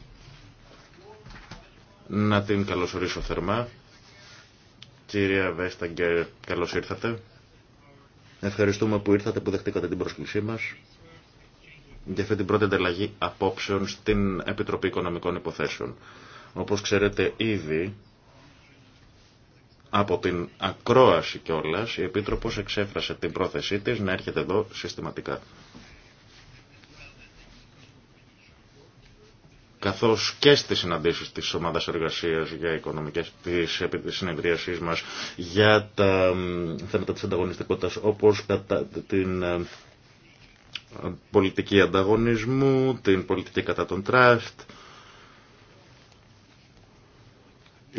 Να την καλωσορίσω θερμά. Κυρία Βέσταγκερ, καλώς ήρθατε. Ευχαριστούμε που ήρθατε, που δεχτήκατε την πρόσκλησή μας για αυτή την πρώτη ανταλλαγή απόψεων στην Επιτροπή Οικονομικών Υποθέσεων. Όπως ξέρετε ήδη, από την ακρόαση κιόλα, η Επίτροπος εξέφρασε την πρόθεσή της να έρχεται εδώ συστηματικά. καθώς και στις συναντήσεις της ομάδας εργασίας για οικονομικές της συνεδρίασής μας για τα θέματα της ανταγωνιστικότητας όπως κατά την ε, πολιτική ανταγωνισμού, την πολιτική κατά τον τραστ,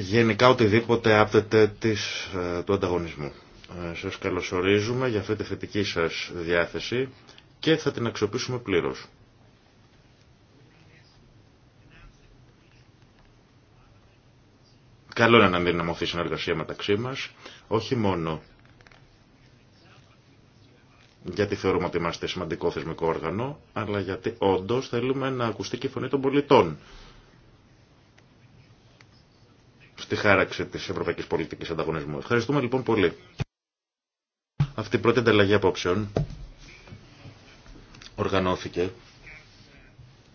γενικά οτιδήποτε άπτεται της, ε, του ανταγωνισμού. Ε, σας καλωσορίζουμε για αυτή τη θετική σας διάθεση και θα την αξιοποιήσουμε πλήρως. Καλό είναι να μην νομοθεί συνεργασία μεταξύ μας, όχι μόνο γιατί θεωρούμε ότι είμαστε σημαντικό θεσμικό όργανο, αλλά γιατί όντως θέλουμε να ακουστεί και η φωνή των πολιτών τη χάραξη της ευρωπαϊκής πολιτικής ανταγωνισμού. Ευχαριστούμε λοιπόν πολύ. Αυτή η πρώτη ανταλλαγή απόψεων οργανώθηκε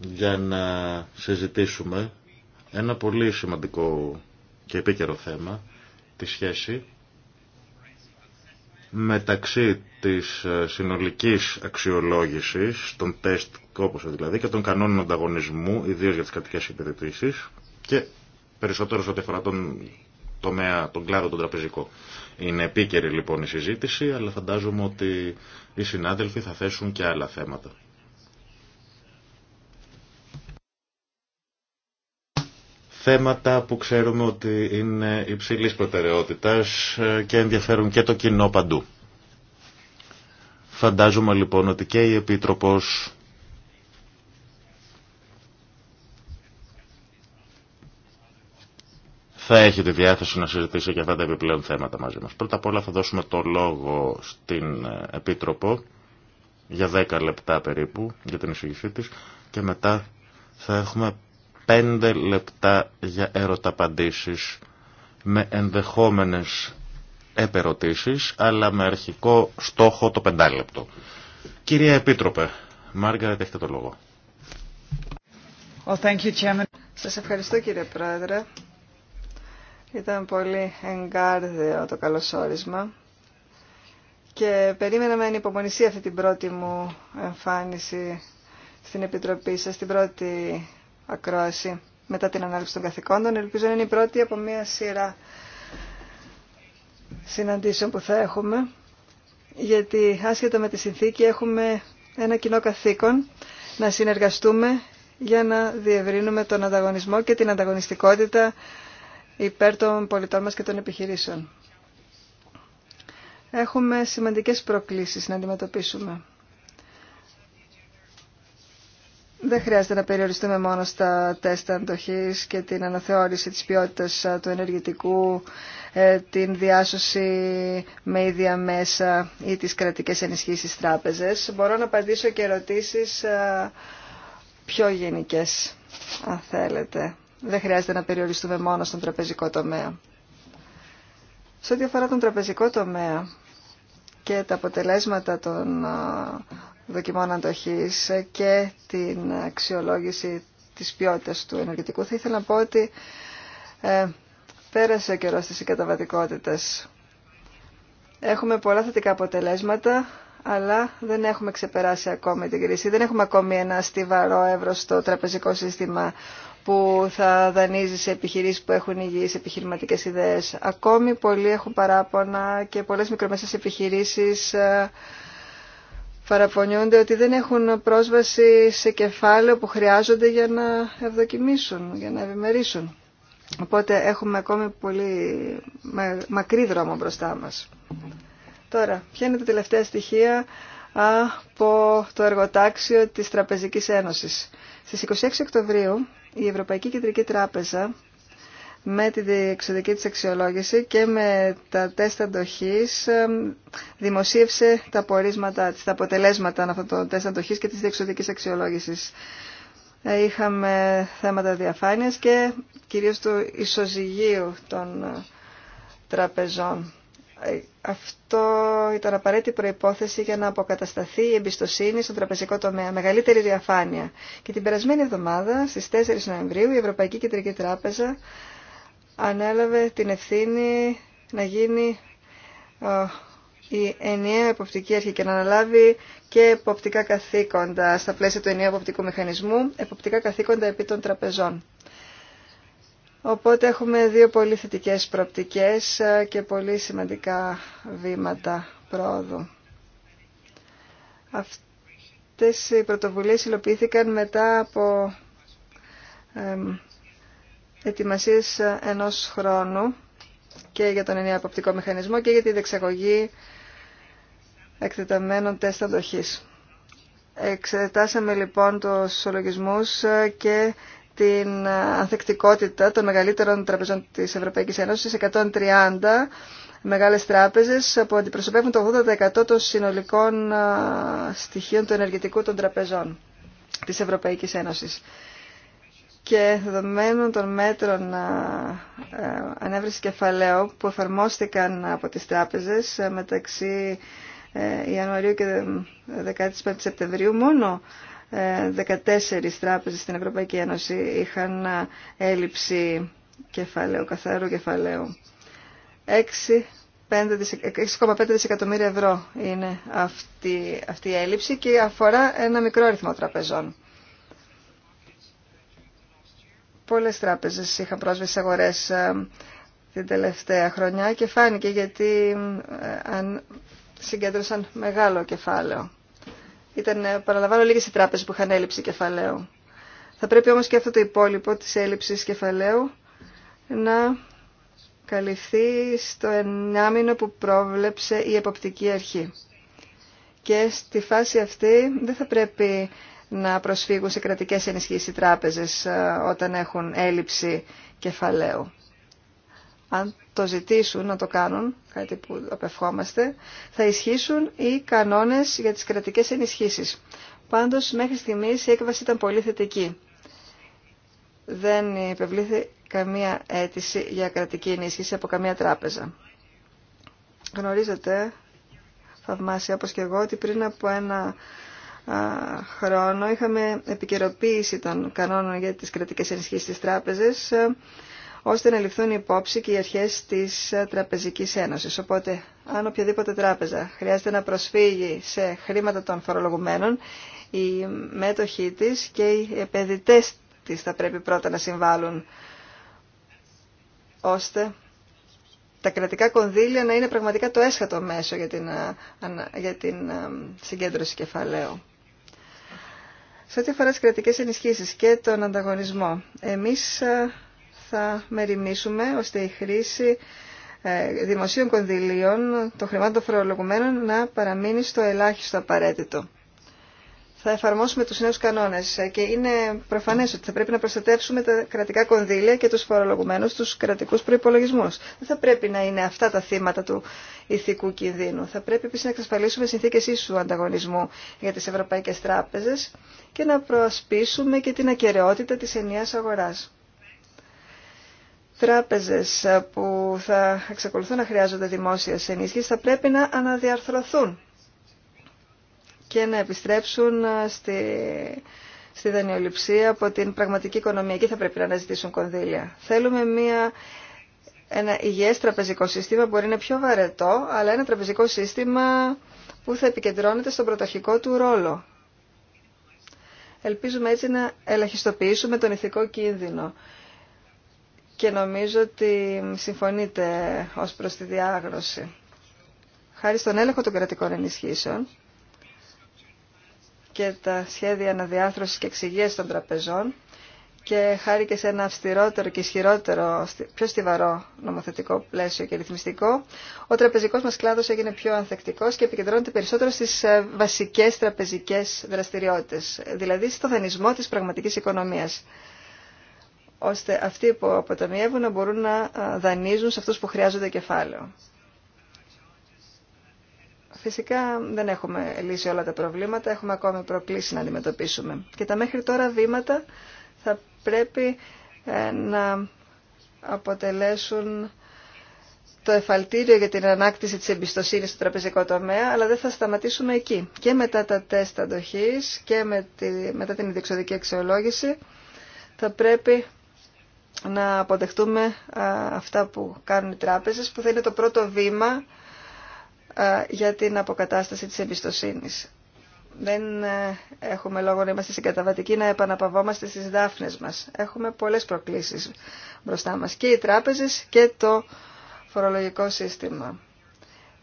για να συζητήσουμε ένα πολύ σημαντικό και επίκαιρο θέμα, τη σχέση μεταξύ της συνολικής αξιολόγησης, των τεστ κόπωσε δηλαδή, και των κανόνων ανταγωνισμού, ιδίως για τις κρατικές υπηρετήσεις, και περισσότερο σε ό,τι αφορά τον τομέα, τον κλάδο τον τραπεζικό. Είναι επίκαιρη λοιπόν η συζήτηση, αλλά φαντάζομαι ότι οι συνάδελφοι θα θέσουν και άλλα θέματα. θέματα που ξέρουμε ότι είναι υψηλής προτεραιότητας και ενδιαφέρουν και το κοινό παντού. Φαντάζομαι λοιπόν ότι και η Επίτροπος θα έχει τη διάθεση να συζητήσει και αυτά τα επιπλέον θέματα μαζί μας. Πρώτα απ' όλα θα δώσουμε το λόγο στην ε, Επίτροπο για 10 λεπτά περίπου για την εισηγησή της και μετά θα έχουμε 5 λεπτά για ερωταπαντήσεις με ενδεχόμενες επερωτήσεις αλλά με αρχικό στόχο το 5 λεπτό. Κυρία Επίτροπε, Μάργαρετ έχετε το λόγο. Well, thank you, Σας ευχαριστώ κύριε Πρόεδρε. Ήταν πολύ εγκάρδεο το καλωσόρισμα και περίμενα με ανυπομονησία αυτή την πρώτη μου εμφάνιση στην Επιτροπή σας, την πρώτη ακρόαση μετά την ανάλυση των καθηκόντων. Ελπίζω να είναι η πρώτη από μια σειρά συναντήσεων που θα έχουμε, γιατί άσχετα με τη συνθήκη έχουμε ένα κοινό καθήκον να συνεργαστούμε για να διευρύνουμε τον ανταγωνισμό και την ανταγωνιστικότητα υπέρ των πολιτών μας και των επιχειρήσεων. Έχουμε σημαντικές προκλήσεις να αντιμετωπίσουμε. Δεν χρειάζεται να περιοριστούμε μόνο στα τεστ αντοχής και την αναθεώρηση της ποιότητας του ενεργητικού, ε, την διάσωση με ίδια μέσα ή τις κρατικές ενισχύσεις τράπεζες. Μπορώ να απαντήσω και ερωτήσεις πιο γενικές, αν θέλετε. Δεν χρειάζεται να περιοριστούμε μόνο στον τραπεζικό τομέα. Σε ό,τι αφορά τον τραπεζικό τομέα και τα αποτελέσματα των δοκιμών αντοχής και την αξιολόγηση της ποιότητας του ενεργητικού, θα ήθελα να πω ότι ε, πέρασε ο καιρός της Έχουμε πολλά θετικά αποτελέσματα, αλλά δεν έχουμε ξεπεράσει ακόμη την κρίση. Δεν έχουμε ακόμη ένα στιβαρό εύρος στο τραπεζικό σύστημα που θα δανείζει σε επιχειρήσεις που έχουν υγιείς επιχειρηματικές ιδέες. Ακόμη πολλοί έχουν παράπονα και πολλές μικρομεσαίες επιχειρήσεις ε, παραπονιούνται ότι δεν έχουν πρόσβαση σε κεφάλαιο που χρειάζονται για να ευδοκιμήσουν, για να ευημερήσουν. Οπότε έχουμε ακόμη πολύ μακρύ δρόμο μπροστά μας. Τώρα, ποια είναι τα τελευταία στοιχεία από το εργοτάξιο της Τραπεζικής Ένωσης. Στις 26 Οκτωβρίου η Ευρωπαϊκή Κεντρική Τράπεζα με τη διεξοδική της αξιολόγηση και με τα τεστ αντοχής ε, δημοσίευσε τα πορίσματα τα αποτελέσματα αυτών των τεστ αντοχής και της διεξοδικής αξιολόγησης. Ε, είχαμε θέματα διαφάνειας και κυρίως του ισοζυγίου των ε, τραπεζών αυτό ήταν απαραίτητη προϋπόθεση για να αποκατασταθεί η εμπιστοσύνη στον τραπεζικό τομέα, μεγαλύτερη διαφάνεια. Και την περασμένη εβδομάδα, στις 4 Νοεμβρίου, η Ευρωπαϊκή Κεντρική Τράπεζα ανέλαβε την ευθύνη να γίνει ε, η ενιαία εποπτική αρχή και να αναλάβει και εποπτικά καθήκοντα στα πλαίσια του ενιαίου εποπτικού μηχανισμού, εποπτικά καθήκοντα επί των τραπεζών. Οπότε έχουμε δύο πολύ θετικέ προοπτικές ε, και πολύ σημαντικά βήματα πρόοδου. Αυτές οι πρωτοβουλίες υλοποιήθηκαν μετά από ετοιμασίες ενός χρόνου και για τον ενιαίο αποπτικό μηχανισμό και για τη δεξαγωγή εκτεταμένων τεστ αντοχής. Εξετάσαμε λοιπόν τους ολογισμούς ε, και την ανθεκτικότητα των μεγαλύτερων τραπεζών της Ευρωπαϊκής Ένωσης, 130 μεγάλες τράπεζες που αντιπροσωπεύουν το 80% των συνολικών στοιχείων του ενεργητικού των τραπεζών της Ευρωπαϊκής Ένωσης. Και δεδομένων των μέτρων ε, ανέβρεση κεφαλαίου που εφαρμόστηκαν από τις τράπεζες ε, μεταξύ ε, Ιανουαρίου και 15 Σεπτεμβρίου μόνο 14 τράπεζες στην Ευρωπαϊκή Ένωση είχαν έλλειψη κεφαλαίου, καθαρού κεφαλαίου. 6,5 ε, δισεκατομμύρια ευρώ είναι αυτή, η έλλειψη και αφορά ένα μικρό αριθμό τραπεζών. Πολλές τράπεζες είχαν πρόσβαση σε αγορές ε, την τελευταία χρονιά και φάνηκε γιατί ε, συγκέντρωσαν μεγάλο κεφάλαιο ήταν, ε, παραλαμβάνω, λίγε οι τράπεζε που είχαν έλλειψη κεφαλαίου. Θα πρέπει όμως και αυτό το υπόλοιπο τη έλλειψης κεφαλαίου να καλυφθεί στο ενάμινο που πρόβλεψε η εποπτική αρχή. Και στη φάση αυτή δεν θα πρέπει να προσφύγουν σε κρατικές ενισχύσεις οι τράπεζες ε, όταν έχουν έλλειψη κεφαλαίου αν το ζητήσουν να το κάνουν, κάτι που απευχόμαστε, θα ισχύσουν οι κανόνες για τις κρατικές ενισχύσεις. Πάντως, μέχρι στιγμής η έκβαση ήταν πολύ θετική. Δεν υπευλήθη καμία αίτηση για κρατική ενίσχυση από καμία τράπεζα. Γνωρίζετε, θαυμάσια όπως και εγώ, ότι πριν από ένα χρόνο είχαμε επικαιροποίηση των κανόνων για τις κρατικές ενισχύσεις της τράπεζες ώστε να ληφθούν υπόψη και οι αρχές της Τραπεζικής Ένωσης. Οπότε, αν οποιαδήποτε τράπεζα χρειάζεται να προσφύγει σε χρήματα των φορολογουμένων, οι μέτοχοί της και οι επενδυτές της θα πρέπει πρώτα να συμβάλλουν, ώστε τα κρατικά κονδύλια να είναι πραγματικά το έσχατο μέσο για την, για την ε, συγκέντρωση κεφαλαίου. Σε ό,τι αφορά τις κρατικές ενισχύσεις και τον ανταγωνισμό, εμείς ε, θα μεριμνήσουμε ώστε η χρήση ε, δημοσίων κονδυλίων των χρημάτων φορολογουμένων να παραμείνει στο ελάχιστο απαραίτητο. Θα εφαρμόσουμε τους νέους κανόνες ε, και είναι προφανές ότι θα πρέπει να προστατεύσουμε τα κρατικά κονδύλια και τους φορολογουμένους τους κρατικούς προϋπολογισμούς. Δεν θα πρέπει να είναι αυτά τα θύματα του ηθικού κινδύνου. Θα πρέπει επίσης να εξασφαλίσουμε συνθήκες ίσου ανταγωνισμού για τις ευρωπαϊκές τράπεζες και να προασπίσουμε και την ακαιρεότητα της ενιαίας αγοράς τράπεζες ε, που θα εξακολουθούν να χρειάζονται δημόσια ενίσχυση θα πρέπει να αναδιαρθρωθούν και να επιστρέψουν ε, στη, στη δανειοληψία από την πραγματική οικονομία. Εκεί θα πρέπει να αναζητήσουν κονδύλια. Θέλουμε μια, ένα υγιές τραπεζικό σύστημα, μπορεί να είναι πιο βαρετό, αλλά ένα τραπεζικό σύστημα που θα επικεντρώνεται στον πρωταρχικό του ρόλο. Ελπίζουμε έτσι να ελαχιστοποιήσουμε τον ηθικό κίνδυνο και νομίζω ότι συμφωνείτε ως προς τη διάγνωση. Χάρη στον έλεγχο των κρατικών ενισχύσεων και τα σχέδια αναδιάθρωσης και εξυγείας των τραπεζών και χάρη και σε ένα αυστηρότερο και ισχυρότερο, πιο στιβαρό νομοθετικό πλαίσιο και ρυθμιστικό, ο τραπεζικός μας κλάδος έγινε πιο ανθεκτικός και επικεντρώνεται περισσότερο στις ε, βασικές τραπεζικές δραστηριότητες, δηλαδή στο δανεισμό της πραγματικής οικονομίας ώστε αυτοί που αποταμιεύουν να μπορούν να δανείζουν σε αυτούς που χρειάζονται κεφάλαιο. Φυσικά δεν έχουμε λύσει όλα τα προβλήματα, έχουμε ακόμη προκλήσει να αντιμετωπίσουμε. Και τα μέχρι τώρα βήματα θα πρέπει ε, να αποτελέσουν το εφαλτήριο για την ανάκτηση της εμπιστοσύνης στο τραπεζικό τομέα, αλλά δεν θα σταματήσουμε εκεί. Και μετά τα τεστ αντοχής και μετά την ιδιεξοδική αξιολόγηση θα πρέπει να αποδεχτούμε αυτά που κάνουν οι τράπεζες, που θα είναι το πρώτο βήμα για την αποκατάσταση της εμπιστοσύνης. Δεν ε, έχουμε λόγο να είμαστε συγκαταβατικοί να επαναπαυόμαστε στις δάφνες μας. Έχουμε πολλές προκλήσεις μπροστά μας και οι τράπεζες και το φορολογικό σύστημα.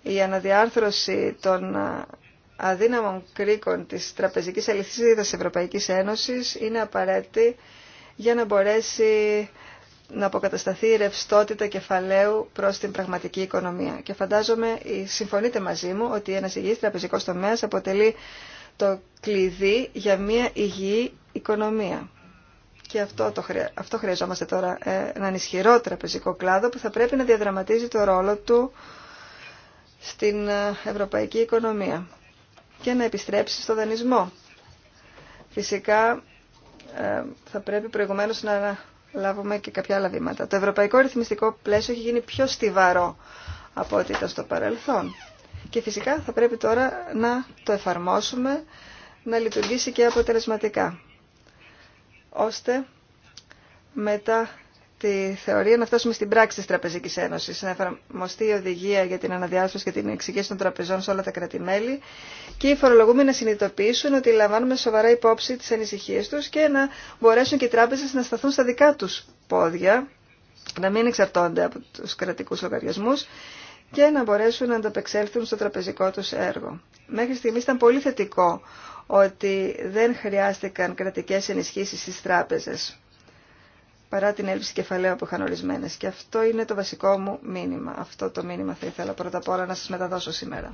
Η αναδιάρθρωση των αδύναμων κρίκων της τραπεζικής της Ευρωπαϊκής Ένωσης είναι απαραίτητη για να μπορέσει να αποκατασταθεί η ρευστότητα κεφαλαίου προς την πραγματική οικονομία. Και φαντάζομαι, συμφωνείτε μαζί μου, ότι ένας υγιής τραπεζικός τομέας αποτελεί το κλειδί για μια υγιή οικονομία. Και αυτό, αυτό χρειαζόμαστε τώρα, ε, έναν ισχυρό τραπεζικό κλάδο που θα πρέπει να διαδραματίζει το ρόλο του στην ε, ευρωπαϊκή οικονομία και να επιστρέψει στο δανεισμό. Φυσικά ε, θα πρέπει προηγουμένως να λάβουμε και κάποια άλλα βήματα. Το ευρωπαϊκό ρυθμιστικό πλαίσιο έχει γίνει πιο στιβαρό από ό,τι ήταν στο παρελθόν. Και φυσικά θα πρέπει τώρα να το εφαρμόσουμε, να λειτουργήσει και αποτελεσματικά, ώστε μετά τη θεωρία να φτάσουμε στην πράξη της Τραπεζικής Ένωσης, να εφαρμοστεί η οδηγία για την αναδιάσταση και την εξηγήση των τραπεζών σε όλα τα κρατημέλη και οι φορολογούμενοι να συνειδητοποιήσουν ότι λαμβάνουμε σοβαρά υπόψη τις ανησυχίες τους και να μπορέσουν και οι τράπεζες να σταθούν στα δικά τους πόδια, να μην εξαρτώνται από τους κρατικούς λογαριασμούς και να μπορέσουν να ανταπεξέλθουν στο τραπεζικό τους έργο. Μέχρι στιγμής ήταν πολύ θετικό ότι δεν χρειάστηκαν κρατικές ενισχύσεις στις τράπεζες παρά την έλλειψη κεφαλαίου που είχαν ορισμένε. Και αυτό είναι το βασικό μου μήνυμα. Αυτό το μήνυμα θα ήθελα πρώτα απ' όλα να σα μεταδώσω σήμερα.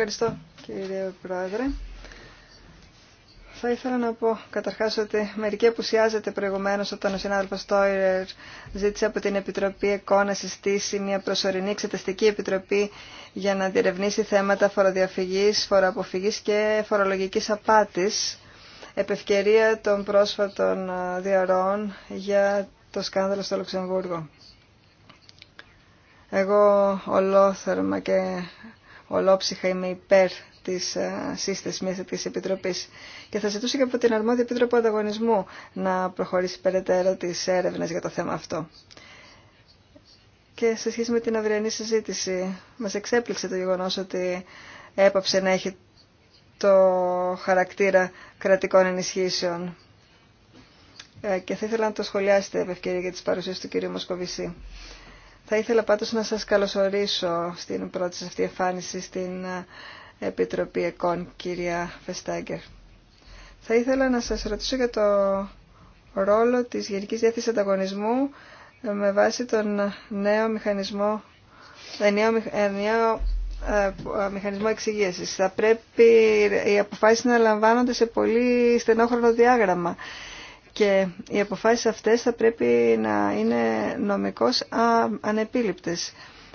Ευχαριστώ κύριε Πρόεδρε. Θα ήθελα να πω καταρχάς ότι μερικοί απουσιάζεται προηγουμένως όταν ο συνάδελφος Τόιρερ ζήτησε από την Επιτροπή ΕΚΟ να συστήσει μια προσωρινή εξεταστική επιτροπή για να διερευνήσει θέματα φοροδιαφυγής, φοροαποφυγής και φορολογικής απάτης επευκαιρία των πρόσφατων διαρών για το σκάνδαλο στο Λουξεμβούργο. Εγώ ολόθερμα και ολόψυχα είμαι υπέρ τη ε, σύσταση μια τέτοια επιτροπή. Και θα ζητούσα και από την αρμόδια επίτροπο ανταγωνισμού να προχωρήσει περαιτέρω τι έρευνε για το θέμα αυτό. Και σε σχέση με την αυριανή συζήτηση, μα εξέπληξε το γεγονό ότι έπαψε να έχει το χαρακτήρα κρατικών ενισχύσεων. Ε, και θα ήθελα να το σχολιάσετε ευκαιρία για τις παρουσίες του κ. Μοσκοβισή. Θα ήθελα πάντως να σας καλωσορίσω στην πρώτη σας αυτή εμφάνιση στην ε, Επιτροπή ΕΚΟΝ, κυρία Φεστάγκερ. Θα ήθελα να σας ρωτήσω για το ρόλο της Γενικής Διεύθυνσης Ανταγωνισμού ε, με βάση τον νέο μηχανισμό, ε, νέο, μηχανισμό Θα πρέπει οι αποφάσεις να λαμβάνονται σε πολύ στενόχρονο διάγραμμα και οι αποφάσεις αυτές θα πρέπει να είναι νομικώς ανεπίληπτες.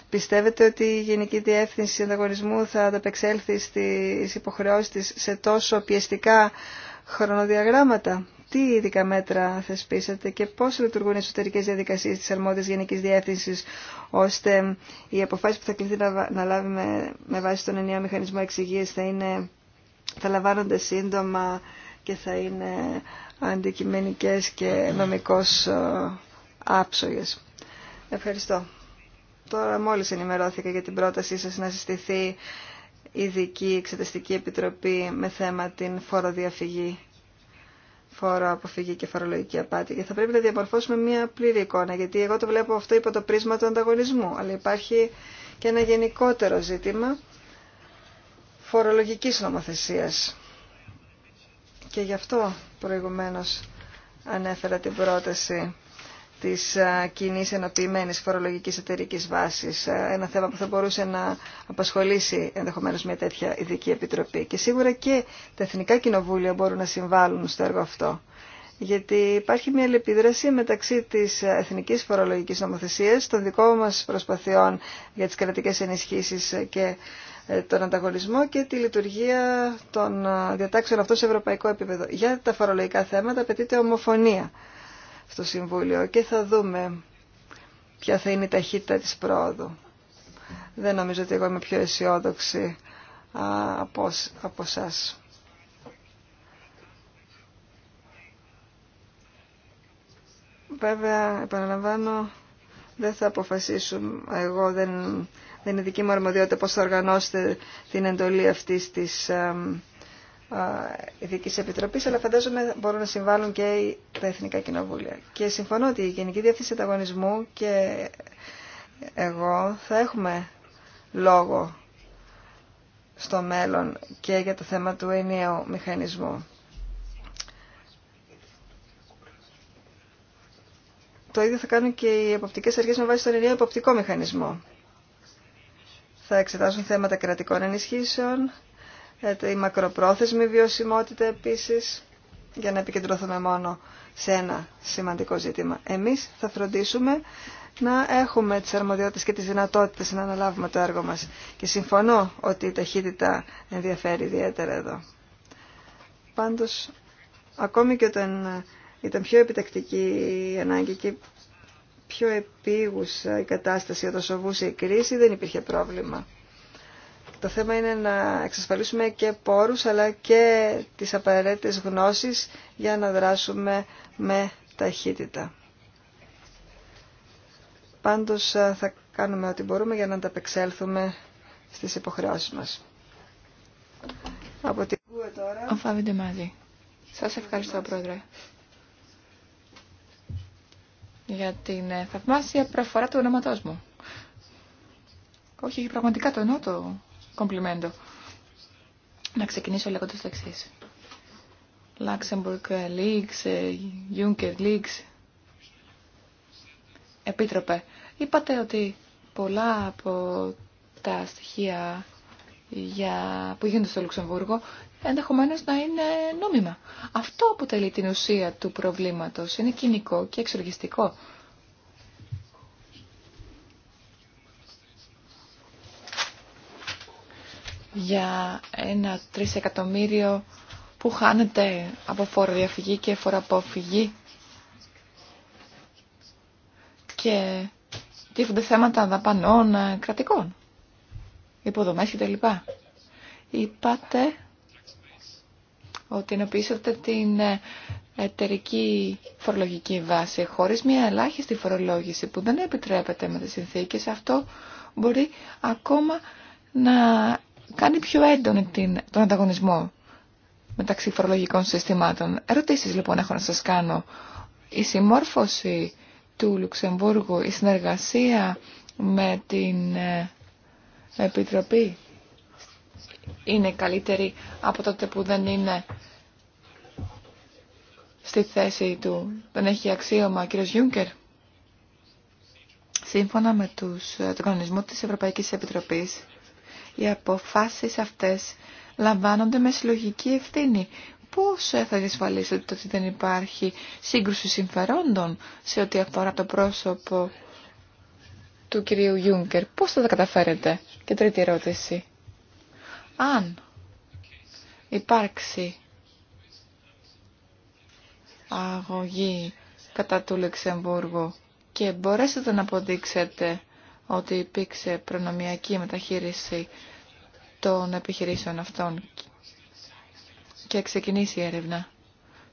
Πιστεύετε ότι η Γενική Διεύθυνση Ανταγωνισμού θα ανταπεξέλθει στις υποχρεώσεις της σε τόσο πιεστικά χρονοδιαγράμματα. Τι ειδικά μέτρα θεσπίσατε και πώς λειτουργούν οι εσωτερικές διαδικασίες της αρμόδιας Γενικής Διεύθυνσης ώστε οι αποφάσεις που θα κληθεί να, λάβει με, βάση τον ενιαίο μηχανισμό εξυγείας θα, είναι, θα λαμβάνονται σύντομα και θα είναι αντικειμενικές και νομικώς ε, άψογες. Ευχαριστώ. Τώρα μόλις ενημερώθηκα για την πρότασή σας να συστηθεί ειδική εξεταστική επιτροπή με θέμα την φοροδιαφυγή, φόρο και φορολογική απάτη. Και θα πρέπει να διαμορφώσουμε μια πλήρη εικόνα, γιατί εγώ το βλέπω αυτό υπό το πρίσμα του ανταγωνισμού. Αλλά υπάρχει και ένα γενικότερο ζήτημα φορολογικής νομοθεσίας και γι' αυτό προηγουμένως ανέφερα την πρόταση της κοινή ενοποιημένης φορολογικής εταιρικής βάσης. Ένα θέμα που θα μπορούσε να απασχολήσει ενδεχομένως μια τέτοια ειδική επιτροπή. Και σίγουρα και τα εθνικά κοινοβούλια μπορούν να συμβάλλουν στο έργο αυτό. Γιατί υπάρχει μια λεπίδραση μεταξύ της εθνικής φορολογικής νομοθεσίας, των δικών μας προσπαθειών για τις κρατικές ενισχύσεις και ε, τον ανταγωνισμό και τη λειτουργία των ε, διατάξεων αυτών σε ευρωπαϊκό επίπεδο. Για τα φορολογικά θέματα απαιτείται ομοφωνία στο Συμβούλιο και θα δούμε ποια θα είναι η ταχύτητα της πρόοδου. Δεν νομίζω ότι εγώ είμαι πιο αισιόδοξη από, από σας. Βέβαια, επαναλαμβάνω, δεν θα αποφασίσουμε, εγώ δεν δεν είναι δική μου αρμοδιότητα πώς θα οργανώσετε την εντολή αυτή της Ειδική Επιτροπή, αλλά φαντάζομαι μπορούν να συμβάλλουν και τα Εθνικά Κοινοβούλια. Και συμφωνώ ότι η Γενική Διεύθυνση Ανταγωνισμού και εγώ θα έχουμε λόγο στο μέλλον και για το θέμα του ενιαίου μηχανισμού. Το ίδιο θα κάνουν και οι εποπτικές αρχές με βάση τον ενιαίο εποπτικό μηχανισμό θα εξετάσουν θέματα κρατικών ενισχύσεων, ε, η μακροπρόθεσμη βιωσιμότητα επίσης, για να επικεντρωθούμε μόνο σε ένα σημαντικό ζήτημα. Εμείς θα φροντίσουμε να έχουμε τις αρμοδιότητες και τις δυνατότητες να αναλάβουμε το έργο μας. Και συμφωνώ ότι η ταχύτητα ενδιαφέρει ιδιαίτερα εδώ. Πάντως, ακόμη και όταν ήταν πιο επιτακτική η ανάγκη και πιο επίγουσα η κατάσταση όταν σοβούσε η κρίση δεν υπήρχε πρόβλημα. Το θέμα είναι να εξασφαλίσουμε και πόρους αλλά και τις απαραίτητες γνώσεις για να δράσουμε με ταχύτητα. Πάντως θα κάνουμε ό,τι μπορούμε για να ανταπεξέλθουμε στις υποχρεώσεις μας. Από την... Σας ευχαριστώ, Πρόεδρε για την ε, θαυμάσια προφορά του ονόματός μου. Όχι, πραγματικά το εννοώ το κομπλιμέντο. Να ξεκινήσω λέγοντας το εξής. Luxembourg Λίξ, Juncker ε, Λίξ. Επίτροπε, είπατε ότι πολλά από τα στοιχεία για... που γίνονται στο Λουξεμβούργο ενδεχομένως να είναι νόμιμα. Αυτό αποτελεί την ουσία του προβλήματος. Είναι κοινικό και εξοργιστικό. για ένα τρισεκατομμύριο που χάνεται από φοροδιαφυγή και φοροαποφυγή και τίθονται θέματα δαπανών κρατικών, υποδομές κτλ. Είπατε ότι ενοποιήσατε την ε, εταιρική φορολογική βάση χωρίς μια ελάχιστη φορολόγηση που δεν επιτρέπεται με τις συνθήκες αυτό μπορεί ακόμα να κάνει πιο έντονη την, τον ανταγωνισμό μεταξύ φορολογικών συστημάτων. Ερωτήσεις λοιπόν έχω να σας κάνω. Η συμμόρφωση του Λουξεμβούργου, η συνεργασία με την ε, Επιτροπή είναι καλύτερη από τότε που δεν είναι στη θέση του. Δεν έχει αξίωμα ο κύριος Γιούγκερ. Σύμφωνα με τους, τον κανονισμό της Ευρωπαϊκής Επιτροπής, οι αποφάσεις αυτές λαμβάνονται με συλλογική ευθύνη. Πώς θα διασφαλίσετε ότι δεν υπάρχει σύγκρουση συμφερόντων σε ό,τι αφορά το πρόσωπο του κυρίου Γιούγκερ. Πώς θα τα καταφέρετε. Και τρίτη ερώτηση αν υπάρξει αγωγή κατά του Λεξεμβούργου και μπορέσετε να αποδείξετε ότι υπήρξε προνομιακή μεταχείριση των επιχειρήσεων αυτών και ξεκινήσει η έρευνα.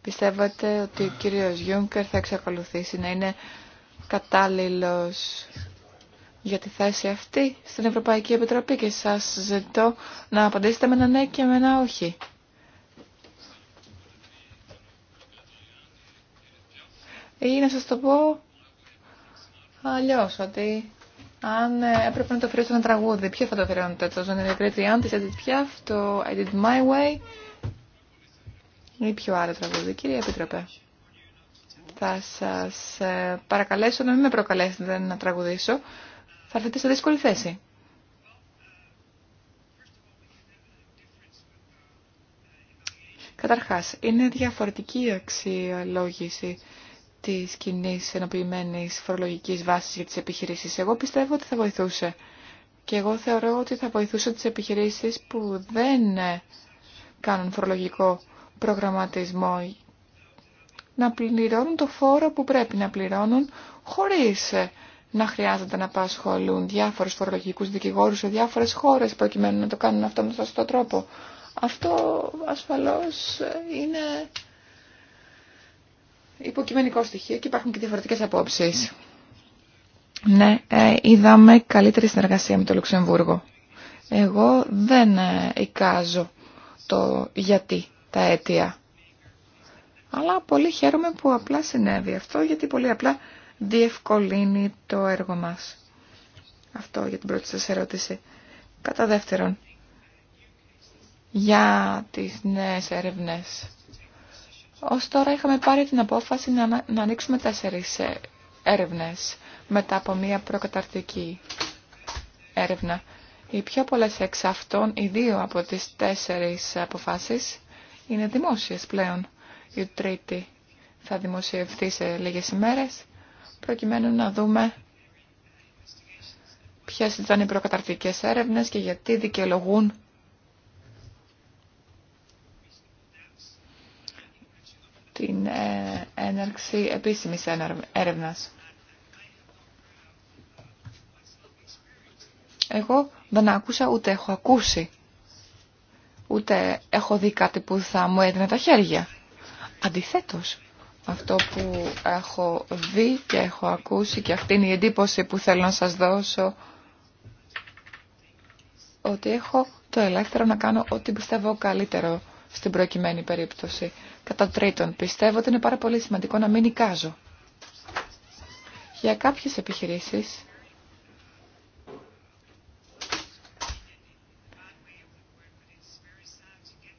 Πιστεύετε ότι ο κύριος Γιούγκερ θα εξακολουθήσει να είναι κατάλληλος για τη θέση αυτή στην Ευρωπαϊκή Επιτροπή και σας ζητώ να απαντήσετε με ένα ναι και με ένα όχι. Ή να σας το πω αλλιώς, ότι αν έπρεπε να το αφιερώσετε ένα τραγούδι, ποιο θα το αφιερώνετε, το Ζωνερή αντί της Edith Piaf, το I Did My Way ή ποιο άλλο τραγούδι. Κύριε Επίτροπε, θα σας ε, παρακαλέσω να μην με προκαλέσετε να τραγουδήσω θα έρθετε σε δύσκολη θέση. Καταρχάς, είναι διαφορετική η αξιολόγηση της κοινή ενοποιημένης φορολογικής βάσης για τις επιχειρήσεις. Εγώ πιστεύω ότι θα βοηθούσε. Και εγώ θεωρώ ότι θα βοηθούσε τις επιχειρήσεις που δεν κάνουν φορολογικό προγραμματισμό να πληρώνουν το φόρο που πρέπει να πληρώνουν χωρίς να χρειάζεται να απασχολούν διάφορους φορολογικούς δικηγόρους σε διάφορες χώρες προκειμένου να το κάνουν αυτό με σωστό τρόπο. Αυτό ασφαλώς ε, είναι υποκειμενικό στοιχείο και υπάρχουν και διαφορετικές απόψεις. Ναι, ε, είδαμε καλύτερη συνεργασία με το Λουξεμβούργο. Εγώ δεν ε, εικάζω το γιατί, τα αίτια. Αλλά πολύ χαίρομαι που απλά συνέβη αυτό, γιατί πολύ απλά διευκολύνει το έργο μας. Αυτό για την πρώτη σας ερώτηση. Κατά δεύτερον, για τις νέες έρευνες. Ως τώρα είχαμε πάρει την απόφαση να, να ανοίξουμε τέσσερις ε, έρευνες μετά από μία προκαταρτική έρευνα. Οι πιο πολλές εξ αυτών, οι δύο από τις τέσσερις αποφάσεις, είναι δημόσιες πλέον. Η τρίτη θα δημοσιευθεί σε λίγες ημέρες προκειμένου να δούμε ποιες ήταν οι προκαταρτικέ έρευνες και γιατί δικαιολογούν την ε, έναρξη επίσημης έρευνας. Εγώ δεν άκουσα ούτε έχω ακούσει, ούτε έχω δει κάτι που θα μου έδινε τα χέρια. Αντιθέτως, αυτό που έχω δει και έχω ακούσει και αυτή είναι η εντύπωση που θέλω να σας δώσω ότι έχω το ελεύθερο να κάνω ό,τι πιστεύω καλύτερο στην προκειμένη περίπτωση. Κατά τρίτον, πιστεύω ότι είναι πάρα πολύ σημαντικό να μην νικάζω. Για κάποιες επιχειρήσεις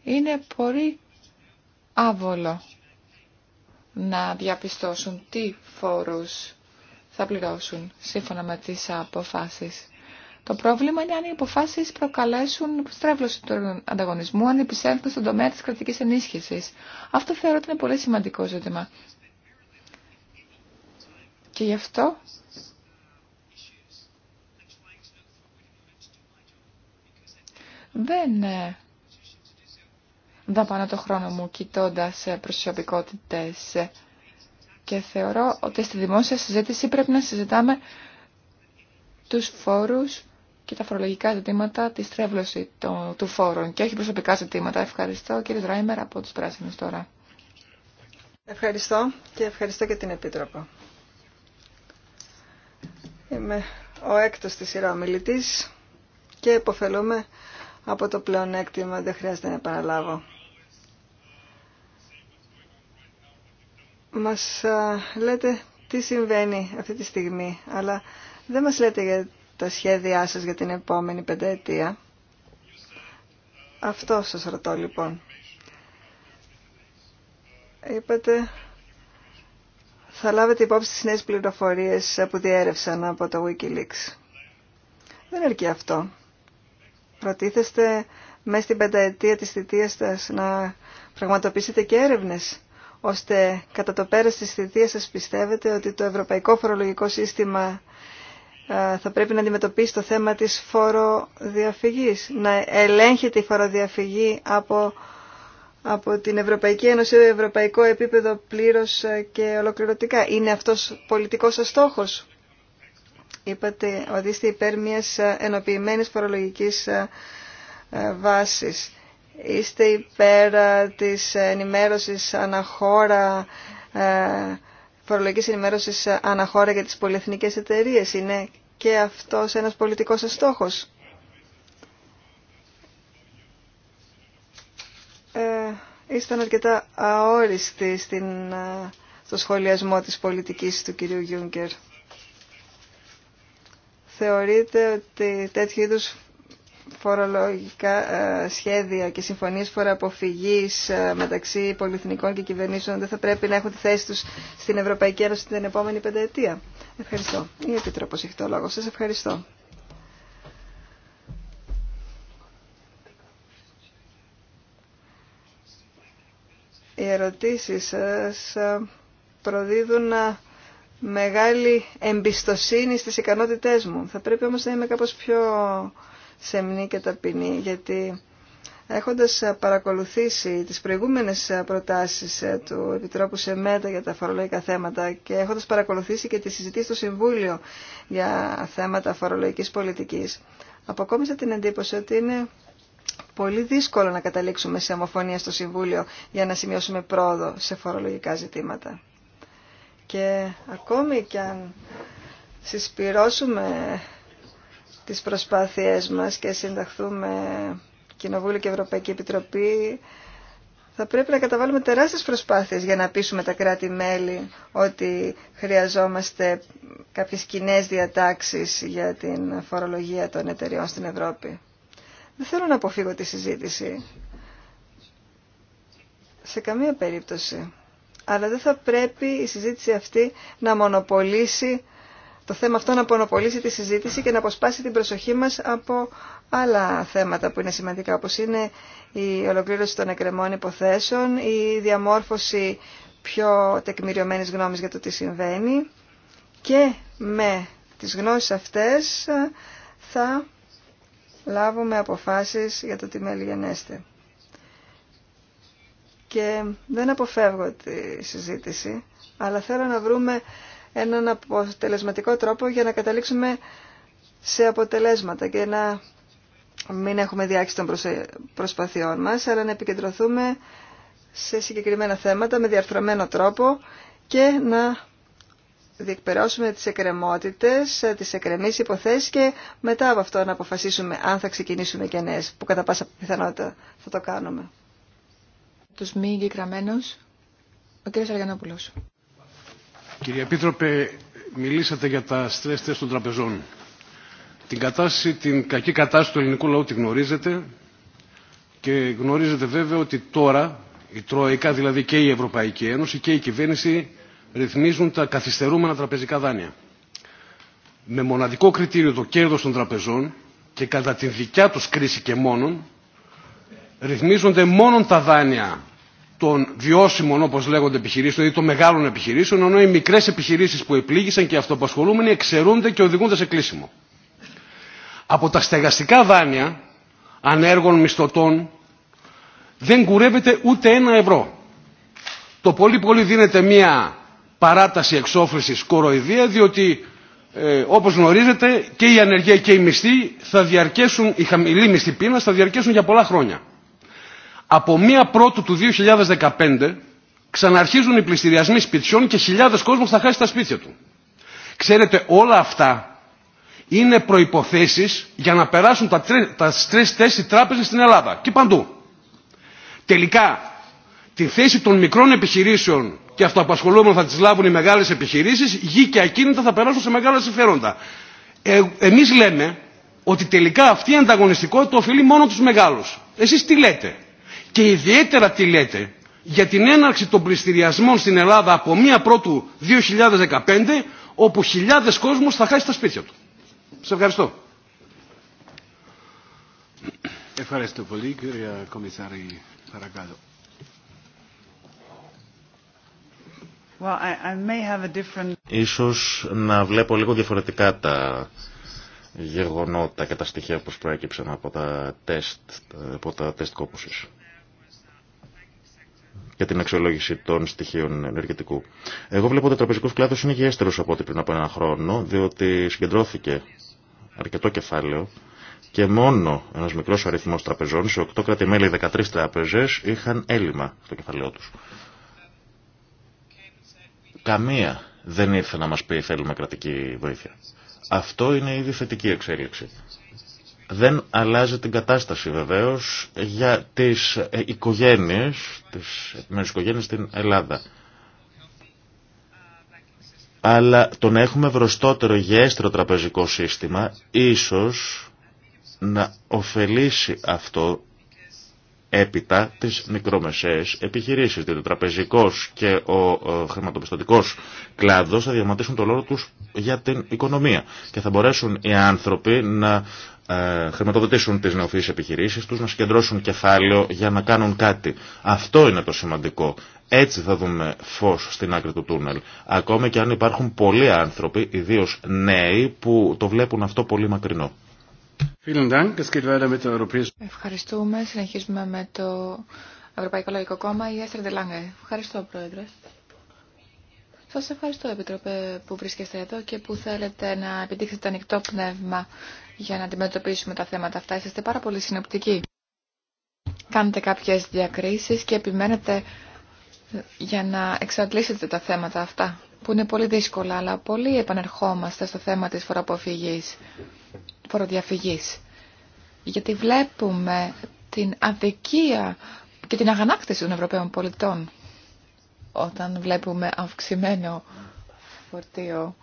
είναι πολύ άβολο να διαπιστώσουν τι φόρους θα πληρώσουν σύμφωνα με τις αποφάσεις. Το πρόβλημα είναι αν οι αποφάσεις προκαλέσουν στρέβλωση του ανταγωνισμού, αν επισέλθουν στον τομέα της κρατικής ενίσχυσης. Αυτό θεωρώ ότι είναι πολύ σημαντικό ζήτημα. Και γι' αυτό δεν ε, δαπάνω το χρόνο μου κοιτώντας ε, προσωπικότητες ε, και θεωρώ ότι στη δημόσια συζήτηση πρέπει να συζητάμε τους φόρους και τα φορολογικά ζητήματα, τη στρέβλωση του φόρων και όχι προσωπικά ζητήματα. Ευχαριστώ κύριε Δράιμερ από τους Πράσινους τώρα. Ευχαριστώ και ευχαριστώ και την Επίτροπο. Είμαι ο έκτος της σειρά ομιλητής και υποφελούμε από το πλεονέκτημα, δεν χρειάζεται να επαναλάβω. μας λέτε τι συμβαίνει αυτή τη στιγμή, αλλά δεν μας λέτε για τα σχέδιά σας για την επόμενη πενταετία. Αυτό σας ρωτώ λοιπόν. Είπατε θα λάβετε υπόψη τις νέες πληροφορίες που διέρευσαν από το Wikileaks. Δεν αρκεί αυτό. Προτίθεστε μέσα στην πενταετία της θητείας σας να πραγματοποιήσετε και έρευνες ώστε κατά το πέρας της θητείας σας πιστεύετε ότι το ευρωπαϊκό φορολογικό σύστημα ε, θα πρέπει να αντιμετωπίσει το θέμα της φοροδιαφυγής, να ελέγχεται η φοροδιαφυγή από, από την Ευρωπαϊκή Ένωση, ευρωπαϊκό επίπεδο πλήρως ε, και ολοκληρωτικά. Είναι αυτός πολιτικός σας στόχος. Είπατε ότι είστε υπέρ μιας ε, ενοποιημένης φορολογικής βάσης. Είστε υπέρ ε, της ενημέρωσης αναχώρα, ε, φορολογικής ενημέρωσης αναχώρα για τις πολυεθνικές εταιρείες. Είναι και αυτός ένας πολιτικός σας στόχος. Ε, ήσταν αρκετά αόριστοι στην, στο σχολιασμό της πολιτικής του κυρίου Γιούγκερ. Θεωρείτε ότι τέτοιου είδους φορολογικά ε, σχέδια και συμφωνίες φοροαποφυγής ε, μεταξύ πολυεθνικών και κυβερνήσεων δεν θα πρέπει να έχουν τη θέση τους στην Ευρωπαϊκή Ένωση την επόμενη πενταετία. Ευχαριστώ. Η Επιτρόπος έχει το λόγο. Σας ευχαριστώ. Οι ερωτήσεις σας ε, προδίδουν μεγάλη εμπιστοσύνη στις ικανότητές μου. Θα πρέπει όμως να είμαι κάπως πιο σεμνή και ταπεινή, γιατί έχοντας παρακολουθήσει τις προηγούμενες προτάσεις ε, του Επιτρόπου ΣΕΜΕΤΑ για τα φορολογικά θέματα και έχοντας παρακολουθήσει και τη συζητήση στο Συμβούλιο για θέματα φορολογικής πολιτικής, αποκόμισα την εντύπωση ότι είναι πολύ δύσκολο να καταλήξουμε σε αμοφωνία στο Συμβούλιο για να σημειώσουμε πρόοδο σε φορολογικά ζητήματα. Και ακόμη κι αν συσπυρώσουμε τις προσπάθειές μας και συνταχθούμε Κοινοβούλιο και Ευρωπαϊκή Επιτροπή, θα πρέπει να καταβάλουμε τεράστιες προσπάθειες για να πείσουμε τα κράτη-μέλη ότι χρειαζόμαστε κάποιες κοινέ διατάξεις για την φορολογία των εταιριών στην Ευρώπη. Δεν θέλω να αποφύγω τη συζήτηση. Σε καμία περίπτωση. Αλλά δεν θα πρέπει η συζήτηση αυτή να μονοπολίσει το θέμα αυτό να πονοπολίσει τη συζήτηση και να αποσπάσει την προσοχή μας από άλλα θέματα που είναι σημαντικά, όπως είναι η ολοκλήρωση των εκκρεμών υποθέσεων, η διαμόρφωση πιο τεκμηριωμένης γνώμης για το τι συμβαίνει και με τις γνώσεις αυτές θα λάβουμε αποφάσεις για το τι μελγενέστε. Και δεν αποφεύγω τη συζήτηση, αλλά θέλω να βρούμε έναν αποτελεσματικό τρόπο για να καταλήξουμε σε αποτελέσματα και να μην έχουμε διάξει των προσπαθειών μας, αλλά να επικεντρωθούμε σε συγκεκριμένα θέματα με διαρθρωμένο τρόπο και να διεκπαιρώσουμε τις εκκρεμότητες, τις εκκρεμείς υποθέσεις και μετά από αυτό να αποφασίσουμε αν θα ξεκινήσουμε και νέες, που κατά πάσα πιθανότητα θα το κάνουμε. Τους μη ο Αργανόπουλος. Κύριε Επίτροπε, μιλήσατε για τα στρέστες τεστ των τραπεζών. Την, κατάσταση, την κακή κατάσταση του ελληνικού λαού τη γνωρίζετε και γνωρίζετε βέβαια ότι τώρα η Τρόικα, δηλαδή και η Ευρωπαϊκή Ένωση και η κυβέρνηση ρυθμίζουν τα καθυστερούμενα τραπεζικά δάνεια. Με μοναδικό κριτήριο το κέρδος των τραπεζών και κατά τη δικιά τους κρίση και μόνον ρυθμίζονται μόνο τα δάνεια των βιώσιμων όπως λέγονται επιχειρήσεων, δηλαδή των μεγάλων επιχειρήσεων, ενώ οι μικρές επιχειρήσεις που επλήγησαν και οι αυτοπασχολούμενοι εξαιρούνται και οδηγούνται σε κλείσιμο. Από τα στεγαστικά δάνεια ανέργων μισθωτών δεν κουρεύεται ούτε ένα ευρώ. Το πολύ πολύ δίνεται μία παράταση εξόφλησης κοροϊδία διότι ε, όπως γνωρίζετε και η ανεργία και η μισθή θα διαρκέσουν, η χαμηλή μισθή πείνα θα διαρκέσουν για πολλά χρόνια από μία πρώτου του 2015 ξαναρχίζουν οι πληστηριασμοί σπιτιών και χιλιάδες κόσμος θα χάσει τα σπίτια του. Ξέρετε, όλα αυτά είναι προϋποθέσεις για να περάσουν τα, τα stress test τράπεζες στην Ελλάδα και παντού. Τελικά, τη θέση των μικρών επιχειρήσεων και αυτοαπασχολούμενων θα τις λάβουν οι μεγάλες επιχειρήσεις, γη και ακίνητα θα περάσουν σε μεγάλα συμφέροντα. Ε, εμείς λέμε ότι τελικά αυτή η ανταγωνιστικότητα οφείλει μόνο τους μεγάλους. Εσείς τι λέτε, και ιδιαίτερα τι λέτε για την έναρξη των πληστηριασμών στην Ελλάδα από 1 πρώτου 2015 όπου χιλιάδες κόσμος θα χάσει τα σπίτια του. Σε ευχαριστώ. Ευχαριστώ πολύ κύριε Ίσως να βλέπω λίγο διαφορετικά τα γεγονότα και τα στοιχεία που προέκυψαν από τα τεστ, από τα τεστ κόπωσης για την αξιολόγηση των στοιχείων ενεργητικού. Εγώ βλέπω ότι ο τραπεζικό κλάδο είναι υγιέστερο από ό,τι πριν από ένα χρόνο, διότι συγκεντρώθηκε αρκετό κεφάλαιο και μόνο ένα μικρό αριθμό τραπεζών, σε 8 κράτη-μέλη 13 τράπεζε, είχαν έλλειμμα στο κεφαλαίο του. Καμία δεν ήρθε να μα πει θέλουμε κρατική βοήθεια. Αυτό είναι ήδη θετική εξέλιξη. Δεν αλλάζει την κατάσταση βεβαίως για τις ε, οικογένειες, τις επιμέρους στην Ελλάδα. Αλλά το να έχουμε βροστότερο γέστρο τραπεζικό σύστημα ίσως να ωφελήσει αυτό έπειτα τις μικρομεσαίες επιχειρήσεις, διότι ο τραπεζικός και ο χρηματοπιστωτικός κλάδος θα διαμαντήσουν το λόγο τους για την οικονομία και θα μπορέσουν οι άνθρωποι να ε, χρηματοδοτήσουν τις νεοφύης επιχειρήσεις τους, να συγκεντρώσουν κεφάλαιο για να κάνουν κάτι. Αυτό είναι το σημαντικό. Έτσι θα δούμε φως στην άκρη του τούνελ. Ακόμα και αν υπάρχουν πολλοί άνθρωποι, ιδίως νέοι, που το βλέπουν αυτό πολύ μακρινό. Ευχαριστούμε. Συνεχίζουμε με το Ευρωπαϊκό Λογικό Κόμμα, η Έστρε Ντελάνγκε. Ευχαριστώ, Πρόεδρε. σα ευχαριστώ, Επιτροπέ, που βρίσκεστε εδώ και που θέλετε να επιτύχετε ανοιχτό πνεύμα για να αντιμετωπίσουμε τα θέματα αυτά. Είσαστε πάρα πολύ συνοπτικοί. Κάνετε κάποιε διακρίσει και επιμένετε για να εξαντλήσετε τα θέματα αυτά, που είναι πολύ δύσκολα, αλλά πολύ επανερχόμαστε στο θέμα τη φοροαποφυγή φοροδιαφυγής. Γιατί βλέπουμε την αδικία και την αγανάκτηση των Ευρωπαίων πολιτών όταν βλέπουμε αυξημένο φορτίο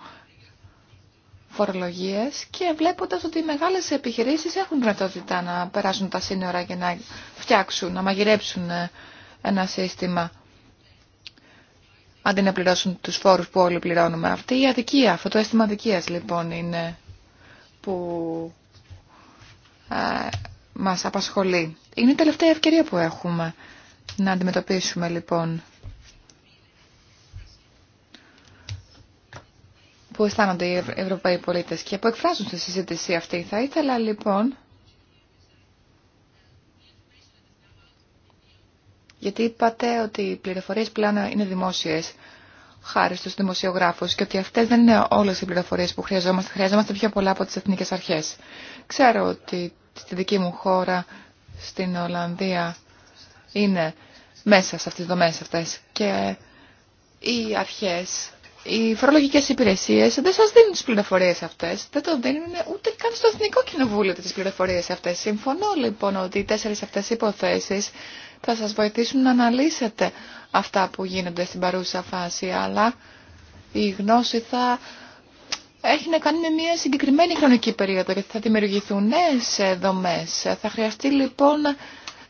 φορολογίες και βλέποντας ότι οι μεγάλες επιχειρήσεις έχουν δυνατότητα να περάσουν τα σύνορα και να φτιάξουν, να μαγειρέψουν ε, ένα σύστημα αντί να πληρώσουν τους φόρους που όλοι πληρώνουμε. Αυτή η αδικία, αυτό το αίσθημα αδικίας λοιπόν είναι που ε, μας απασχολεί. Είναι η τελευταία ευκαιρία που έχουμε να αντιμετωπίσουμε λοιπόν που αισθάνονται οι Ευρωπαίοι πολίτες και που εκφράζουν στη συζήτηση αυτή. Θα ήθελα λοιπόν, γιατί είπατε ότι οι πληροφορίες πλάνα είναι δημόσιες, χάρη στους δημοσιογράφους και ότι αυτές δεν είναι όλες οι πληροφορίες που χρειαζόμαστε. Χρειαζόμαστε πιο πολλά από τις εθνικές αρχές. Ξέρω ότι στη δική μου χώρα, στην Ολλανδία, είναι μέσα σε αυτές τις δομές αυτές και οι αρχές, οι φορολογικές υπηρεσίες δεν σας δίνουν τις πληροφορίες αυτές, δεν το δίνουν ούτε καν στο Εθνικό Κοινοβούλιο τις πληροφορίες αυτές. Συμφωνώ λοιπόν ότι οι τέσσερις αυτές υποθέσεις θα σας βοηθήσουν να αναλύσετε αυτά που γίνονται στην παρούσα φάση, αλλά η γνώση θα έχει να κάνει με μια συγκεκριμένη χρονική περίοδο Και θα δημιουργηθούν νέε ε, δομές. Θα χρειαστεί λοιπόν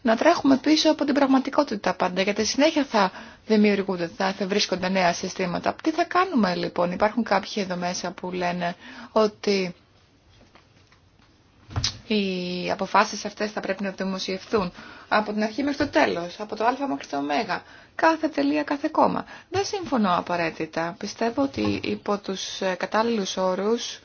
να τρέχουμε πίσω από την πραγματικότητα πάντα, γιατί συνέχεια θα δημιουργούνται, θα, θα βρίσκονται νέα συστήματα. Τι θα κάνουμε λοιπόν, υπάρχουν κάποιοι εδώ μέσα που λένε ότι οι αποφάσεις αυτές θα πρέπει να δημοσιευθούν από την αρχή μέχρι το τέλος, από το α μέχρι το ω, κάθε τελεία, κάθε κόμμα. Δεν συμφωνώ απαραίτητα. Πιστεύω ότι υπό τους ε, κατάλληλους όρους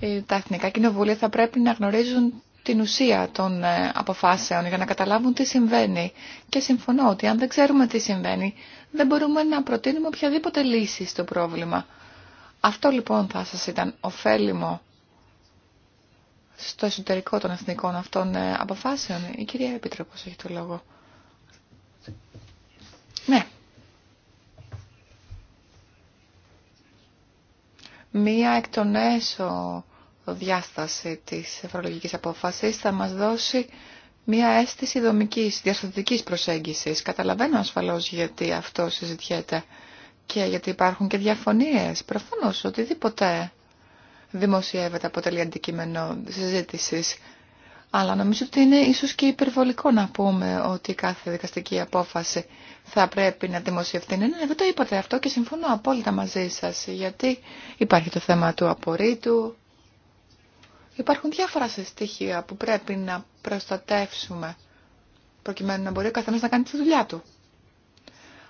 ε, τα εθνικά κοινοβούλια θα πρέπει να γνωρίζουν την ουσία των ε, αποφάσεων για να καταλάβουν τι συμβαίνει. Και συμφωνώ ότι αν δεν ξέρουμε τι συμβαίνει, δεν μπορούμε να προτείνουμε οποιαδήποτε λύση στο πρόβλημα. Αυτό λοιπόν θα σας ήταν ωφέλιμο στο εσωτερικό των εθνικών αυτών ε, αποφάσεων. Η κυρία Επίτροπος έχει το λόγο. Ναι. Μία εκ των έσω διάσταση της ευρωλογικής απόφασης θα μας δώσει μία αίσθηση δομικής, διαστατικής προσέγγισης. Καταλαβαίνω ασφαλώς γιατί αυτό συζητιέται και γιατί υπάρχουν και διαφωνίες. Προφανώς οτιδήποτε δημοσιεύεται, αποτελεί αντικείμενο συζήτηση. Αλλά νομίζω ότι είναι ίσως και υπερβολικό να πούμε ότι κάθε δικαστική απόφαση θα πρέπει να δημοσιευτεί. Ναι, ναι, ναι, δεν το είπατε αυτό και συμφωνώ απόλυτα μαζί σας, γιατί υπάρχει το θέμα του απορρίτου. Υπάρχουν διάφορα στοιχεία που πρέπει να προστατεύσουμε, προκειμένου να μπορεί ο καθένας να κάνει τη δουλειά του.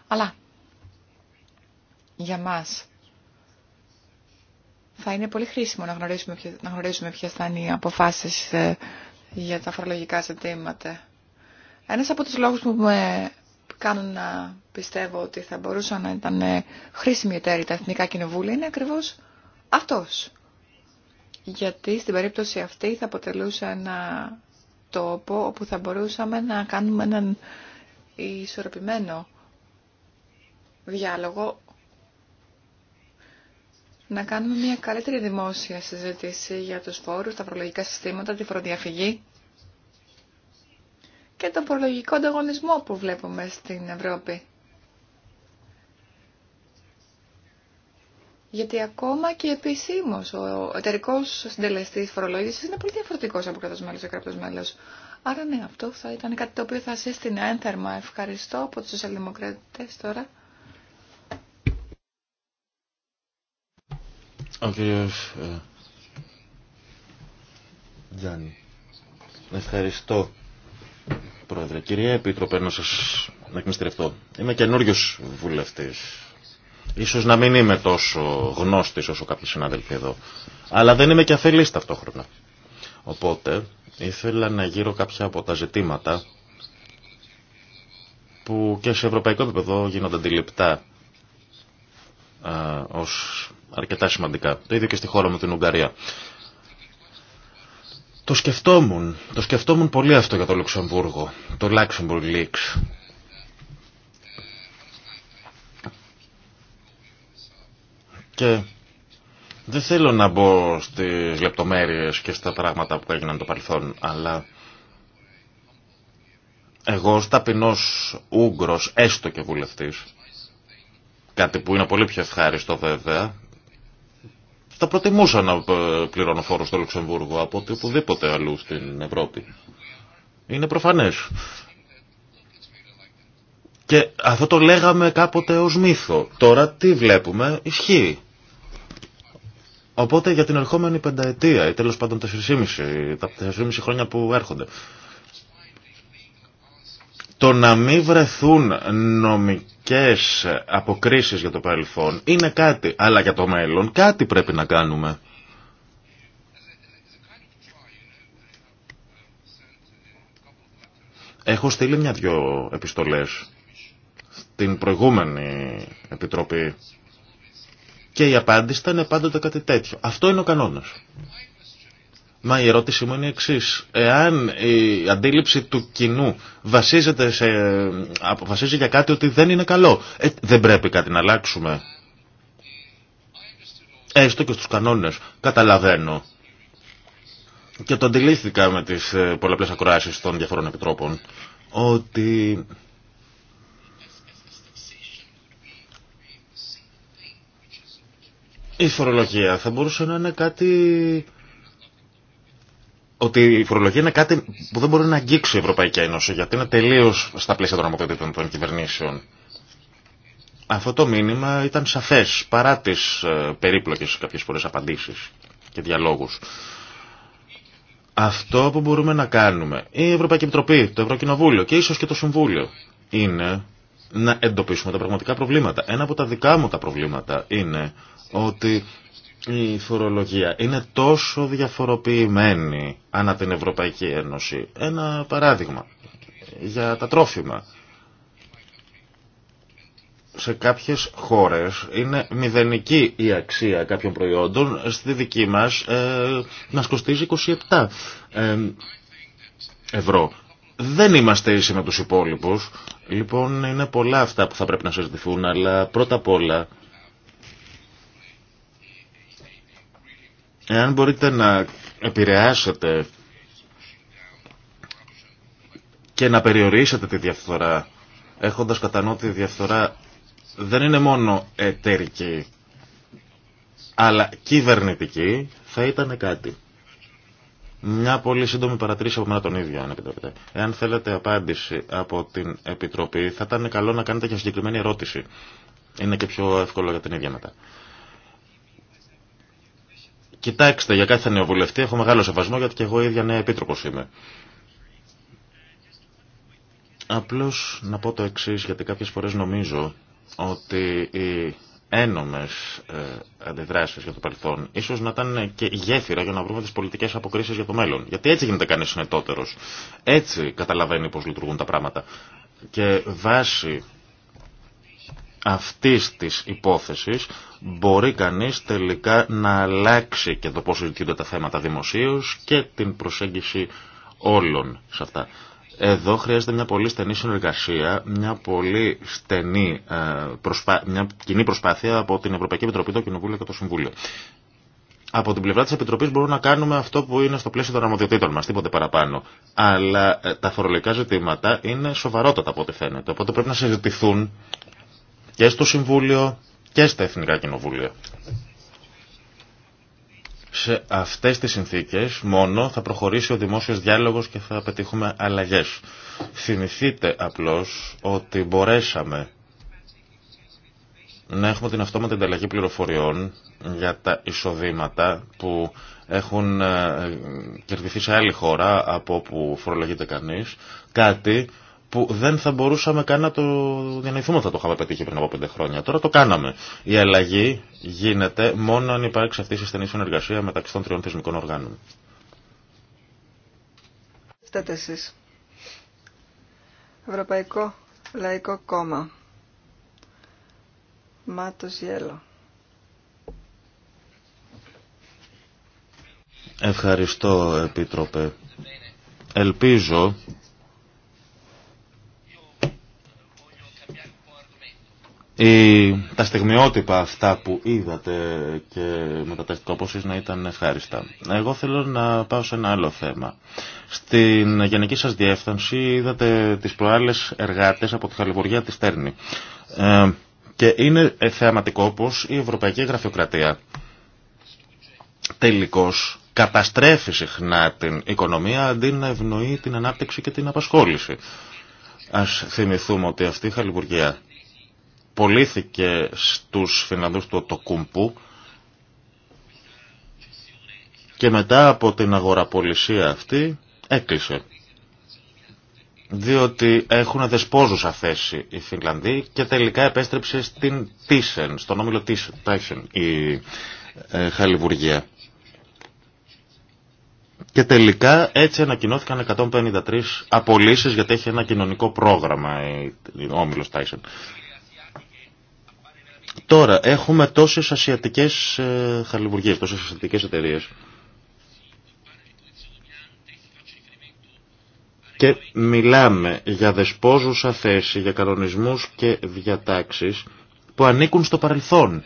Αλλά για μας θα είναι πολύ χρήσιμο να γνωρίζουμε, να γνωρίζουμε ποιες θα είναι οι αποφάσεις ε, για τα φορολογικά ζητήματα. Ένας από τους λόγους που με κάνουν να πιστεύω ότι θα μπορούσαν να ήταν ε, χρήσιμοι εταίροι τα Εθνικά Κοινοβούλια είναι ακριβώς αυτός. Γιατί στην περίπτωση αυτή θα αποτελούσε ένα τόπο όπου θα μπορούσαμε να κάνουμε έναν ισορροπημένο διάλογο να κάνουμε μια καλύτερη δημόσια συζήτηση για τους φόρους, τα προλογικά συστήματα, τη φοροδιαφυγή και τον προλογικό ανταγωνισμό που βλέπουμε στην Ευρώπη. Γιατί ακόμα και επισήμω ο εταιρικό συντελεστή φορολόγηση είναι πολύ διαφορετικό από κράτο μέλο σε κράτο μέλο. Άρα ναι, αυτό θα ήταν κάτι το οποίο θα σύστηνα ένθερμα. Ευχαριστώ από του σοσιαλδημοκρατέ τώρα. Ο κύριος ε, Τζάνι. Ευχαριστώ, Πρόεδρε. Κυρία Επίτροπε, να σας εκμυστηρευτώ. Είμαι καινούριο βουλευτής. Ίσως να μην είμαι τόσο γνώστης όσο κάποιοι συνάδελφοι εδώ. Αλλά δεν είμαι και αφελής ταυτόχρονα. Οπότε, ήθελα να γύρω κάποια από τα ζητήματα που και σε ευρωπαϊκό επίπεδο γίνονται αντιληπτά α, ε, ως αρκετά σημαντικά. Το ίδιο και στη χώρα μου την Ουγγαρία. Το σκεφτόμουν, το σκεφτόμουν πολύ αυτό για το Λουξεμβούργο, το Luxembourg Leaks. Και δεν θέλω να μπω στις λεπτομέρειες και στα πράγματα που έγιναν το παρελθόν, αλλά εγώ ως ταπεινός Ούγγρος, έστω και βουλευτής, κάτι που είναι πολύ πιο ευχάριστο βέβαια, θα προτιμούσα να ε, πληρώνω φόρο στο Λουξεμβούργο από ότι οπουδήποτε αλλού στην Ευρώπη. Είναι προφανές. Και αυτό το λέγαμε κάποτε ως μύθο. Τώρα τι βλέπουμε, ισχύει. Οπότε για την ερχόμενη πενταετία, ή τέλος πάντων 4,5, τα 4,5 χρόνια που έρχονται, το να μην βρεθούν νομικοί πολιτικές αποκρίσεις για το παρελθόν είναι κάτι, αλλά για το μέλλον κάτι πρέπει να κάνουμε. Έχω στείλει μια-δυο επιστολές στην προηγούμενη επιτροπή και η απάντηση ήταν πάντοτε κάτι τέτοιο. Αυτό είναι ο κανόνας. Μα η ερώτησή μου είναι η εξή. Εάν η αντίληψη του κοινού βασίζεται σε, αποφασίζει για κάτι ότι δεν είναι καλό, ε, δεν πρέπει κάτι να αλλάξουμε. Έστω και στους κανόνες. Καταλαβαίνω. Και το αντιλήφθηκα με τις ε, πολλαπλές ακροάσεις των διαφορών επιτρόπων. Ότι η φορολογία θα μπορούσε να είναι κάτι ότι η φορολογία είναι κάτι που δεν μπορεί να αγγίξει η Ευρωπαϊκή Ένωση, γιατί είναι τελείω στα πλαίσια των νομοθετήτων των κυβερνήσεων. Αυτό το μήνυμα ήταν σαφέ, παρά τι ε, περίπλοκε κάποιε φορέ απαντήσει και διαλόγου. Αυτό που μπορούμε να κάνουμε, η Ευρωπαϊκή Επιτροπή, το Ευρωκοινοβούλιο και ίσω και το Συμβούλιο, είναι να εντοπίσουμε τα πραγματικά προβλήματα. Ένα από τα δικά μου τα προβλήματα είναι ότι η φορολογία είναι τόσο διαφοροποιημένη ανά την Ευρωπαϊκή Ένωση. Ένα παράδειγμα για τα τρόφιμα. Σε κάποιες χώρες είναι μηδενική η αξία κάποιων προϊόντων. Στη δική μας να ε, μας 27 ε, ευρώ. Δεν είμαστε ίσοι με τους υπόλοιπους. Λοιπόν, είναι πολλά αυτά που θα πρέπει να συζητηθούν, αλλά πρώτα απ' όλα Εάν μπορείτε να επηρεάσετε και να περιορίσετε τη διαφθορά, έχοντας κατά ότι η διαφθορά δεν είναι μόνο εταιρική, αλλά κυβερνητική, θα ήταν κάτι. Μια πολύ σύντομη παρατήρηση από μένα τον ίδιο, αν επιτρέπετε. Εάν θέλετε απάντηση από την Επιτροπή, θα ήταν καλό να κάνετε και συγκεκριμένη ερώτηση. Είναι και πιο εύκολο για την ίδια μετά. Κοιτάξτε, για κάθε νεοβουλευτή έχω μεγάλο σεβασμό γιατί και εγώ ίδια νέα επίτροπος είμαι. Απλώς να πω το εξή γιατί κάποιε φορέ νομίζω ότι οι ένομες ε, αντιδράσει για το παρελθόν ίσως να ήταν και γέφυρα για να βρούμε τις πολιτικές αποκρίσει για το μέλλον. Γιατί έτσι γίνεται κάνει συνετότερος. Έτσι καταλαβαίνει πώ λειτουργούν τα πράγματα. Και βάσει αυτής της υπόθεσης μπορεί κανείς τελικά να αλλάξει και το πώς συζητούνται τα θέματα δημοσίως και την προσέγγιση όλων σε αυτά. Εδώ χρειάζεται μια πολύ στενή συνεργασία, μια πολύ στενή ε, μια κοινή προσπάθεια από την Ευρωπαϊκή Επιτροπή, το Κοινοβούλιο και το Συμβούλιο. Από την πλευρά τη Επιτροπή μπορούμε να κάνουμε αυτό που είναι στο πλαίσιο των αρμοδιοτήτων μα, τίποτε παραπάνω. Αλλά ε, τα φορολογικά ζητήματα είναι σοβαρότατα από ό,τι φαίνεται. Οπότε πρέπει να συζητηθούν και στο Συμβούλιο και στα Εθνικά Κοινοβούλια. Σε αυτές τις συνθήκες μόνο θα προχωρήσει ο δημόσιος διάλογος και θα πετύχουμε αλλαγές. Θυμηθείτε απλώς ότι μπορέσαμε να έχουμε την αυτόματη ανταλλαγή πληροφοριών για τα εισοδήματα που έχουν ε, κερδιθεί σε άλλη χώρα από όπου φορολογείται κανείς, κάτι που δεν θα μπορούσαμε καν να το διανοηθούμε θα το είχαμε πετύχει πριν από πέντε χρόνια. Τώρα το κάναμε. Η αλλαγή γίνεται μόνο αν υπάρξει αυτή η στενή συνεργασία μεταξύ των τριών θεσμικών οργάνων. Ευρωπαϊκό Λαϊκό Κόμμα. Μάτος Ευχαριστώ, Επίτροπε. Ελπίζω Η, τα στιγμιότυπα αυτά που είδατε και τα όπως να ήταν ευχάριστα. Εγώ θέλω να πάω σε ένα άλλο θέμα. Στην γενική σας διεύθυνση είδατε τις προάλλες εργάτες από τη Χαλιβουργία της Τέρνη. Ε, και είναι θεαματικό πως η Ευρωπαϊκή Γραφειοκρατία τελικώς καταστρέφει συχνά την οικονομία αντί να ευνοεί την ανάπτυξη και την απασχόληση. Ας θυμηθούμε ότι αυτή η Χαλιβουργία πωλήθηκε στους Φινλανδούς του Οτοκούμπου και μετά από την αγοραπολισία αυτή έκλεισε. Διότι έχουν δεσπόζουσα θέση οι Φινλανδοί και τελικά επέστρεψε στην Τίσεν, στον όμιλο Τίσεν, η ε, Χαλιβουργία. Και τελικά έτσι ανακοινώθηκαν 153 απολύσεις γιατί έχει ένα κοινωνικό πρόγραμμα ο Όμιλος Τάισεν. Τώρα έχουμε τόσες ασιατικές ε, χαλιβουργίες, τόσες ασιατικές εταιρείες. Και μιλάμε για δεσπόζουσα θέση, για κανονισμούς και διατάξεις που ανήκουν στο παρελθόν.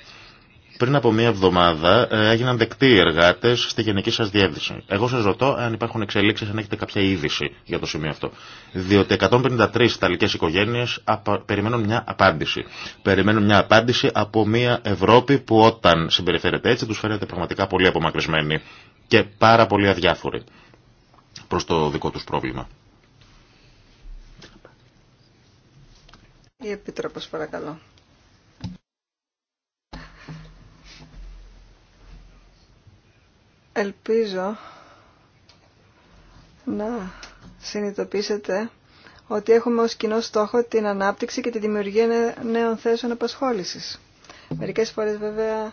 Πριν από μία εβδομάδα ε, έγιναν δεκτοί οι εργάτε στη γενική σα διεύθυνση. Εγώ σα ρωτώ αν υπάρχουν εξελίξει, αν έχετε κάποια είδηση για το σημείο αυτό. Διότι 153 Ιταλικέ οικογένειε περιμένουν μια απάντηση. Περιμένουν μια απάντηση από μια Ευρώπη που όταν συμπεριφέρεται έτσι του φαίνεται πραγματικά πολύ απομακρυσμένη και πάρα πολύ αδιάφορη προ το δικό του πρόβλημα. Η Επίτροπος παρακαλώ. Ελπίζω να συνειδητοποιήσετε ότι έχουμε ως κοινό στόχο την ανάπτυξη και τη δημιουργία νέων θέσεων απασχόλησης. Μερικές φορές βέβαια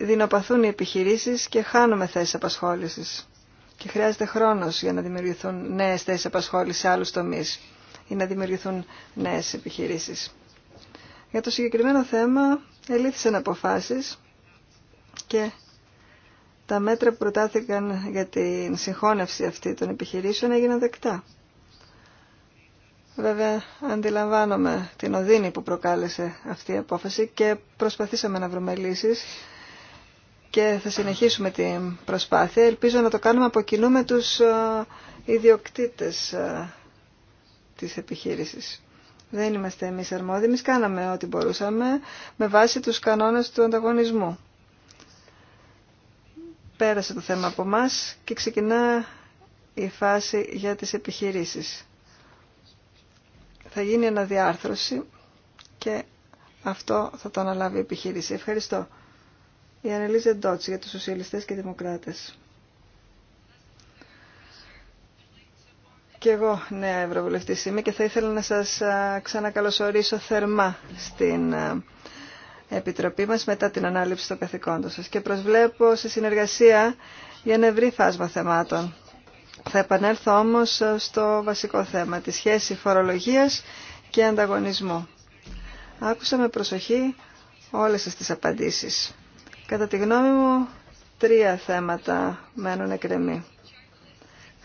δεινοπαθούν οι επιχειρήσεις και χάνουμε θέσεις απασχόλησης και χρειάζεται χρόνος για να δημιουργηθούν νέες θέσεις απασχόλησης σε άλλους τομείς ή να δημιουργηθούν νέες επιχειρήσεις. Για το συγκεκριμένο θέμα ελήφθησαν αποφάσεις και τα μέτρα που προτάθηκαν για την συγχώνευση αυτή των επιχειρήσεων έγιναν δεκτά. Βέβαια, αντιλαμβάνομαι την οδύνη που προκάλεσε αυτή η απόφαση και προσπαθήσαμε να βρούμε λύσεις και θα συνεχίσουμε την προσπάθεια. Ελπίζω να το κάνουμε από κοινού με τους ε, ιδιοκτήτες ε, της επιχείρησης. Δεν είμαστε εμείς αρμόδιοι, κάναμε ό,τι μπορούσαμε με βάση τους κανόνες του ανταγωνισμού πέρασε το θέμα από εμά και ξεκινά η φάση για τις επιχειρήσεις. Θα γίνει αναδιάρθρωση και αυτό θα το αναλάβει η επιχείρηση. Ευχαριστώ. Η Ανελίζε Ντότς για τους σοσιαλιστές και δημοκράτες. Και εγώ νέα Ευρωβουλευτής είμαι και θα ήθελα να σας ξανακαλωσορίσω θερμά στην ε, Επιτροπή μας μετά την ανάληψη των καθηκόντων σας και προσβλέπω σε συνεργασία για να βρει φάσμα θεμάτων. Θα επανέλθω όμως στο βασικό θέμα, τη σχέση φορολογίας και ανταγωνισμού. Άκουσα με προσοχή όλες σας τις απαντήσεις. Κατά τη γνώμη μου, τρία θέματα μένουν εκκρεμή.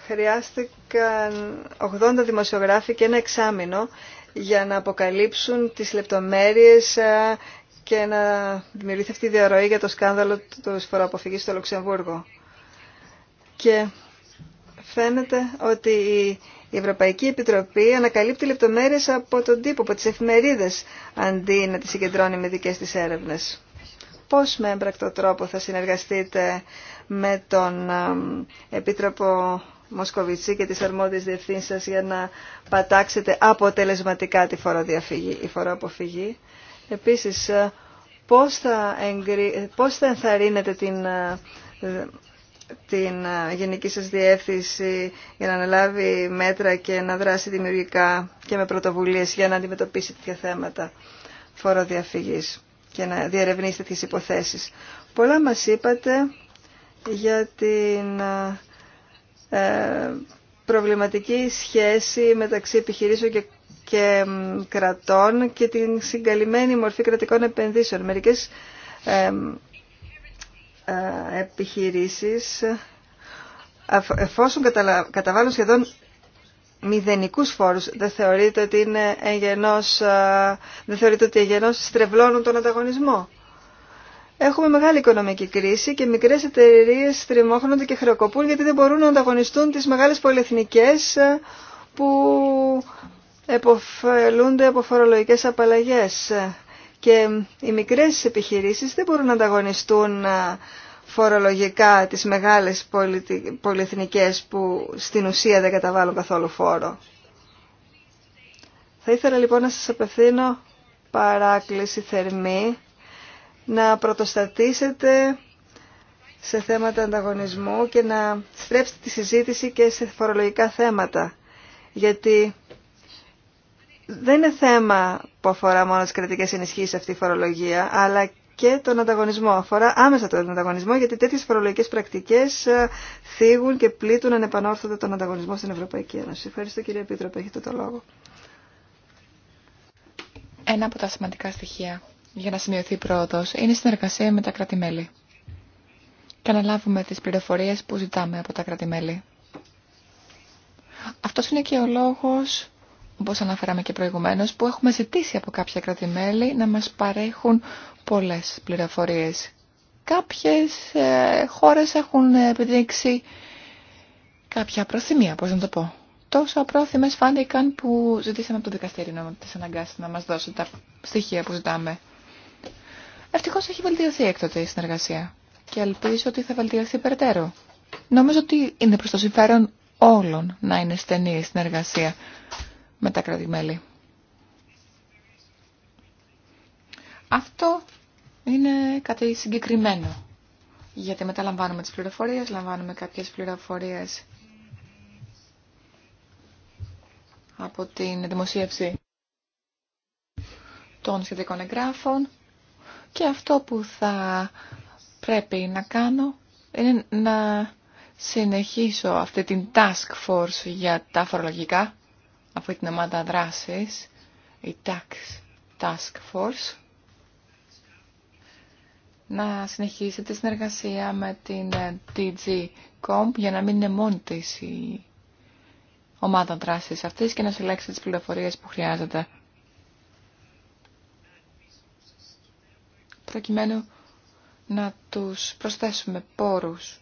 Χρειάστηκαν 80 δημοσιογράφοι και ένα εξάμεινο για να αποκαλύψουν τις λεπτομέρειες και να δημιουργηθεί αυτή η διαρροή για το σκάνδαλο του φοροαποφυγής στο Λουξεμβούργο. Και φαίνεται ότι η Ευρωπαϊκή Επιτροπή ανακαλύπτει λεπτομέρειες από τον τύπο, από τις εφημερίδες, αντί να τις συγκεντρώνει με δικές της έρευνες. Πώς με έμπρακτο τρόπο θα συνεργαστείτε με τον Επίτροπο Μοσκοβιτσί και τις αρμόδιες διευθύνσεις σας για να πατάξετε αποτελεσματικά τη φοροδιαφυγή, η φοροαποφυγή Επίσης, ε, πώς θα, εγκρι... ενθαρρύνετε την, ε, ε, γενική σας διεύθυνση για να αναλάβει μέτρα και να δράσει δημιουργικά και με πρωτοβουλίες για να αντιμετωπίσει τέτοια θέματα φοροδιαφυγής και να διερευνήσετε τις υποθέσεις. Πολλά μας είπατε για την προβληματική σχέση μεταξύ επιχειρήσεων και και κρατών και την συγκαλυμμένη μορφή κρατικών επενδύσεων. Μερικές ε, ε επιχειρήσεις εφόσον καταβάλουν σχεδόν μηδενικούς φόρους δεν θεωρείται ότι, είναι εγενός, ε, δεν θεωρείται ότι εγενός στρεβλώνουν τον ανταγωνισμό. Έχουμε μεγάλη οικονομική κρίση και μικρές εταιρείε τριμώχνονται και χρεοκοπούν γιατί δεν μπορούν να ανταγωνιστούν τις μεγάλες πολυεθνικές ε, που εποφελούνται από φορολογικές απαλλαγές και οι μικρές επιχειρήσεις δεν μπορούν να ανταγωνιστούν ε, φορολογικά τις μεγάλες πολυεθνικές που στην ουσία δεν καταβάλουν καθόλου φόρο. Θα ήθελα λοιπόν να σας απευθύνω παράκληση θερμή να πρωτοστατήσετε σε θέματα ανταγωνισμού και να στρέψετε τη συζήτηση και σε φορολογικά θέματα. Γιατί δεν είναι θέμα που αφορά μόνο τι κρατικέ ενισχύσει αυτή η φορολογία, αλλά και τον ανταγωνισμό. Αφορά άμεσα τον ανταγωνισμό, γιατί τέτοιε φορολογικέ πρακτικέ ε, θίγουν και πλήττουν ανεπανόρθωτα τον ανταγωνισμό στην Ευρωπαϊκή Ένωση. Ευχαριστώ κύριε Επίτροπε, έχετε το λόγο. Ένα από τα σημαντικά στοιχεία για να σημειωθεί πρόοδο είναι η συνεργασία με τα κρατη και να λάβουμε τις πληροφορίε που ζητάμε από τα κράτη-μέλη. είναι και ο λόγος όπως αναφέραμε και προηγουμένως, που έχουμε ζητήσει από κάποια κρατημέλη να μας παρέχουν πολλές πληροφορίες. Κάποιες ε, χώρες έχουν επιδείξει κάποια προθυμία, πώς να το πω. Τόσο απρόθυμες φάνηκαν που ζητήσαμε από το δικαστήριο να τις αναγκάσει να μας δώσει τα στοιχεία που ζητάμε. Ευτυχώ έχει βελτιωθεί έκτοτε η συνεργασία και ελπίζω ότι θα βελτιωθεί περαιτέρω. Νομίζω ότι είναι προς το συμφέρον όλων να είναι στενή η συνεργασία με τα Αυτό είναι κάτι συγκεκριμένο. Γιατί μεταλαμβάνουμε τις πληροφορίες, λαμβάνουμε κάποιες πληροφορίες από την δημοσίευση των σχετικών εγγράφων και αυτό που θα πρέπει να κάνω είναι να συνεχίσω αυτή την task force για τα φορολογικά αυτή την ομάδα δράσης, η TAX Task Force, να συνεχίσει τη συνεργασία με την DG ε, Comp για να μην είναι μόνη της η ομάδα δράσης αυτής και να συλλέξει τις πληροφορίες που χρειάζεται. Προκειμένου να τους προσθέσουμε πόρους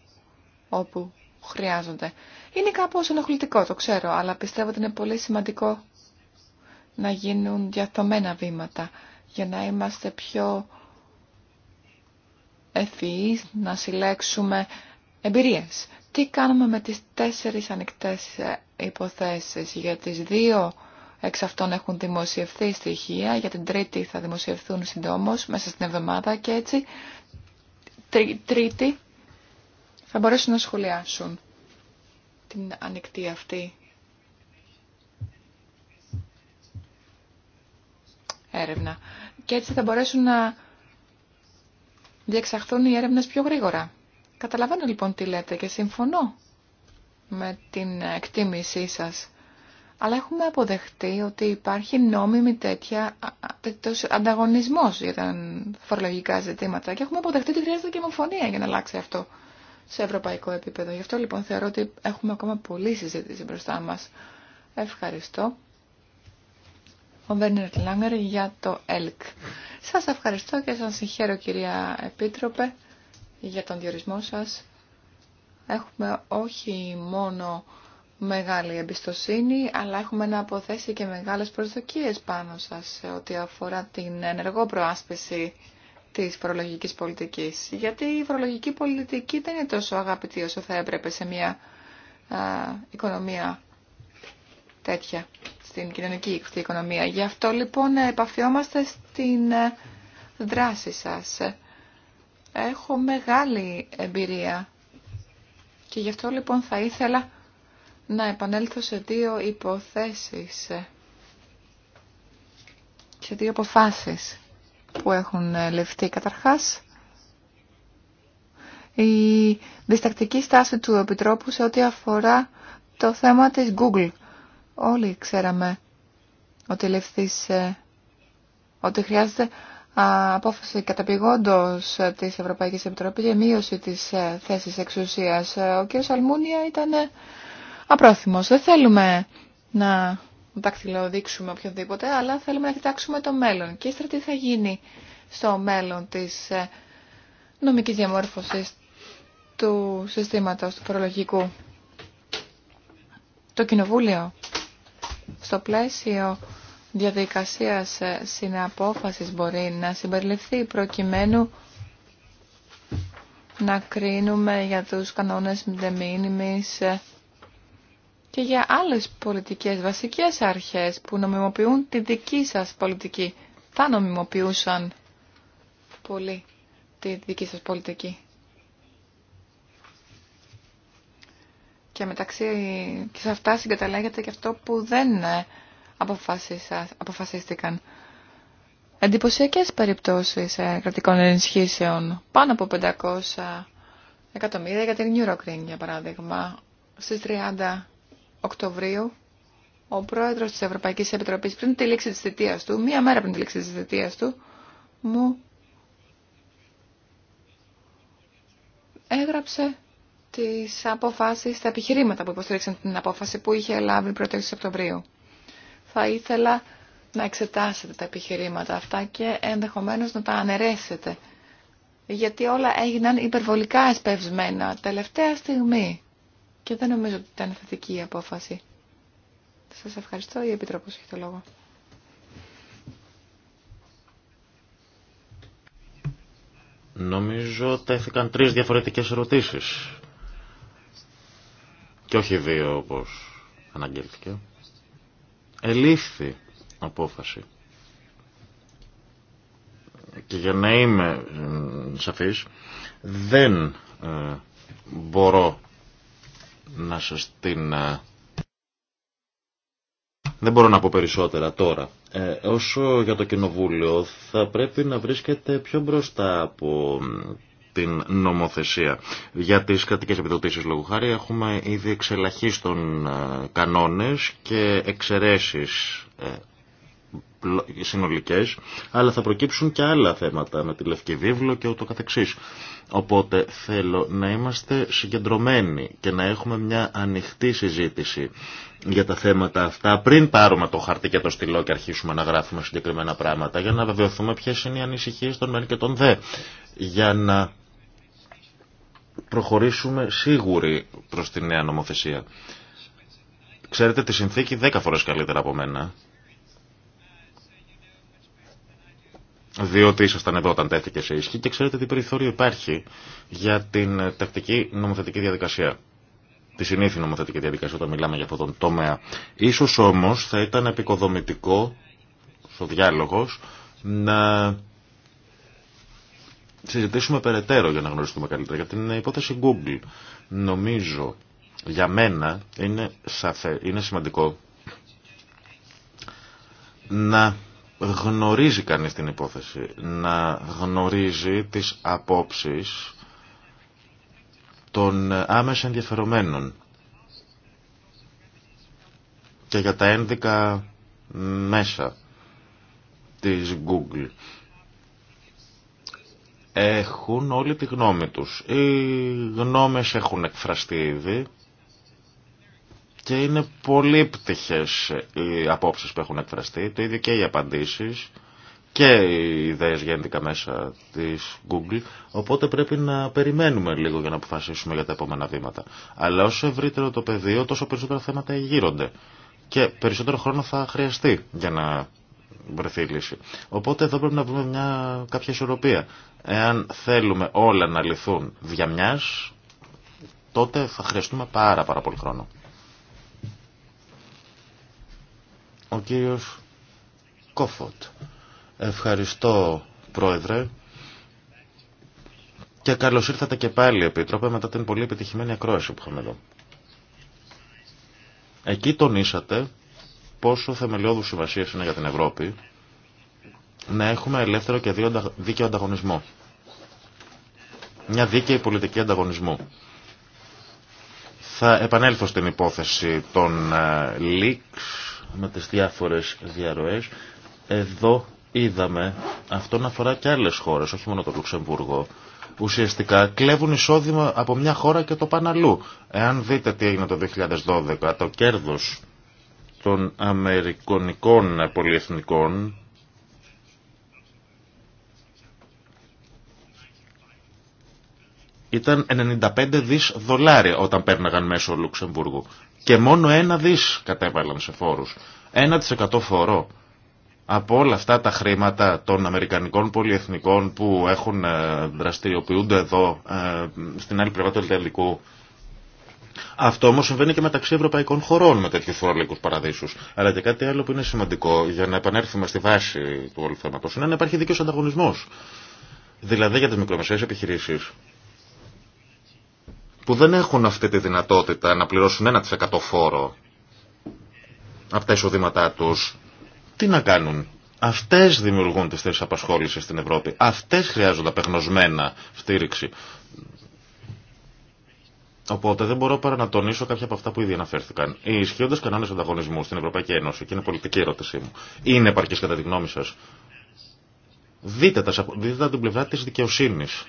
όπου χρειάζονται. Είναι κάπως ενοχλητικό, το ξέρω, αλλά πιστεύω ότι είναι πολύ σημαντικό να γίνουν διαθωμένα βήματα για να είμαστε πιο ευφυείς, να συλλέξουμε εμπειρίες. Τι κάνουμε με τις τέσσερις ανοιχτές ε, υποθέσεις, για τις δύο εξ αυτών έχουν δημοσιευθεί στοιχεία, για την τρίτη θα δημοσιευθούν συντόμως, μέσα στην εβδομάδα και έτσι, τρίτη θα μπορέσουν να σχολιάσουν την ανοιχτή αυτή έρευνα. Και έτσι θα μπορέσουν να διεξαχθούν οι έρευνες πιο γρήγορα. Καταλαβαίνω λοιπόν τι λέτε και συμφωνώ με την εκτίμησή σας. Αλλά έχουμε αποδεχτεί ότι υπάρχει νόμιμη τέτοια τέτοιος ανταγωνισμός για τα φορολογικά ζητήματα και έχουμε αποδεχτεί ότι χρειάζεται και μοφωνία για να αλλάξει αυτό σε ευρωπαϊκό επίπεδο. Γι' αυτό λοιπόν θεωρώ ότι έχουμε ακόμα πολλή συζήτηση μπροστά μας. Ευχαριστώ. Ο Βέρνερ για το ΕΛΚ. Σας ευχαριστώ και σας συγχαίρω κυρία Επίτροπε για τον διορισμό σας. Έχουμε όχι μόνο μεγάλη εμπιστοσύνη, αλλά έχουμε να αποθέσει και μεγάλες προσδοκίες πάνω σας σε ό,τι αφορά την ενεργό προάσπιση της φορολογική πολιτικής. Γιατί η φορολογική πολιτική δεν είναι τόσο αγαπητή όσο θα έπρεπε σε μια οικονομία τέτοια, στην κοινωνική οικονομία. Γι' αυτό λοιπόν επαφιόμαστε στην ε, δράση σας. Έχω μεγάλη εμπειρία και γι' αυτό λοιπόν θα ήθελα να επανέλθω σε δύο υποθέσεις, σε δύο αποφάσεις που έχουν ληφθεί καταρχάς η διστακτική στάση του Επιτρόπου σε ό,τι αφορά το θέμα της Google. Όλοι ξέραμε ότι ότι χρειάζεται απόφαση καταπηγόντος της Ευρωπαϊκής Επιτροπής για μείωση της ε, θέσης εξουσίας. Ο κ. Αλμούνια ήταν απρόθυμος. Δεν θέλουμε να δακτυλοδείξουμε οποιοδήποτε, αλλά θέλουμε να κοιτάξουμε το μέλλον. Και ύστερα τι θα γίνει στο μέλλον της ε, νομικής διαμόρφωσης του συστήματος του προλογικού, Το Κοινοβούλιο στο πλαίσιο διαδικασίας ε, συναπόφασης μπορεί να συμπεριληφθεί προκειμένου να κρίνουμε για τους κανόνες de και για άλλες πολιτικές βασικές αρχές που νομιμοποιούν τη δική σας πολιτική. Θα νομιμοποιούσαν πολύ τη δική σας πολιτική. Και μεταξύ και σε αυτά συγκαταλέγεται και αυτό που δεν ε, αποφασίστηκαν. Εντυπωσιακές περιπτώσεις ε, κρατικών ενισχύσεων, πάνω από 500 εκατομμύρια για την Eurocrane για παράδειγμα, στι 30 Οκτωβρίου, ο πρόεδρος της Ευρωπαϊκής Επιτροπής πριν τη λήξη της θητείας του, μία μέρα πριν τη λήξη της θητείας του, μου έγραψε τις αποφάσεις, τα επιχειρήματα που υποστήριξαν την απόφαση που είχε λάβει πρώτη Οκτωβρίου. Θα ήθελα να εξετάσετε τα επιχειρήματα αυτά και ενδεχομένως να τα αναιρέσετε. Γιατί όλα έγιναν υπερβολικά εσπευσμένα τελευταία στιγμή. Και δεν νομίζω ότι ήταν θετική η απόφαση. Σας ευχαριστώ. Η Επιτρόπος έχει το λόγο. Νομίζω τέθηκαν τρεις διαφορετικές ερωτήσεις. Και όχι δύο όπως αναγγέλθηκε. Ελήφθη απόφαση. Και για να είμαι ε, σαφής, δεν ε, μπορώ να σα την... Ε, δεν μπορώ να πω περισσότερα τώρα. Ε, όσο για το Κοινοβούλιο θα πρέπει να βρίσκεται πιο μπροστά από την νομοθεσία. Για τις κρατικές επιδοτήσεις λόγω χάρη έχουμε ήδη εξελαχίστων ε, κανόνες και εξαιρέσεις συνολικές, αλλά θα προκύψουν και άλλα θέματα με τη Λευκή Βίβλο και ούτω καθεξής. Οπότε θέλω να είμαστε συγκεντρωμένοι και να έχουμε μια ανοιχτή συζήτηση για τα θέματα αυτά πριν πάρουμε το χαρτί και το στυλό και αρχίσουμε να γράφουμε συγκεκριμένα πράγματα για να βεβαιωθούμε ποιες είναι οι ανησυχίες των μεν και των δε. Για να προχωρήσουμε σίγουροι προς τη νέα νομοθεσία. Ξέρετε τη συνθήκη 10 φορές καλύτερα από μένα. διότι ήσασταν εδώ όταν τέθηκε σε ίσχυ και ξέρετε τι περιθώριο υπάρχει για την τακτική νομοθετική διαδικασία. Τη συνήθινη νομοθετική διαδικασία όταν μιλάμε για αυτόν τον τομέα. Ίσως όμως θα ήταν επικοδομητικό στο διάλογος να συζητήσουμε περαιτέρω για να γνωριστούμε καλύτερα για την υπόθεση Google. Νομίζω για μένα είναι, σαφέ, είναι σημαντικό να γνωρίζει κανείς την υπόθεση, να γνωρίζει τις απόψεις των άμεσα ενδιαφερομένων και για τα ένδικα μέσα της Google. Έχουν όλη τη γνώμη τους. Οι γνώμες έχουν εκφραστεί ήδη. Και είναι πολύ πτυχές οι απόψεις που έχουν εκφραστεί, το ίδιο και οι απαντήσεις και οι ιδέες γέννηκα μέσα της Google, οπότε πρέπει να περιμένουμε λίγο για να αποφασίσουμε για τα επόμενα βήματα. Αλλά όσο ευρύτερο το πεδίο, τόσο περισσότερα θέματα γύρονται και περισσότερο χρόνο θα χρειαστεί για να βρεθεί η λύση. Οπότε εδώ πρέπει να βρούμε μια, κάποια ισορροπία. Εάν θέλουμε όλα να λυθούν δια μιας, τότε θα χρειαστούμε πάρα πάρα πολύ χρόνο. Ο κύριος Κόφωτ. Ευχαριστώ πρόεδρε. Και καλώ ήρθατε και πάλι, Επίτροπε, μετά την πολύ επιτυχημένη ακρόαση που είχαμε εδώ. Εκεί τονίσατε πόσο θεμελιώδους σημασία είναι για την Ευρώπη να έχουμε ελεύθερο και δίκαιο ανταγωνισμό. Μια δίκαιη πολιτική ανταγωνισμού. Θα επανέλθω στην υπόθεση των leaks ε, με τις διάφορες διαρροές. Εδώ είδαμε, αυτό να αφορά και άλλες χώρες, όχι μόνο το Λουξεμβούργο, ουσιαστικά κλέβουν εισόδημα από μια χώρα και το πάνε αλλού. Εάν δείτε τι έγινε το 2012, το κέρδος των Αμερικανικών πολυεθνικών ήταν 95 δις δολάρια όταν πέρναγαν μέσω Λουξεμβούργου. Και μόνο ένα δις κατέβαλαν σε φόρους. 1% φόρο από όλα αυτά τα χρήματα των Αμερικανικών πολυεθνικών που έχουν ε, δραστηριοποιούνται εδώ ε, στην άλλη πλευρά του Ελληνικού. Αυτό όμως συμβαίνει και μεταξύ ευρωπαϊκών χωρών με τέτοιου φορολογικού παραδείσους. Αλλά και κάτι άλλο που είναι σημαντικό για να επανέλθουμε στη βάση του όλου θέματος είναι να υπάρχει δίκαιο ανταγωνισμός. Δηλαδή για τις μικρομεσαίες επιχειρήσεις που δεν έχουν αυτή τη δυνατότητα να πληρώσουν 1% φόρο από τα εισοδήματά τους, τι να κάνουν. Αυτές δημιουργούν τις θέσεις απασχόλησης στην Ευρώπη. Αυτές χρειάζονται απεγνωσμένα στήριξη. Οπότε δεν μπορώ παρά να τονίσω κάποια από αυτά που ήδη αναφέρθηκαν. Οι ισχύοντες κανόνες ανταγωνισμού στην Ευρωπαϊκή Ένωση, και είναι πολιτική ερώτησή μου, είναι επαρκή κατά τη γνώμη σα. Δείτε, τα, δείτε την πλευρά της δικαιοσύνης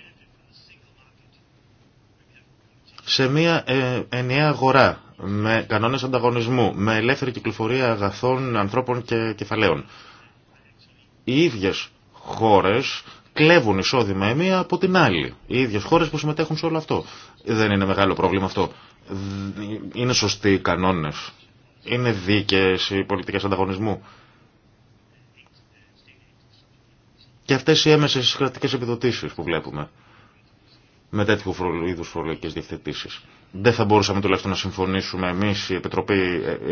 σε μια ε, ενιαία αγορά με κανόνες ανταγωνισμού, με ελεύθερη κυκλοφορία αγαθών, ανθρώπων και κεφαλαίων. Οι ίδιες χώρες κλέβουν εισόδημα η μία από την άλλη. Οι ίδιες χώρες που συμμετέχουν σε όλο αυτό. Δεν είναι μεγάλο πρόβλημα αυτό. Είναι σωστοί οι κανόνες. Είναι δίκαιες οι πολιτικές ανταγωνισμού. Και αυτές οι έμεσες κρατικές επιδοτήσεις που βλέπουμε με τέτοιου είδου φορολογικέ διευθετήσει. Δεν θα μπορούσαμε τουλάχιστον να συμφωνήσουμε εμεί ε,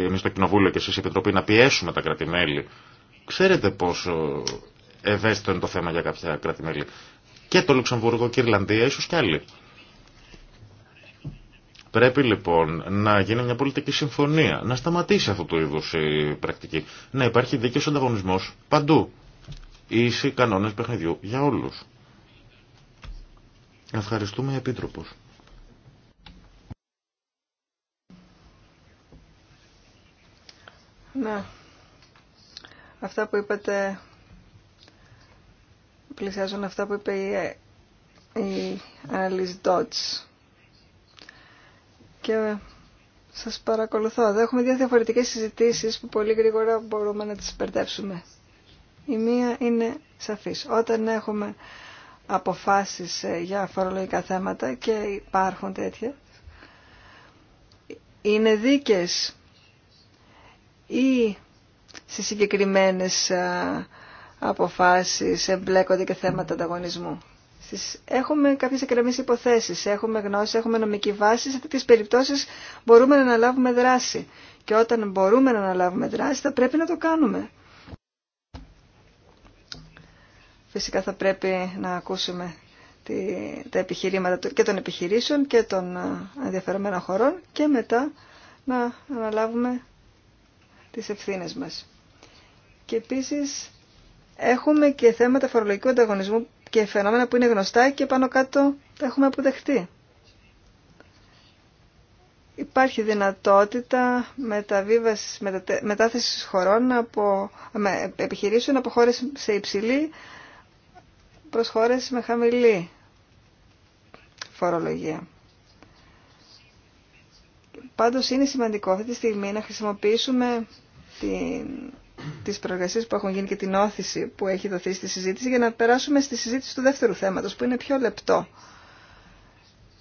εμεί το Κοινοβούλιο και εσεί η Επιτροπή να πιέσουμε τα κράτη-μέλη. Ξέρετε πόσο ευαίσθητο είναι το θέμα για κάποια κρατημέλη. Και το Λουξεμβούργο και η Ιρλανδία, ίσω κι άλλοι. Πρέπει λοιπόν να γίνει μια πολιτική συμφωνία, να σταματήσει αυτού του είδου η πρακτική. Να υπάρχει δίκαιο ανταγωνισμό παντού. Ίσοι κανόνε παιχνιδιού για όλου. Ευχαριστούμε, Επίτροπος. Ναι. Αυτά που είπατε πλησιάζουν αυτά που είπε η, η Alice Και σας παρακολουθώ. Δεν έχουμε δύο διαφορετικές συζητήσεις που πολύ γρήγορα μπορούμε να τις περτέψουμε. Η μία είναι σαφής. Όταν έχουμε αποφάσεις για φορολογικά θέματα και υπάρχουν τέτοια. Είναι δίκες ή σε συγκεκριμένες αποφάσεις εμπλέκονται και θέματα ανταγωνισμού. Έχουμε κάποιες εκείνες υποθέσεις έχουμε γνώση, έχουμε νομική βάση. Σε τέτοιες περιπτώσεις μπορούμε να αναλάβουμε δράση. Και όταν μπορούμε να αναλάβουμε δράση, θα πρέπει να το κάνουμε. Φυσικά θα πρέπει να ακούσουμε τα επιχειρήματα και των επιχειρήσεων και των ε, ενδιαφερομένων χωρών και μετά να αναλάβουμε τις ευθύνες μας. Και επίσης έχουμε και θέματα φορολογικού ανταγωνισμού και φαινόμενα που είναι γνωστά και πάνω κάτω τα έχουμε αποδεχτεί. Υπάρχει δυνατότητα μεταθέσης χωρών από, με επιχειρήσεων από χώρες σε υψηλή προς με χαμηλή φορολογία. Πάντως είναι σημαντικό αυτή τη στιγμή να χρησιμοποιήσουμε την, τις προεργασίες που έχουν γίνει και την όθηση που έχει δοθεί στη συζήτηση για να περάσουμε στη συζήτηση του δεύτερου θέματος που είναι πιο λεπτό.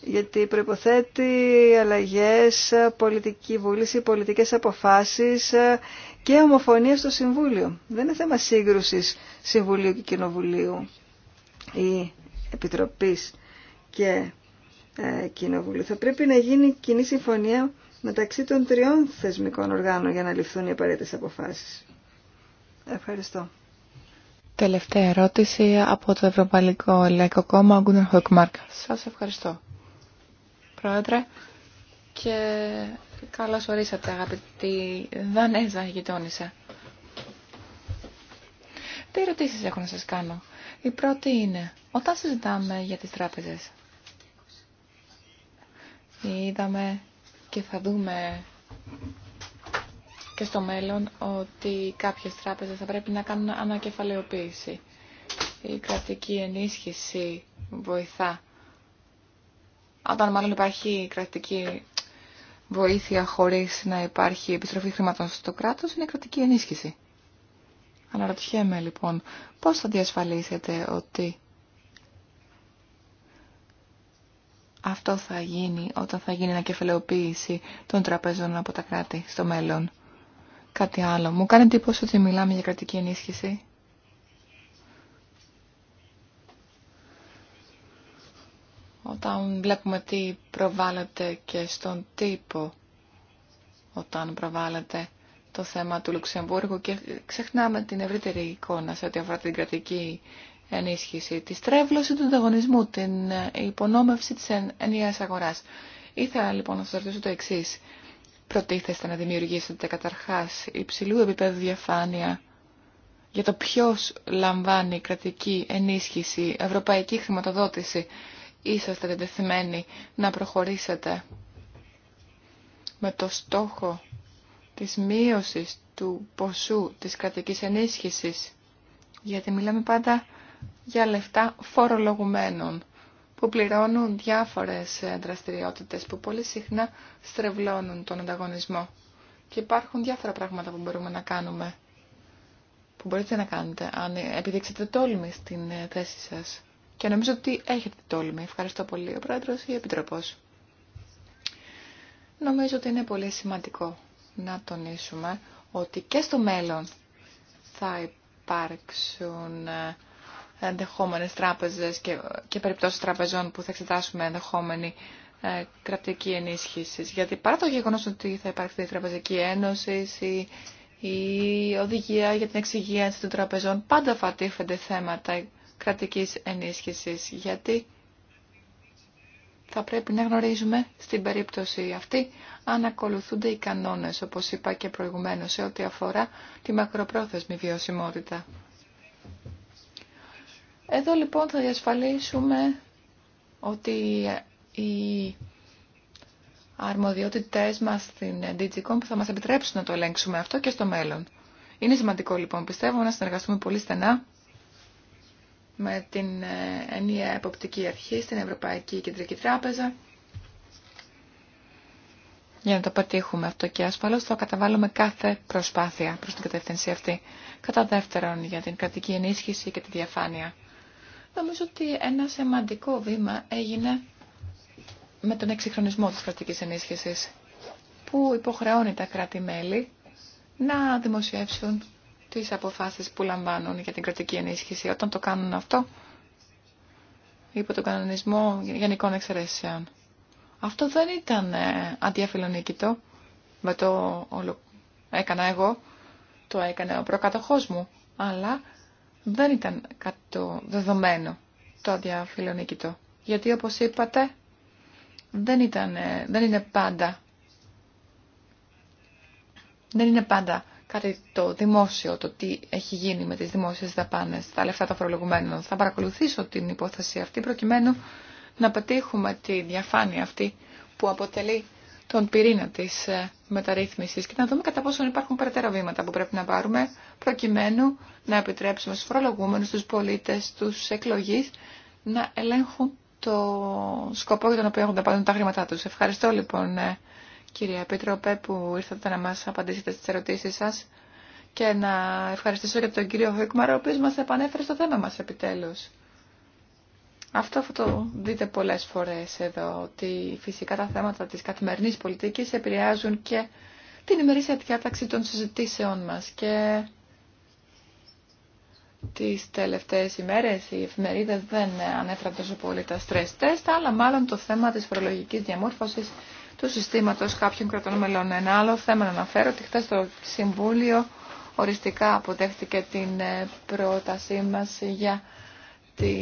Γιατί προϋποθέτει αλλαγές, πολιτική βούληση, πολιτικές αποφάσεις και ομοφωνία στο Συμβούλιο. Δεν είναι θέμα σύγκρουσης Συμβουλίου και Κοινοβουλίου ή Επιτροπής και ε, Κοινοβουλίου. Θα πρέπει να γίνει κοινή συμφωνία μεταξύ των τριών θεσμικών οργάνων για να ληφθούν οι απαραίτητες αποφάσεις. Ευχαριστώ. Τελευταία ερώτηση από το Ευρωπαϊκό Λαϊκό Κόμμα, Γκούνερ Χοκμάρκ. Σας ευχαριστώ, Πρόεδρε. Και καλώς ορίσατε, αγαπητή Δανέζα γειτόνισσα. Τι ερωτήσεις έχω να σας κάνω. Η πρώτη είναι, όταν συζητάμε για τις τράπεζες, είδαμε και θα δούμε και στο μέλλον ότι κάποιες τράπεζες θα πρέπει να κάνουν ανακεφαλαιοποίηση. Η κρατική ενίσχυση βοηθά. Όταν μάλλον υπάρχει κρατική βοήθεια χωρίς να υπάρχει επιστροφή χρηματών στο κράτος, είναι κρατική ενίσχυση. Αναρωτιέμαι λοιπόν πώς θα διασφαλίσετε ότι αυτό θα γίνει όταν θα γίνει ανακεφαλαιοποίηση των τραπέζων από τα κράτη στο μέλλον. Κάτι άλλο. Μου κάνει εντύπωση ότι μιλάμε για κρατική ενίσχυση. Όταν βλέπουμε τι προβάλλεται και στον τύπο, όταν προβάλλεται το θέμα του Λουξεμβούργου και ξεχνάμε την ευρύτερη εικόνα σε ό,τι αφορά την κρατική ενίσχυση, τη στρέβλωση του ανταγωνισμού, την ε, υπονόμευση της ενιαίας αγοράς. Ήθελα λοιπόν να σας ρωτήσω το εξή. Προτίθεστε να δημιουργήσετε καταρχάς υψηλού επίπεδου διαφάνεια για το ποιος λαμβάνει κρατική ενίσχυση, ευρωπαϊκή χρηματοδότηση. Είσαστε δεδεθειμένοι να προχωρήσετε με το στόχο της μείωσης του ποσού της κρατικής ενίσχυσης, γιατί μιλάμε πάντα για λεφτά φορολογουμένων που πληρώνουν διάφορες δραστηριότητες που πολύ συχνά στρεβλώνουν τον ανταγωνισμό. Και υπάρχουν διάφορα πράγματα που μπορούμε να κάνουμε, που μπορείτε να κάνετε αν επιδείξετε τόλμη στην θέση σας. Και νομίζω ότι έχετε τόλμη. Ευχαριστώ πολύ ο Πρόεδρος ή Επιτροπός. Νομίζω ότι είναι πολύ σημαντικό να τονίσουμε ότι και στο μέλλον θα υπάρξουν ε, ενδεχόμενες τράπεζες και, και περιπτώσεις τραπεζών που θα εξετάσουμε ενδεχόμενη ε, κρατική ενίσχυση. Γιατί παρά το γεγονός ότι θα υπάρξει η Τραπεζική Ένωση, η, η οδηγία για την εξυγίανση των τραπεζών, πάντα θα θέματα κρατικής ενίσχυσης. Γιατί θα πρέπει να γνωρίζουμε στην περίπτωση αυτή αν ακολουθούνται οι κανόνες, όπως είπα και προηγουμένως, σε ό,τι αφορά τη μακροπρόθεσμη βιωσιμότητα. Εδώ λοιπόν θα διασφαλίσουμε ότι οι αρμοδιότητές μας στην Digicom θα μας επιτρέψουν να το ελέγξουμε αυτό και στο μέλλον. Είναι σημαντικό λοιπόν, πιστεύω, να συνεργαστούμε πολύ στενά με την ε, ενιαία εποπτική αρχή στην Ευρωπαϊκή Κεντρική Τράπεζα για να το πετύχουμε αυτό και ασφαλώς θα καταβάλουμε κάθε προσπάθεια προς την κατεύθυνση αυτή. Κατά δεύτερον, για την κρατική ενίσχυση και τη διαφάνεια. Νομίζω ότι ένα σημαντικό βήμα έγινε με τον εξυγχρονισμό της κρατικής ενίσχυσης, που υποχρεώνει τα κράτη-μέλη να δημοσιεύσουν τις αποφάσεις που λαμβάνουν για την κρατική ενίσχυση. Όταν το κάνουν αυτό, υπό τον κανονισμό γενικών εξαιρέσεων. Αυτό δεν ήταν ε, αντιαφιλονίκητο, με το όλο έκανα εγώ, το έκανε ο προκατοχός μου, αλλά δεν ήταν κάτι το δεδομένο το αντιαφιλονίκητο Γιατί όπως είπατε, δεν, ήταν, ε, δεν είναι πάντα δεν είναι πάντα κάτι το δημόσιο, το τι έχει γίνει με τις δημόσιες δαπάνες, τα λεφτά των φορολογουμένων. Θα παρακολουθήσω την υπόθεση αυτή προκειμένου να πετύχουμε τη διαφάνεια αυτή που αποτελεί τον πυρήνα της ε, μεταρρύθμισης και να δούμε κατά πόσο υπάρχουν περαιτέρω βήματα που πρέπει να πάρουμε προκειμένου να επιτρέψουμε στους φορολογούμενους, στους πολίτες, στους εκλογείς να ελέγχουν το σκοπό για τον οποίο έχουν τα τα χρήματά τους. Ευχαριστώ λοιπόν ε, κύριε Επίτροπε, που ήρθατε να μας απαντήσετε στις ερωτήσεις σας και να ευχαριστήσω και τον κύριο Χουίκμαρ, ο οποίος μας επανέφερε στο θέμα μας επιτέλους. Αυτό θα το δείτε πολλές φορές εδώ, ότι φυσικά τα θέματα της καθημερινής πολιτικής επηρεάζουν και την ημερήσια διάταξη των συζητήσεών μας και τις τελευταίες ημέρες οι εφημερίδες δεν ανέφεραν τόσο πολύ τα stress test, αλλά μάλλον το θέμα της φορολογικής διαμόρφωση του συστήματο κάποιων κρατών μελών. Ένα άλλο θέμα να αναφέρω ότι χθε το Συμβούλιο οριστικά αποτέχτηκε την ε, πρότασή μα για τι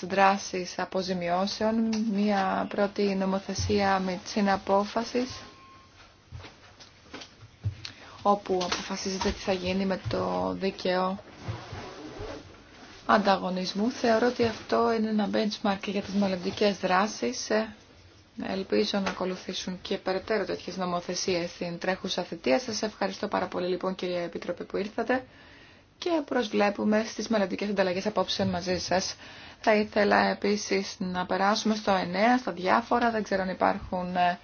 δράσει αποζημιώσεων, μια πρώτη νομοθεσία με απόφαση όπου αποφασίζεται τι θα γίνει με το δίκαιο ανταγωνισμού. Θεωρώ ότι αυτό είναι ένα benchmark για τις μελλοντικέ δράσεις ε, Ελπίζω να ακολουθήσουν και περαιτέρω τέτοιε νομοθεσίε στην τρέχουσα θητεία. Σα ευχαριστώ πάρα πολύ λοιπόν κυρία Επίτροπε που ήρθατε και προσβλέπουμε στι μελλοντικέ ανταλλαγέ απόψε μαζί σα. Θα ήθελα επίση να περάσουμε στο 9, στα διάφορα. Δεν ξέρω αν υπάρχουν, ε,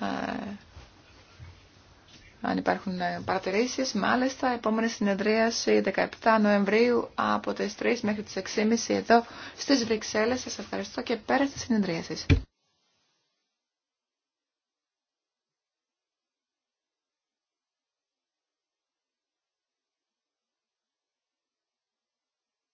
ε αν υπάρχουν ε, παρατηρήσεις. Μάλιστα, επόμενη συνεδρίαση 17 Νοεμβρίου από τι 3 μέχρι τι 6.30 εδώ στι Βρυξέλλε. Σα ευχαριστώ και πέρα στη συνεδρίαση.